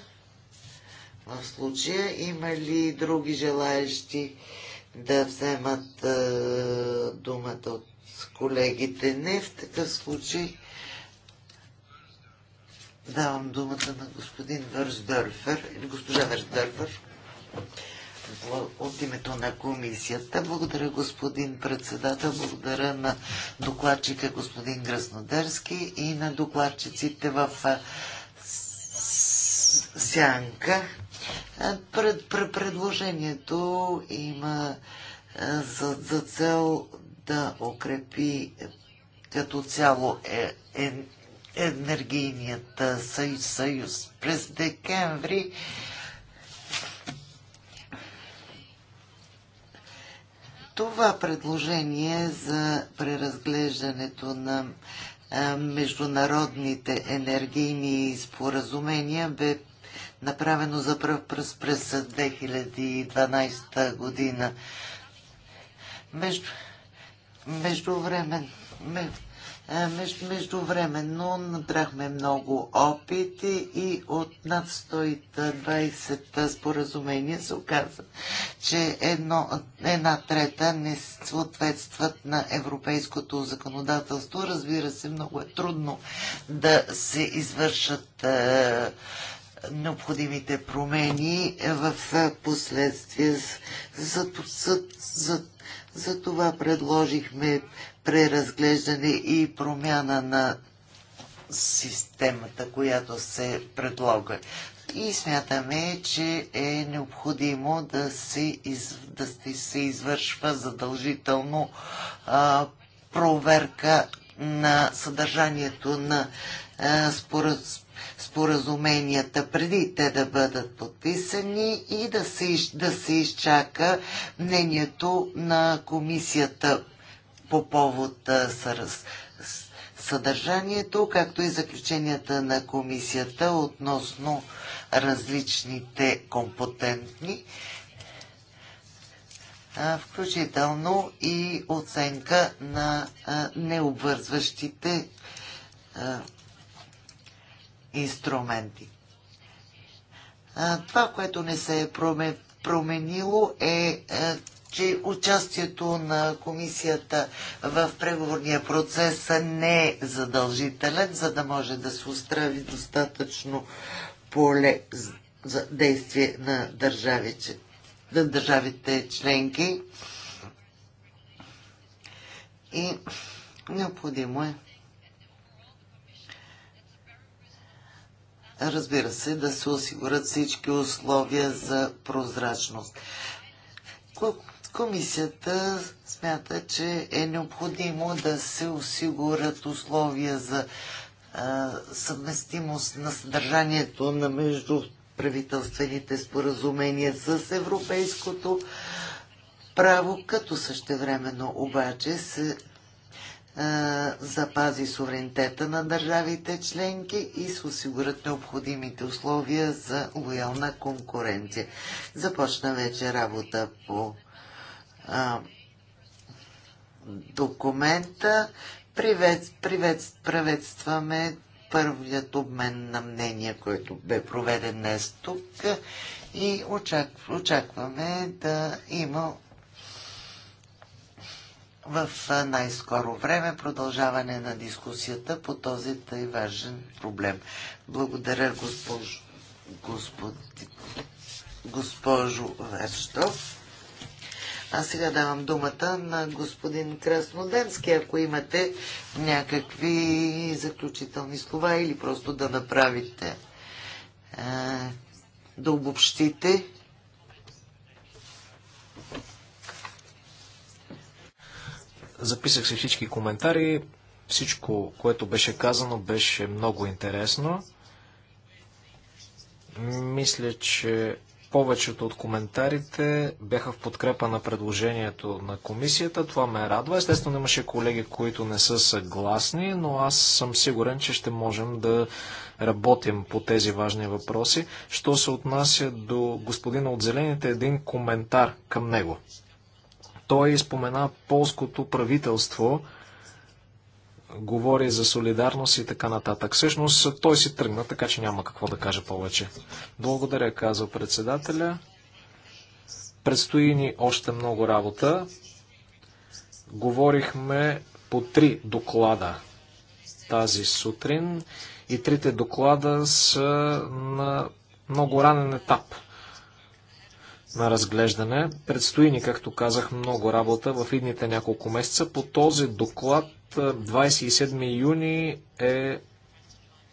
В случая има ли други желаещи да вземат е, думата от колегите? Не, в такъв случай давам думата на господин или госпожа Върсдърфер от името на комисията. Благодаря господин председател, благодаря на докладчика господин Граснодерски и на докладчиците в Сянка. Пред, пред предложението има за, за цел да укрепи като цяло е, е, енергийният съюз. През декември това предложение за преразглеждането на международните енергийни споразумения бе направено за пръв пръст през 2012 година. Между, между време, е, междувременно набрахме много опити и от над 120 споразумения се оказа, че едно, една трета не съответстват на европейското законодателство. Разбира се, много е трудно да се извършат е, необходимите промени в последствие. За, за, за, за това предложихме преразглеждане и промяна на системата, която се предлага. И смятаме, че е необходимо да се, из, да се извършва задължително а, проверка на съдържанието на а, според, споразуменията преди те да бъдат подписани и да се, да се изчака мнението на комисията по повод съдържанието, както и заключенията на комисията относно различните компетентни, включително и оценка на необвързващите инструменти. Това, което не се е променило е че участието на комисията в преговорния процес не е задължителен, за да може да се устрави достатъчно поле за действие на, държавите, на държавите членки. И необходимо е разбира се, да се осигурят всички условия за прозрачност. Комисията смята, че е необходимо да се осигурят условия за а, съвместимост на съдържанието на междуправителствените споразумения с европейското право, като същевременно обаче се а, запази суверенитета на държавите членки и се осигурят необходимите условия за лоялна конкуренция. Започна вече работа по документа. приветстваме първият обмен на мнения, който бе проведен днес тук и очакваме да има в най-скоро време продължаване на дискусията по този тъй важен проблем. Благодаря, госпожо, господ, госпожо Верштов. А сега давам думата на господин Красноденски, ако имате някакви заключителни слова или просто да направите, е, да обобщите. Записах се всички коментари. Всичко, което беше казано, беше много интересно. Мисля, че повечето от коментарите бяха в подкрепа на предложението на комисията. Това ме радва. Естествено, имаше колеги, които не са съгласни, но аз съм сигурен, че ще можем да работим по тези важни въпроси. Що се отнася до господина от Зелените, един коментар към него. Той спомена полското правителство, говори за солидарност и така нататък. Всъщност той си тръгна, така че няма какво да кажа повече. Благодаря, казва председателя. Предстои ни още много работа. Говорихме по три доклада тази сутрин и трите доклада са на много ранен етап на разглеждане. Предстои ни, както казах, много работа в идните няколко месеца. По този доклад 27 е, юни е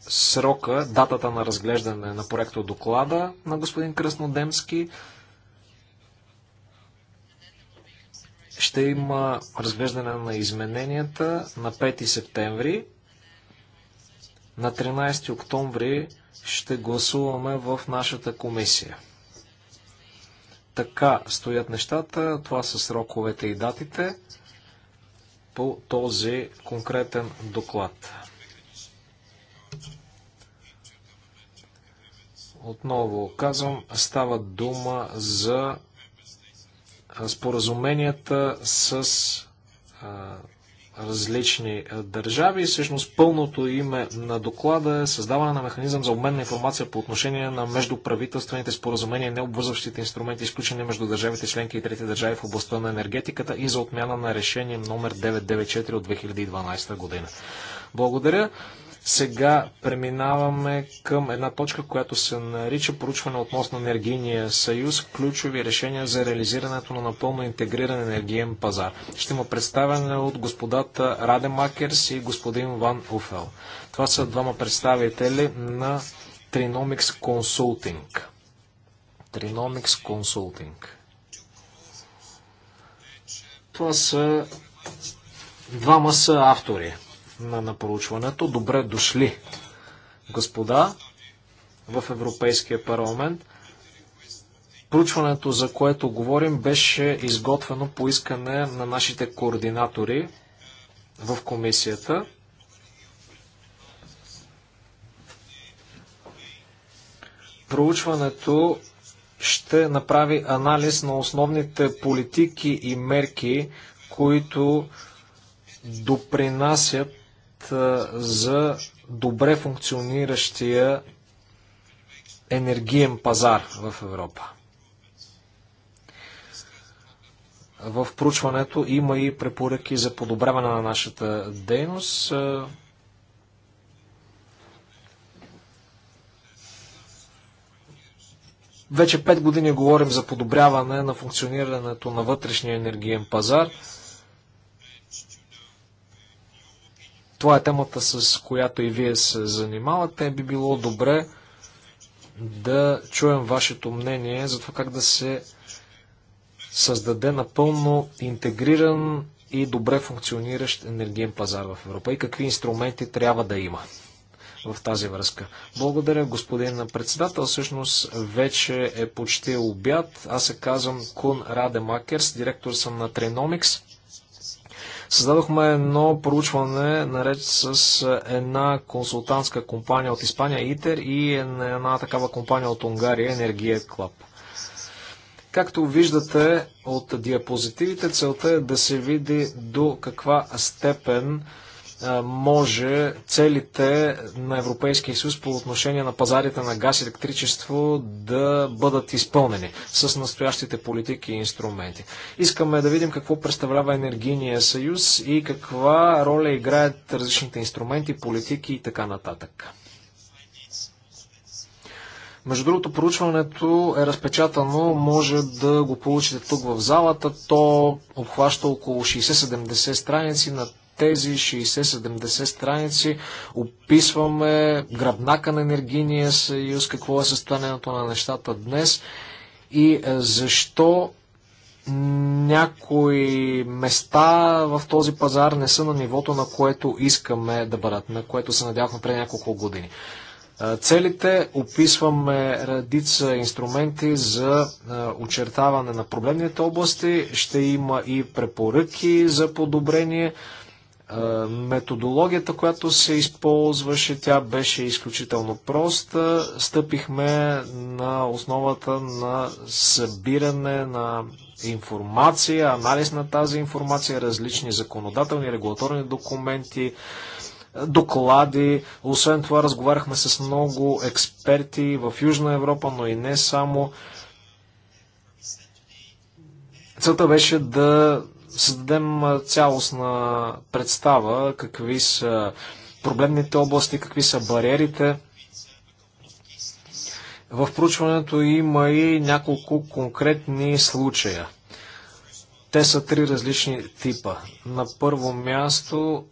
срока, датата на разглеждане на проекта доклада на господин Кръснодемски. Ще има разглеждане на измененията на 5 септември. На 13 октомври ще гласуваме в нашата комисия. Така стоят нещата. Това са сроковете и датите по този конкретен доклад. Отново казвам, става дума за споразуменията с различни е, държави. Всъщност пълното име на доклада е създаване на механизъм за обмен на информация по отношение на междуправителствените споразумения необвързващите инструменти, изключени между държавите членки и трети държави в областта на енергетиката и за отмяна на решение номер 994 от 2012 година. Благодаря. Сега преминаваме към една точка, която се нарича поручване относно енергийния съюз, ключови решения за реализирането на напълно интегриран енергиен пазар. Ще има представяне от господата Раде Макерс и господин Ван Уфел. Това са двама представители на Trinomics Consulting. Trinomics Consulting. Това са двама са автори на, напоручването. проучването. Добре дошли, господа, в Европейския парламент. Проучването, за което говорим, беше изготвено по искане на нашите координатори в комисията. Проучването ще направи анализ на основните политики и мерки, които допринасят за добре функциониращия енергиен пазар в Европа. В проучването има и препоръки за подобряване на нашата дейност. Вече 5 години говорим за подобряване на функционирането на вътрешния енергиен пазар. Това е темата, с която и вие се занимавате. Би било добре да чуем вашето мнение за това как да се създаде напълно интегриран и добре функциониращ енергиен пазар в Европа и какви инструменти трябва да има в тази връзка. Благодаря, господин председател. Всъщност вече е почти обяд. Аз се казвам Кун Радемакерс, директор съм на Треnomics. Създадохме едно проучване наред с е, една консултантска компания от Испания, ИТЕР, и една такава компания от Унгария, Енергия Клаб. Както виждате от диапозитивите, целта е да се види до каква степен може целите на Европейския съюз по отношение на пазарите на газ и електричество да бъдат изпълнени с настоящите политики и инструменти. Искаме да видим какво представлява енергийния съюз и каква роля играят различните инструменти, политики и така нататък. Между другото, проучването е разпечатано, може да го получите тук в залата. То обхваща около 60-70 страници на тези 60-70 страници описваме гръбнака на енергийния съюз, какво е състоянието на нещата днес и е, защо някои места в този пазар не са на нивото, на което искаме да бъдат, на което се надявахме преди няколко години. Е, целите описваме редица инструменти за е, очертаване на проблемните области. Ще има и препоръки за подобрение. Е, методологията, която се използваше, тя беше изключително проста. Стъпихме на основата на събиране на информация, анализ на тази информация, различни законодателни, регулаторни документи, доклади. Освен това, разговаряхме с много експерти в Южна Европа, но и не само. Целта беше да създадем цялостна представа какви са проблемните области, какви са бариерите. В проучването има и няколко конкретни случая. Те са три различни типа. На първо място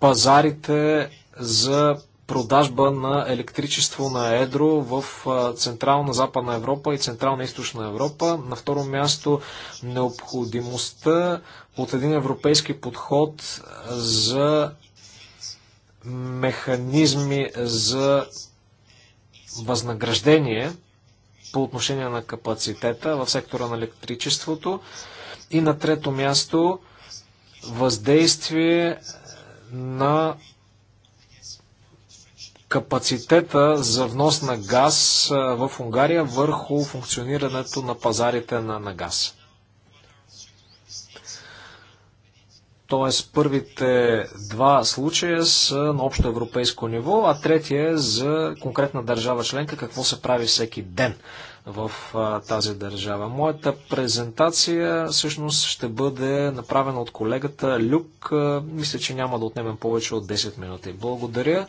пазарите за продажба на електричество на едро в Централна Западна Европа и Централна Източна Европа. На второ място необходимостта от един европейски подход за механизми за възнаграждение по отношение на капацитета в сектора на електричеството. И на трето място въздействие на капацитета за внос на газ в Унгария върху функционирането на пазарите на, на газ. Тоест първите два случая са на общо европейско ниво, а третия е за конкретна държава членка, какво се прави всеки ден в а, тази държава. Моята презентация всъщност ще бъде направена от колегата Люк. Мисля, че няма да отнемем повече от 10 минути. Благодаря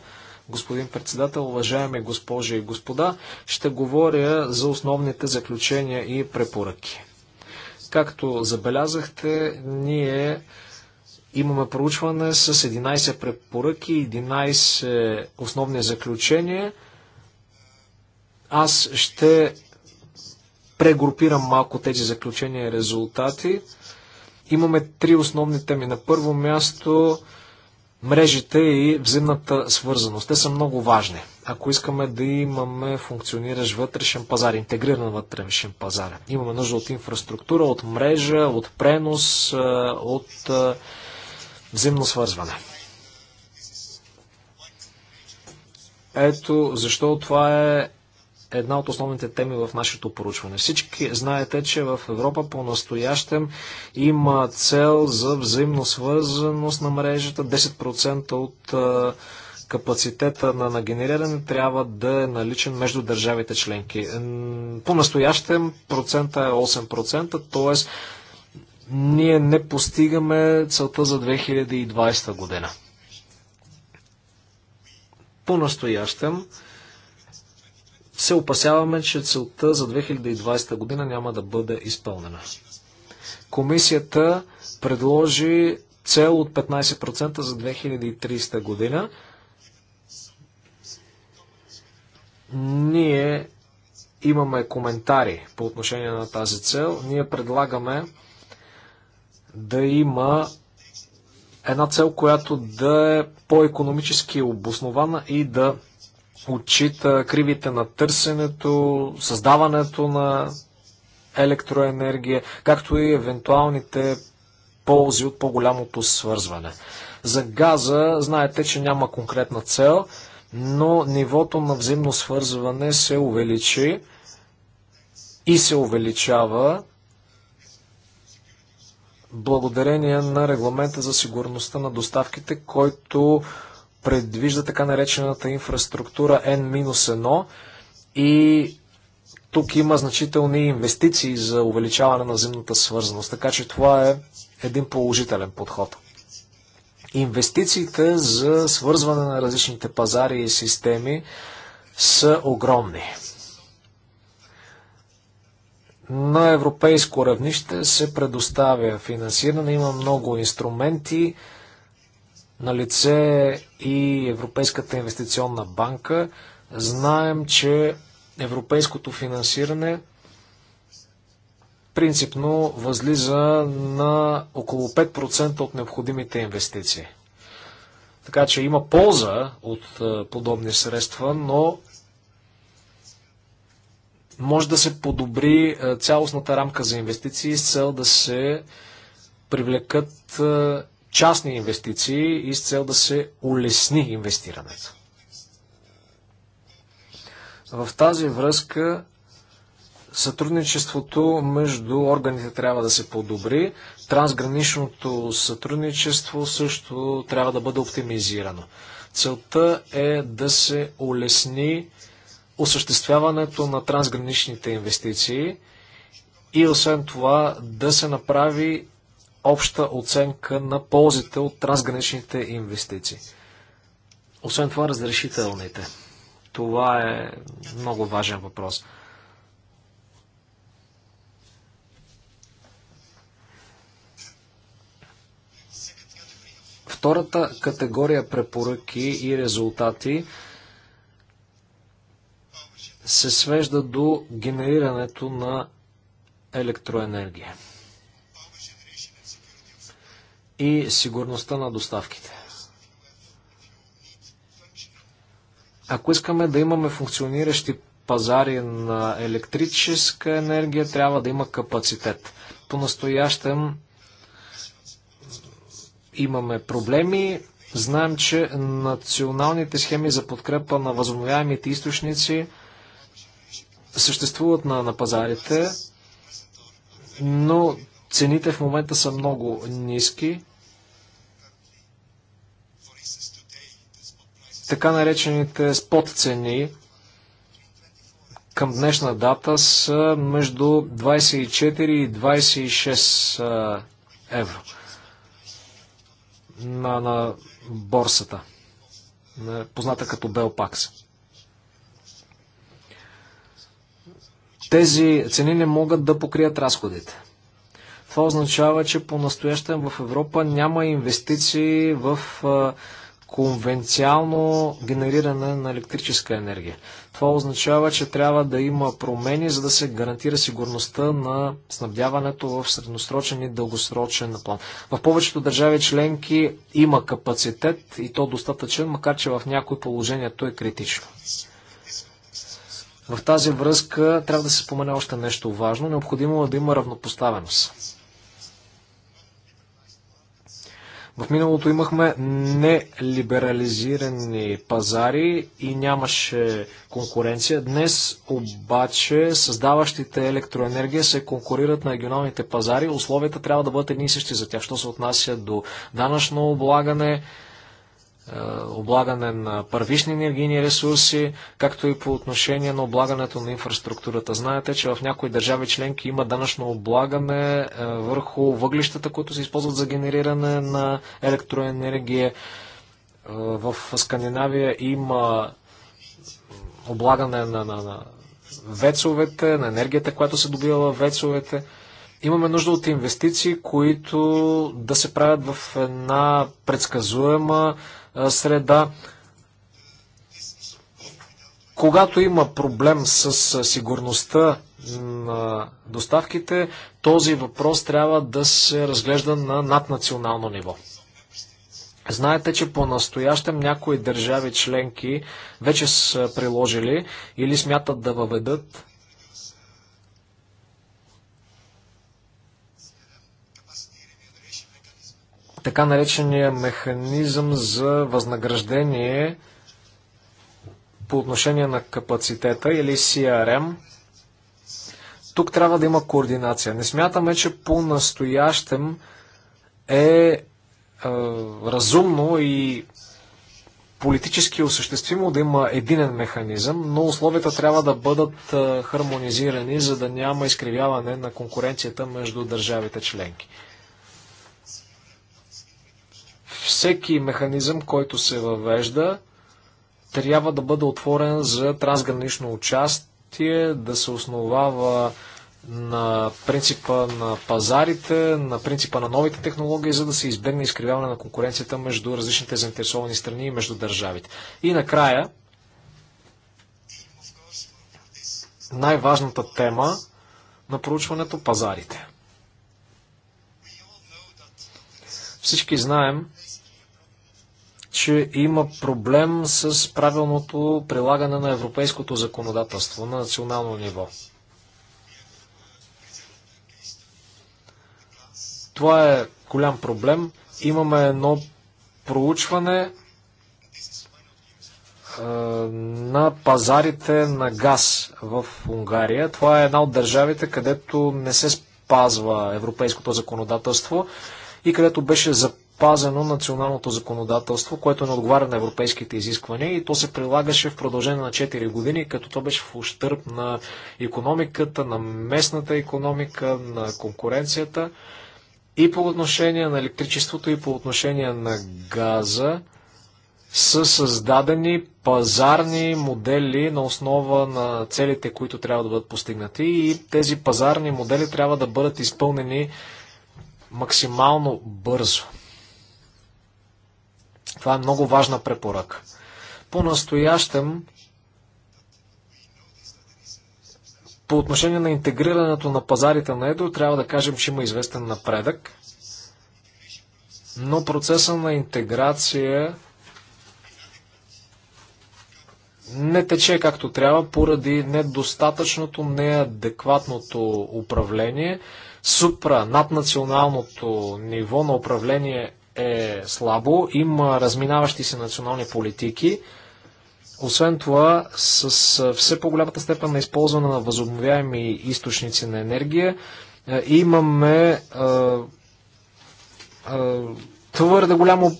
господин председател, уважаеми госпожи и господа. Ще говоря за основните заключения и препоръки. Както забелязахте, ние имаме проучване с 11 препоръки, 11 основни заключения. Аз ще прегрупирам малко тези заключения и резултати. Имаме три основни теми. На първо място мрежите и взаимната свързаност. Те са много важни. Ако искаме да имаме функциониращ вътрешен пазар, интегриран вътрешен пазар, имаме нужда от инфраструктура, от мрежа, от пренос, е, от е, взаимно свързване. Ето защо това е една от основните теми в нашето поручване. Всички знаете, че в Европа по-настоящем има цел за взаимно свързаност на мрежата. 10% от а, капацитета на, на генериране трябва да е наличен между държавите членки. По-настоящем процента е 8%, т.е. ние не постигаме целта за 2020 година. По-настоящем се опасяваме, че целта за 2020 година няма да бъде изпълнена. Комисията предложи цел от 15% за 2030 година. Ние имаме коментари по отношение на тази цел. Ние предлагаме да има една цел, която да е по-економически обоснована и да отчита кривите на търсенето, създаването на електроенергия, както и евентуалните ползи от по-голямото свързване. За газа знаете, че няма конкретна цел, но нивото на взаимно свързване се увеличи и се увеличава благодарение на регламента за сигурността на доставките, който предвижда така наречената инфраструктура N-1 и тук има значителни инвестиции за увеличаване на земната свързаност, така че това е един положителен подход. Инвестициите за свързване на различните пазари и системи са огромни. На европейско равнище се предоставя финансиране, има много инструменти, на лице и Европейската инвестиционна банка. Знаем, че европейското финансиране принципно възлиза на около 5% от необходимите инвестиции. Така че има полза от е, подобни средства, но може да се подобри е, цялостната рамка за инвестиции с цел да се привлекат е, частни инвестиции и с цел да се улесни инвестирането. В тази връзка сътрудничеството между органите трябва да се подобри. Трансграничното сътрудничество също трябва да бъде оптимизирано. Целта е да се улесни осъществяването на трансграничните инвестиции и освен това да се направи обща оценка на ползите от трансграничните инвестиции. Освен това, разрешителните. Това е много важен въпрос. Втората категория препоръки и резултати се свежда до генерирането на електроенергия и сигурността на доставките. Ако искаме да имаме функциониращи пазари на електрическа енергия, трябва да има капацитет. По-настоящем имаме проблеми. Знаем, че националните схеми за подкрепа на възобновяемите източници съществуват на, на пазарите, но цените в момента са много ниски. така наречените спот цени към днешна дата са между 24 и 26 евро на, на борсата, позната като Белпакс. Тези цени не могат да покрият разходите. Това означава, че по-настоящен в Европа няма инвестиции в а, конвенциално генериране на електрическа енергия. Това означава, че трябва да има промени, за да се гарантира сигурността на снабдяването в средносрочен и дългосрочен план. В повечето държави членки има капацитет и то достатъчен, макар че в някои положения то е критично. В тази връзка трябва да се спомене още нещо важно. Необходимо е да има равнопоставеност. В миналото имахме нелиберализирани пазари и нямаше конкуренция. Днес обаче създаващите електроенергия се конкурират на регионалните пазари. Условията трябва да бъдат едни и същи за тях, що се отнася до данъчно облагане, е, облагане на първични енергийни ресурси, както и по отношение на облагането на инфраструктурата. Знаете, че в някои държави членки има данъчно облагане е, върху въглищата, които се използват за генериране на електроенергия. Е, в Скандинавия има облагане на, на, на вецовете, на енергията, която се добива в вецовете имаме нужда от инвестиции, които да се правят в една предсказуема, среда. Когато има проблем с сигурността на доставките, този въпрос трябва да се разглежда на наднационално ниво. Знаете, че по-настоящем някои държави членки вече са приложили или смятат да въведат така наречения механизъм за възнаграждение по отношение на капацитета или CRM. Тук трябва да има координация. Не смятаме, че по-настоящем е, е разумно и политически осъществимо да има единен механизъм, но условията трябва да бъдат е, хармонизирани, за да няма изкривяване на конкуренцията между държавите членки всеки механизъм, който се въвежда, трябва да бъде отворен за трансгранично участие, да се основава на принципа на пазарите, на принципа на новите технологии, за да се избегне изкривяване на конкуренцията между различните заинтересовани страни и между държавите. И накрая, най-важната тема на проучването – пазарите. Всички знаем, че има проблем с правилното прилагане на европейското законодателство на национално ниво. Това е голям проблем. Имаме едно проучване на пазарите на газ в Унгария. Това е една от държавите, където не се спазва европейското законодателство и където беше за спазено националното законодателство, което не отговаря на европейските изисквания и то се прилагаше в продължение на 4 години, като то беше в ущърп на економиката, на местната економика, на конкуренцията и по отношение на електричеството и по отношение на газа са създадени пазарни модели на основа на целите, които трябва да бъдат постигнати и тези пазарни модели трябва да бъдат изпълнени максимално бързо. Това е много важна препоръка. По-настоящем, по отношение на интегрирането на пазарите на ЕДО, трябва да кажем, че има известен напредък, но процеса на интеграция не тече както трябва поради недостатъчното, неадекватното управление. Супра, наднационалното ниво на управление е слабо, има разминаващи се национални политики. Освен това, с все по-голямата степен на използване на възобновяеми източници на енергия, имаме твърде голямо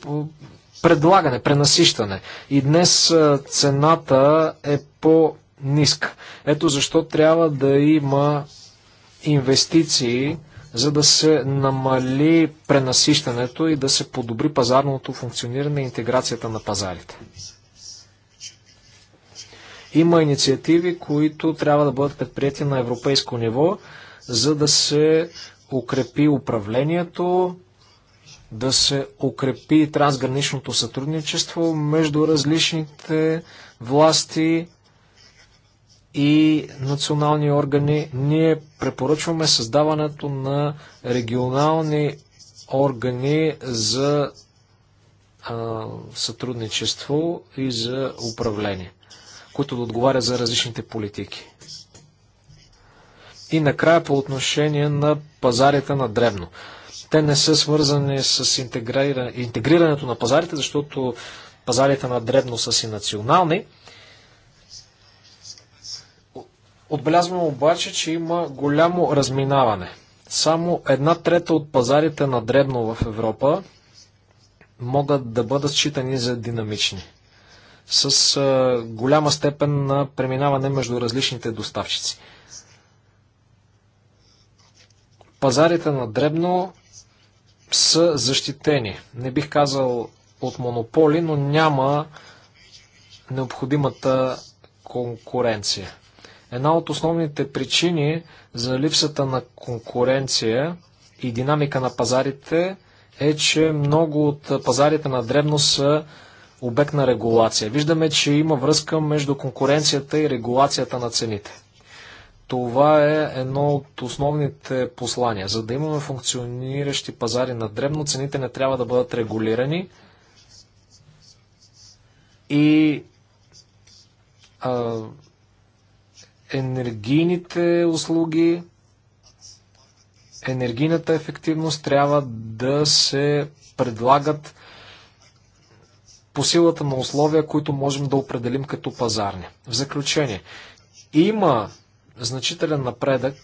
предлагане, пренасищане. И днес цената е по-ниска. Ето защо трябва да има инвестиции за да се намали пренасищането и да се подобри пазарното функциониране и интеграцията на пазарите. Има инициативи, които трябва да бъдат предприяти на европейско ниво, за да се укрепи управлението, да се укрепи трансграничното сътрудничество между различните власти, и национални органи. Ние препоръчваме създаването на регионални органи за а, сътрудничество и за управление, които да отговарят за различните политики. И накрая по отношение на пазарите на древно. Те не са свързани с интегрирането на пазарите, защото пазарите на древно са си национални, Отбелязвам обаче, че има голямо разминаване. Само една трета от пазарите на дребно в Европа могат да бъдат считани за динамични. С голяма степен на преминаване между различните доставчици. Пазарите на дребно са защитени. Не бих казал от монополи, но няма необходимата конкуренция. Една от основните причини за липсата на конкуренция и динамика на пазарите е, че много от пазарите на дребно са обект на регулация. Виждаме, че има връзка между конкуренцията и регулацията на цените. Това е едно от основните послания. За да имаме функциониращи пазари на дребно, цените не трябва да бъдат регулирани и а, енергийните услуги, енергийната ефективност трябва да се предлагат по силата на условия, които можем да определим като пазарни. В заключение, има значителен напредък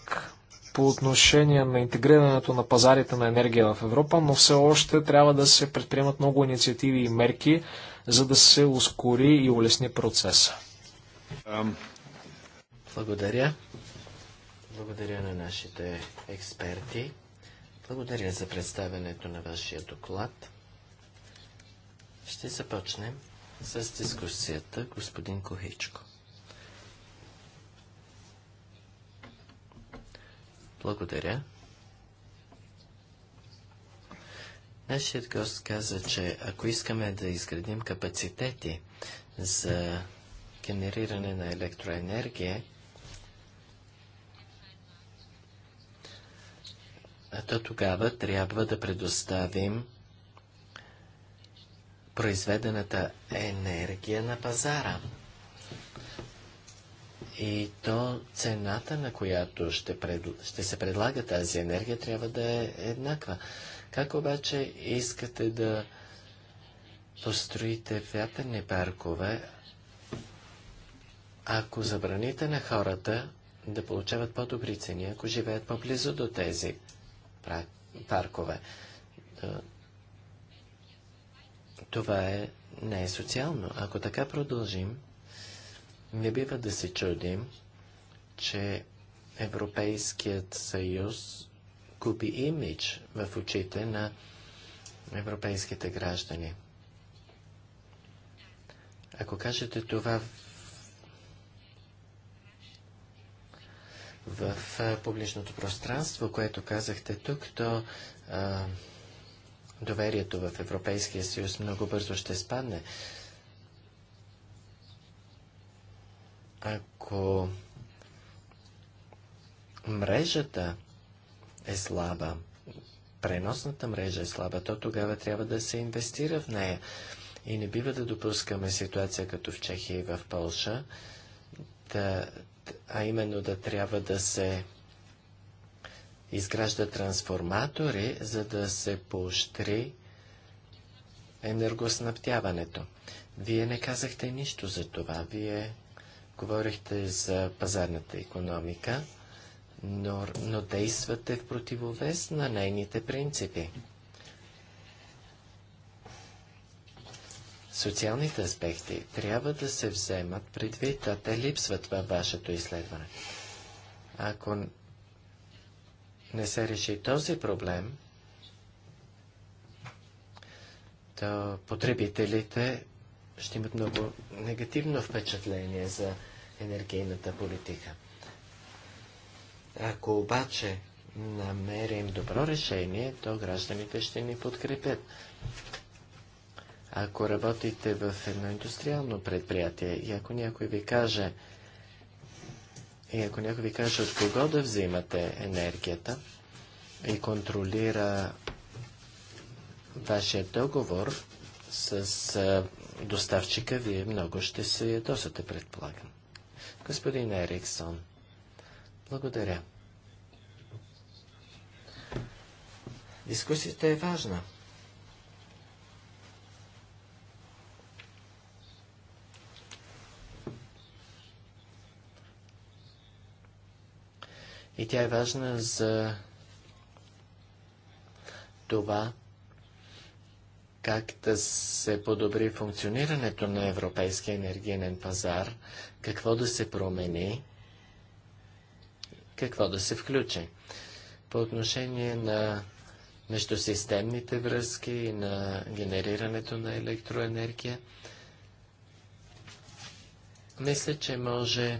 по отношение на интегрирането на пазарите на енергия в Европа, но все още трябва да се предприемат много инициативи и мерки, за да се ускори и улесни процеса. Благодаря. Благодаря на нашите експерти. Благодаря за представянето на вашия доклад. Ще започнем с дискусията, господин Кохичко. Благодаря. Нашият гост каза, че ако искаме да изградим капацитети за генериране на електроенергия, то тогава трябва да предоставим произведената енергия на пазара. И то цената, на която ще, пред... ще се предлага тази енергия, трябва да е еднаква. Как обаче искате да построите вятърни паркове, ако забраните на хората да получават по-добри цени, ако живеят по-близо до тези паркове. Е, това е, не е социално. Ако така продължим, не бива да се чудим, че Европейският съюз купи имидж в очите на европейските граждани. Ако кажете това в публичното пространство, което казахте тук, то а, доверието в Европейския съюз много бързо ще спадне. Ако мрежата е слаба, преносната мрежа е слаба, то тогава трябва да се инвестира в нея. И не бива да допускаме ситуация като в Чехия и в Полша, да, а именно да трябва да се изгражда трансформатори, за да се поощри енергоснабдяването. Вие не казахте нищо за това. Вие говорихте за пазарната економика, но, но действате в противовес на нейните принципи. Социалните аспекти трябва да се вземат предвид, а те липсват във вашето изследване. Ако не се реши този проблем, то потребителите ще имат много негативно впечатление за енергийната политика. Ако обаче намерим добро решение, то гражданите ще ни подкрепят. Ако работите в едно индустриално предприятие и ако някой ви каже, и ако някой ви каже от кого да взимате енергията и контролира вашия договор с доставчика, вие много ще се ядосате, предполагам. Господин Ериксон, благодаря. Дискусията е важна. И тя е важна за това, как да се подобри функционирането на европейския енергиен пазар, какво да се промени, какво да се включи. По отношение на междусистемните връзки и на генерирането на електроенергия, мисля, че може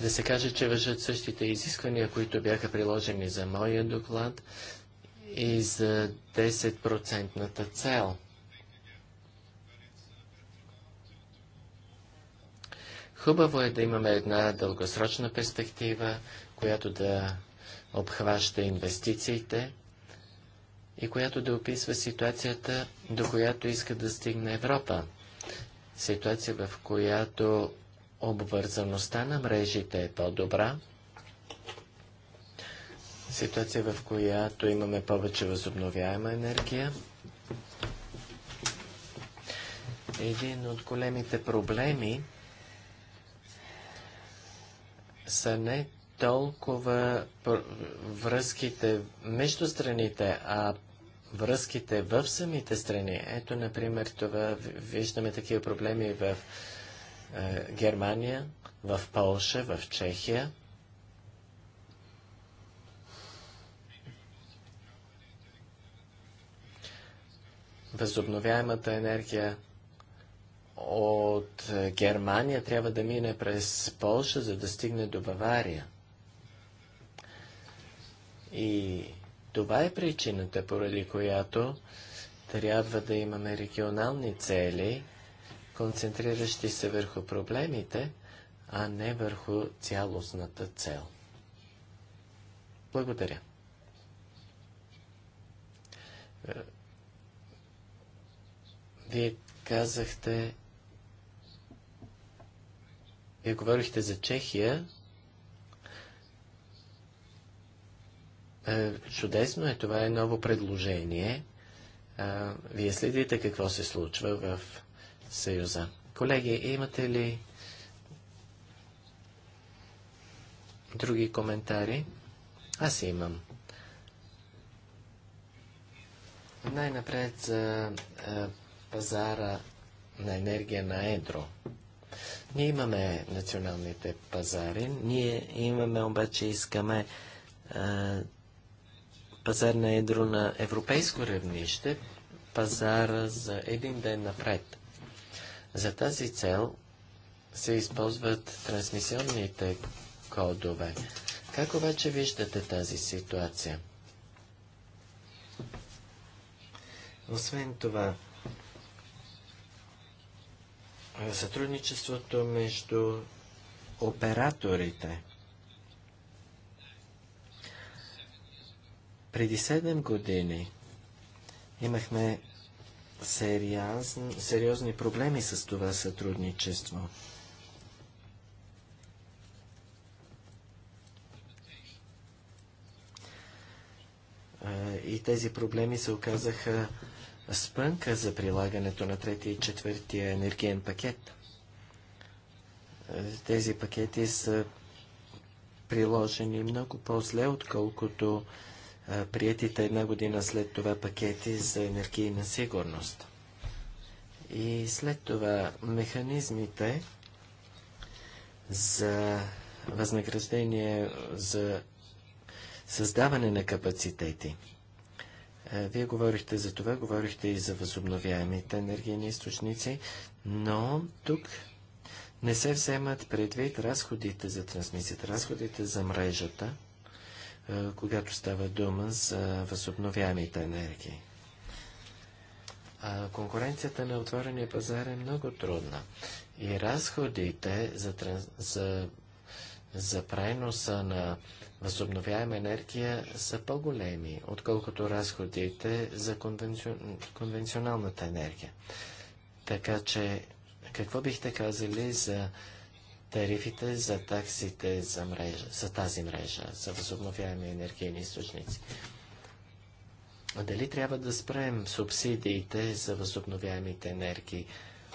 да се каже, че въжат същите изисквания, които бяха приложени за моя доклад и за 10 цел. Хубаво е да имаме една дългосрочна перспектива, която да обхваща инвестициите и която да описва ситуацията, до която иска да стигне Европа. Ситуация, в която Обвързаността на мрежите е по-добра. Ситуация, в която имаме повече възобновяема енергия. Един от големите проблеми са не толкова връзките между страните, а връзките в самите страни. Ето, например, това виждаме такива проблеми в е, Германия, в Полша, в Чехия. Възобновяемата енергия от е, Германия трябва да мине през Полша, за да стигне до Бавария. И това е причината, поради която трябва да имаме регионални цели концентриращи се върху проблемите, а не върху цялостната цел. Благодаря. Е, вие казахте, вие говорихте за Чехия. Е, чудесно е, това е ново предложение. Е, вие следите какво се случва в Съюза. Колеги, имате ли други коментари? Аз имам. Най-напред за е, пазара на енергия на едро. Ние имаме националните пазари, ние имаме обаче искаме а, е, пазар на едро на европейско равнище, пазара за един ден напред. За тази цел се използват трансмисионните кодове. Как обаче виждате тази ситуация? Освен това, сътрудничеството между операторите. Преди 7 години имахме сериозни, сериозни проблеми с това сътрудничество. И тези проблеми се оказаха спънка за прилагането на третия и четвъртия енергиен пакет. Тези пакети са приложени много по-зле, отколкото приятите една година след това пакети за енергийна сигурност. И след това механизмите за възнаграждение за създаване на капацитети. Вие говорихте за това, говорихте и за възобновяемите енергийни източници, но тук не се вземат предвид разходите за трансмисията, разходите за мрежата – когато става дума за възобновяемите енергии. А конкуренцията на отворения пазар е много трудна и разходите за, за, за преноса на възобновяема енергия са по-големи, отколкото разходите за конвенци... конвенционалната енергия. Така че, какво бихте казали за тарифите за таксите за, мрежа, за тази мрежа, за възобновяеми енергийни източници. Дали трябва да спрем субсидиите за възобновяемите енергии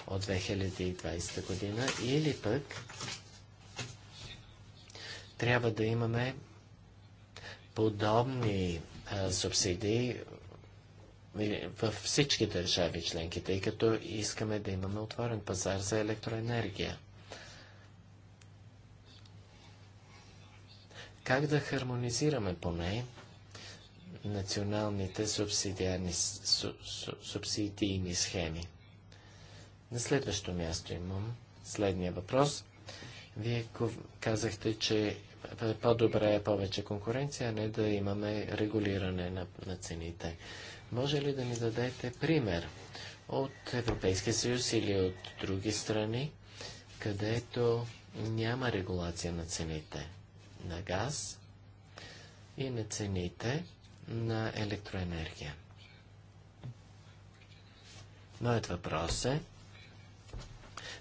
от 2020 година или пък трябва да имаме подобни а, субсидии е, във всички държави членки, тъй като искаме да имаме отворен пазар за електроенергия. Как да хармонизираме поне националните субсидиарни, су, су, субсидийни схеми? На следващо място имам следния въпрос. Вие казахте, че по-добре е повече конкуренция, а не да имаме регулиране на, на цените. Може ли да ни дадете пример от Европейския съюз или от други страни, където няма регулация на цените? на газ и на цените на електроенергия. Моят въпрос е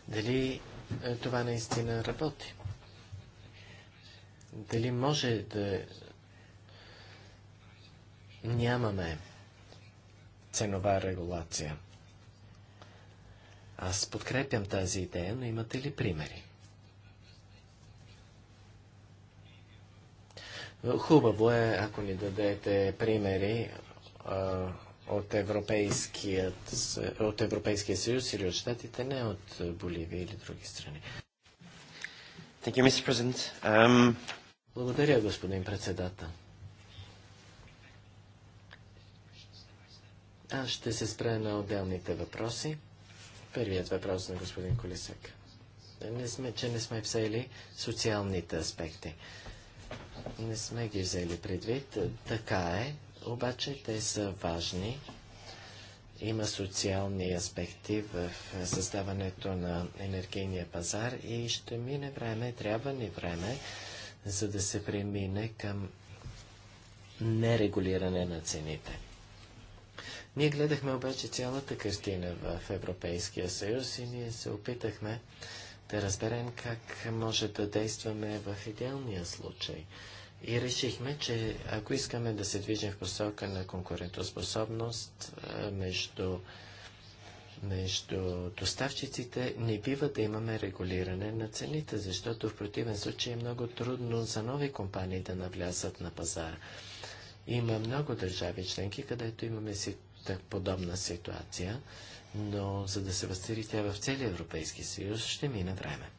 дали е, това наистина работи. Дали може да нямаме ценова регулация. Аз подкрепям тази идея, но имате ли примери? Хубаво е, ако ни дадете примери от, от, от Европейския съюз или от щатите, не от Боливия или други страни. Thank you, Mr. President. Um... Благодаря, господин председател. Аз ще се спра на отделните въпроси. Първият въпрос на господин Колисек. Не сме, че не сме взели социалните аспекти. Uh, не сме ги взели предвид. Така е, обаче те са важни. Има социални аспекти в създаването на енергийния пазар и ще мине време, трябва ни време, за да се премине към нерегулиране на цените. Ние гледахме обаче цялата картина в Европейския съюз и ние се опитахме да разберем как може да действаме в идеалния случай – и решихме, че ако искаме да се движим в посока на конкурентоспособност между, между доставчиците, не бива да имаме регулиране на цените, защото в противен случай е много трудно за нови компании да навлязат на пазара. Има много държави членки, където имаме си, так, подобна ситуация, но за да се възцари тя в целия Европейски съюз, ще мине време.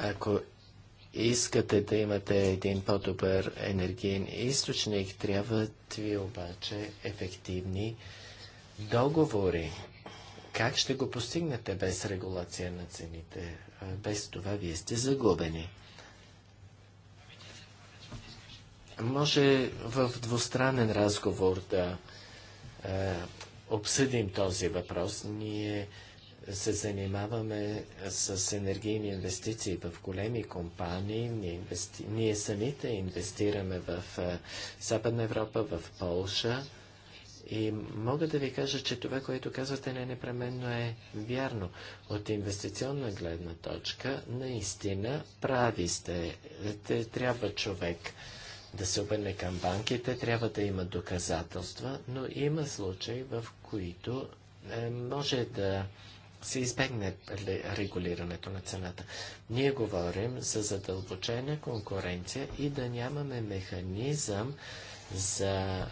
Ако искате да имате един по-добър енергиен източник, трябват ви обаче ефективни договори. Как ще го постигнете без регулация на цените? Без това вие сте загубени. Може в двустранен разговор да е, обсъдим този въпрос. Ние се занимаваме с енергийни инвестиции в големи компании. Ние, инвести... Ние самите инвестираме в Западна Европа, в Полша. И мога да ви кажа, че това, което казвате, не е непременно е вярно. От инвестиционна гледна точка, наистина прави сте. Те, трябва човек да се обърне към банките, трябва да има доказателства, но има случаи, в които е, може да се избегне регулирането на цената. Ние говорим за задълбочена конкуренция и да нямаме механизъм за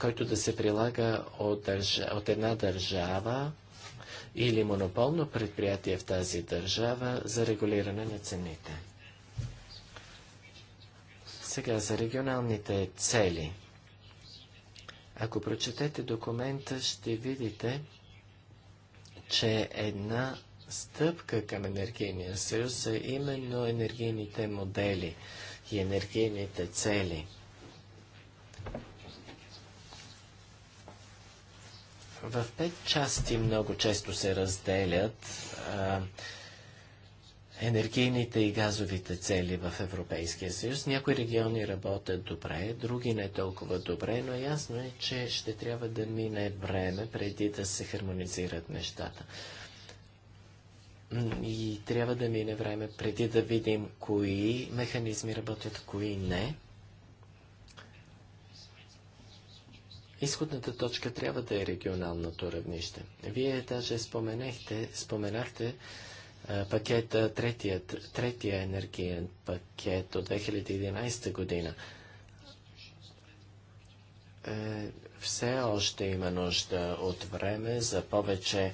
който да се прилага от, държ... от една държава или монополно предприятие в тази държава за регулиране на цените. Сега за регионалните цели. Ако прочетете документа, ще видите, че една стъпка към енергийния съюз са е именно енергийните модели и енергийните цели. В пет части много често се разделят а, енергийните и газовите цели в Европейския съюз. Някои региони работят добре, други не толкова добре, но ясно е, че ще трябва да мине време преди да се хармонизират нещата. И трябва да мине време преди да видим кои механизми работят, кои не. Изходната точка трябва да е регионалното равнище. Вие даже споменахте, споменахте е, пакета, е, третия, третия енергиен пакет от 2011 година. Е, все още има нужда от време за повече,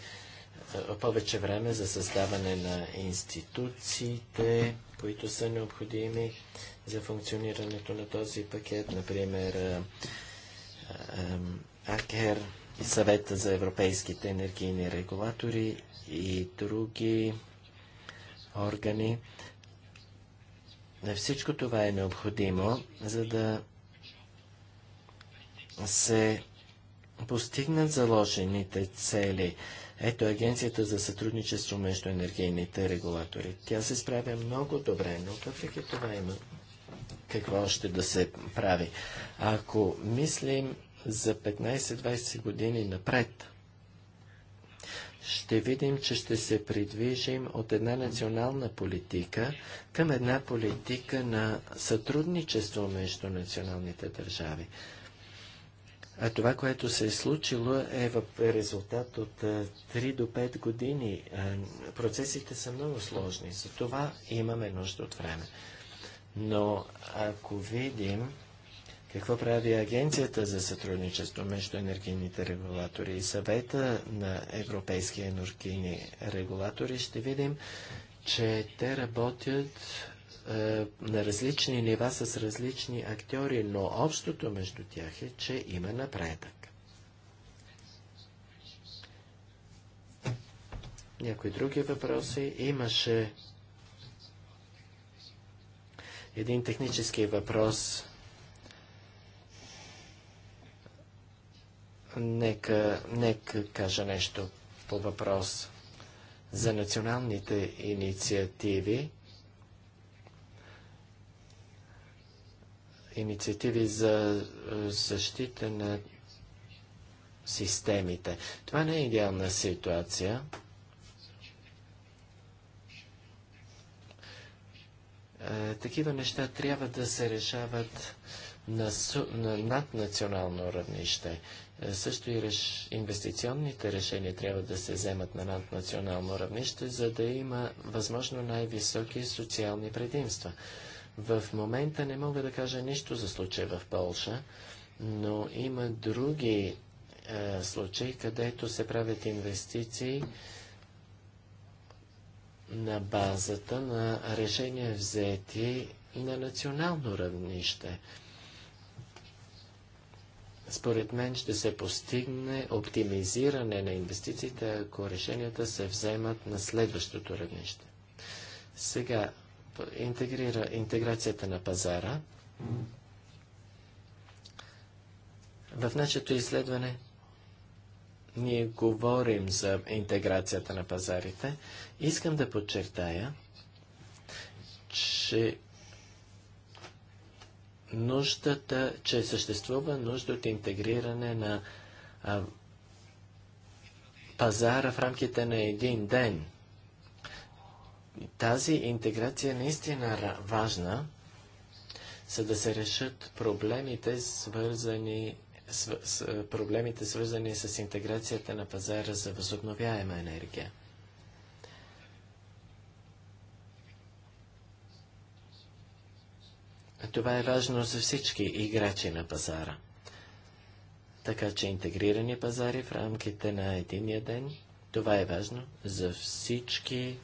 повече време за създаване на институциите, които са необходими за функционирането на този пакет. Например, АКЕР, Съвета за европейските енергийни регулатори и други органи. Всичко това е необходимо, за да се постигнат заложените цели. Ето Агенцията за сътрудничество между енергийните регулатори. Тя се справя много добре, но въпреки това има какво още да се прави. Ако мислим за 15-20 години напред, ще видим, че ще се придвижим от една национална политика към една политика на сътрудничество между националните държави. А това, което се е случило, е в е резултат от 3 до 5 години. Процесите са много сложни, за това имаме нужда от време. Но ако видим, какво прави Агенцията за сътрудничество между енергийните регулатори и съвета на европейски енергийни регулатори? Ще видим, че те работят е, на различни нива с различни актьори, но общото между тях е, че има напредък. Някои други въпроси имаше един технически въпрос Нека, нека кажа нещо по въпрос за националните инициативи. Инициативи за е, защита на системите. Това не е идеална ситуация. Е, такива неща трябва да се решават на, на наднационално равнище. Е, също и реш... инвестиционните решения трябва да се вземат на наднационално равнище, за да има възможно най-високи социални предимства. В момента не мога да кажа нищо за случай в Полша, но има други е, случаи, където се правят инвестиции на базата на решения взети на национално равнище. Според мен ще се постигне оптимизиране на инвестициите, ако решенията се вземат на следващото равнище. Сега, интегрира, интеграцията на пазара. В нашето изследване ние говорим за интеграцията на пазарите. Искам да подчертая, че нуждата, че съществува нужда от интегриране на а, пазара в рамките на един ден. Тази интеграция е наистина важна, за да се решат проблемите, свързани с, с проблемите свързани с интеграцията на пазара за възобновяема енергия. Това е важно за всички играчи на пазара. Така че интегрирани пазари в рамките на единия ден, това е важно за всички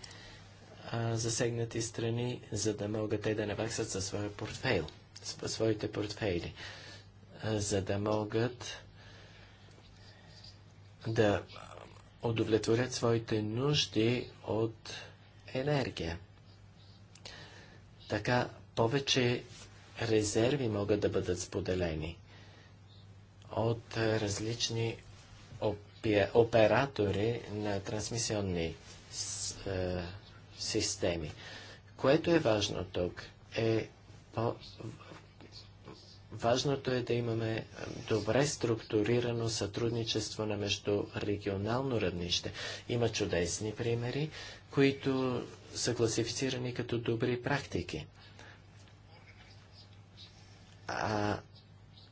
а, засегнати страни, за да могат те да наваксат със своя портфейл, своите портфейли, а, за да могат да удовлетворят своите нужди от енергия. Така повече резерви могат да бъдат споделени от различни оператори на трансмисионни е, системи. Което е важно тук е по... Важното е да имаме добре структурирано сътрудничество на между регионално равнище. Има чудесни примери, които са класифицирани като добри практики а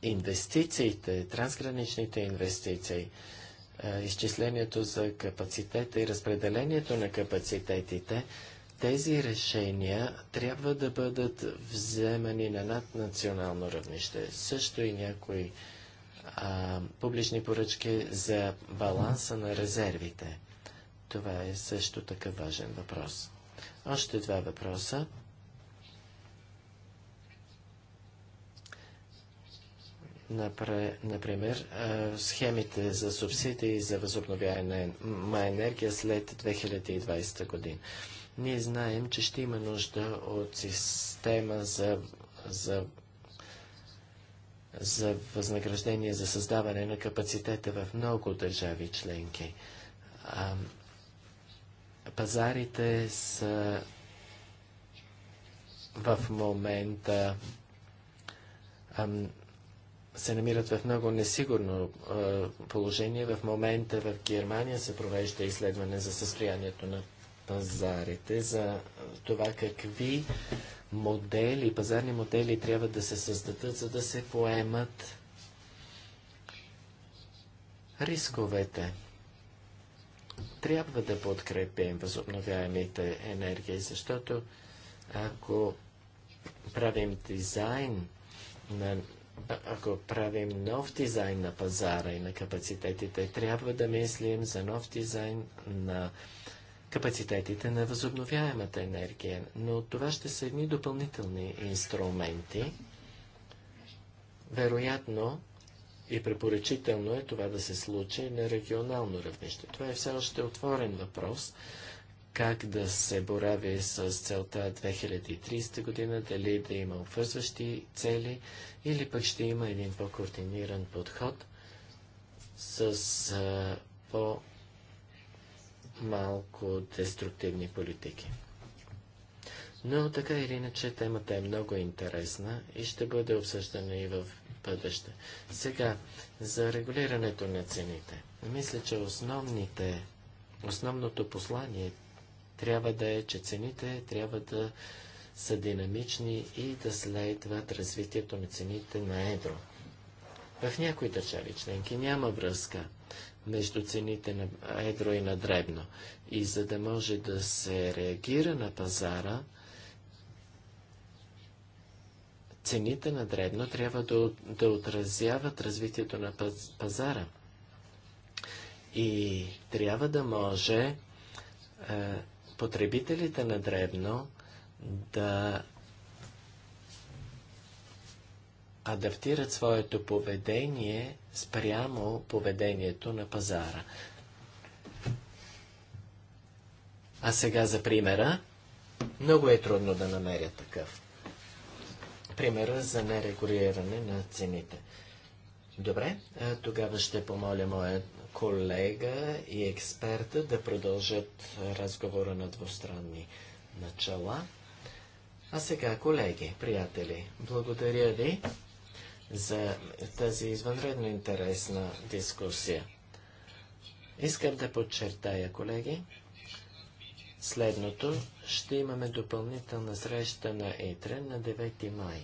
инвестициите, трансграничните инвестиции, изчислението за капацитета и разпределението на капацитетите, тези решения трябва да бъдат вземани на наднационално равнище. Също и някои а, публични поръчки за баланса на резервите. Това е също така важен въпрос. Още два въпроса. Например, схемите за субсидии за възобновяема енергия след 2020 година. Ние знаем, че ще има нужда от система за, за, за възнаграждение за създаване на капацитета в много държави членки. А, пазарите са в момента се намират в много несигурно положение. В момента в Германия се провежда изследване за състоянието на пазарите, за това какви модели, пазарни модели трябва да се създадат, за да се поемат рисковете. Трябва да подкрепим възобновяемите енергии, защото ако правим дизайн на ако правим нов дизайн на пазара и на капацитетите, трябва да мислим за нов дизайн на капацитетите на възобновяемата енергия. Но това ще са едни допълнителни инструменти. Вероятно и препоръчително е това да се случи на регионално равнище. Това е все още отворен въпрос, как да се борави с целта 2030 година, дали да има обвързващи цели или пък ще има един по-координиран подход с по-малко деструктивни политики. Но така или иначе темата е много интересна и ще бъде обсъждана и в бъдеще. Сега, за регулирането на цените. Мисля, че основните, основното послание трябва да е, че цените трябва да са динамични и да следват развитието на цените на едро. В някои държави членки няма връзка между цените на едро и на дребно. И за да може да се реагира на пазара, цените на дребно трябва да, да отразяват развитието на пазара. И трябва да може е, потребителите на дребно да адаптират своето поведение спрямо поведението на пазара. А сега за примера. Много е трудно да намеря такъв. Примера за нерегулиране на цените. Добре, тогава ще помоля моят колега и експерта да продължат разговора на двустранни начала. А сега, колеги, приятели, благодаря ви за тази извънредно интересна дискусия. Искам да подчертая, колеги, следното. Ще имаме допълнителна среща на Ейтре на 9 май.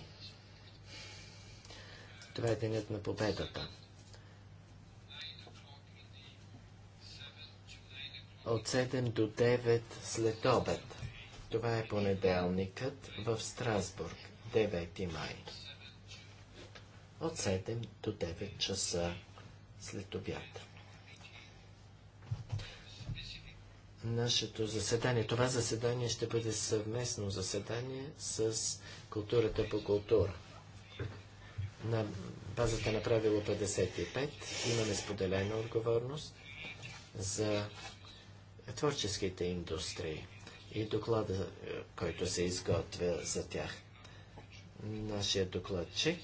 Това е денят на победата. от 7 до 9 след обед. Това е понеделникът в Страсбург, 9 май. От 7 до 9 часа след обяд. Нашето заседание, това заседание ще бъде съвместно заседание с културата по култура. На базата на правило 55 имаме споделена отговорност за творческите индустрии и доклада, е, който се изготвя за тях. Нашия докладчик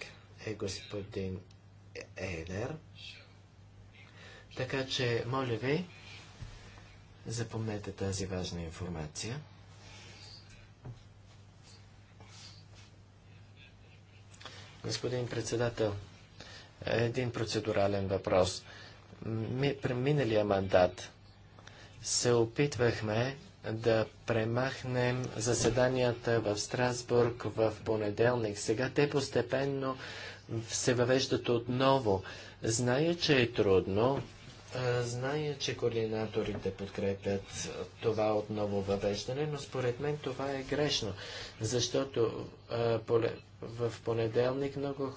е господин Ейлер. Така че, моля ви, запомнете тази важна информация. Господин председател, един процедурален въпрос. При миналия мандат се опитвахме да премахнем заседанията в Страсбург в понеделник. Сега те постепенно се въвеждат отново. Зная, че е трудно, зная, че координаторите подкрепят това отново въвеждане, но според мен това е грешно, защото в понеделник много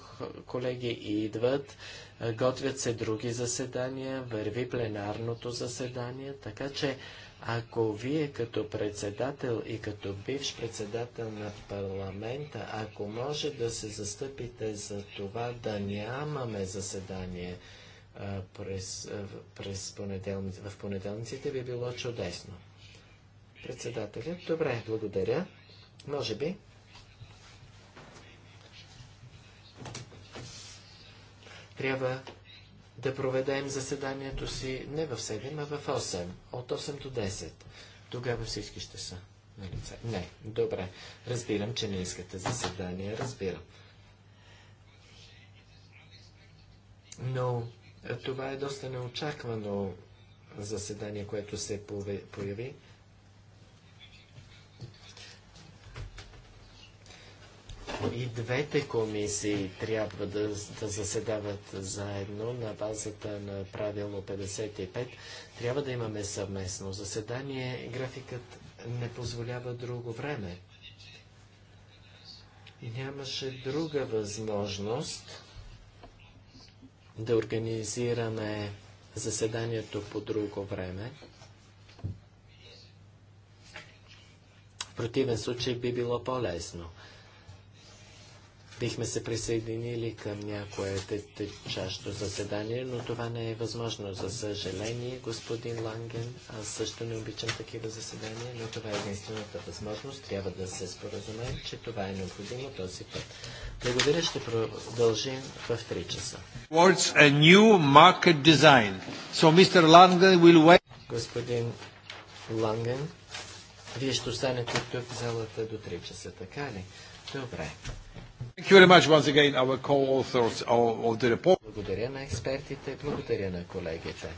колеги идват, е, готвят се други заседания, върви пленарното заседание, така че ако вие като председател и като бивш председател на парламента, ако може да се застъпите за това да нямаме заседание а, е, през, а, е, през понеделници, в понеделниците, би било чудесно. Председателят, добре, благодаря. Може би трябва да проведем заседанието си не в 7, а в 8, от 8 до 10. Тогава всички ще са на лице. Не, добре. Разбирам, че не искате заседание, разбирам. Но това е доста неочаквано заседание, което се появи. И двете комисии трябва да, да заседават заедно на базата на правило 55. Трябва да имаме съвместно заседание. Графикът не позволява друго време. Нямаше друга възможност да организираме заседанието по друго време. В противен случай би било по-лесно бихме се присъединили към някое течащо заседание, но това не е възможно. За съжаление, господин Ланген, аз също не обичам такива заседания, но това е единствената възможност. Трябва да се споразумеем, че това е необходимо този път. Благодаря, ще продължим в 3 часа. Господин Ланген, вие ще останете тук в залата до 3 часа, така ли? Добре. Благодаря на експертите, благодаря на колегите.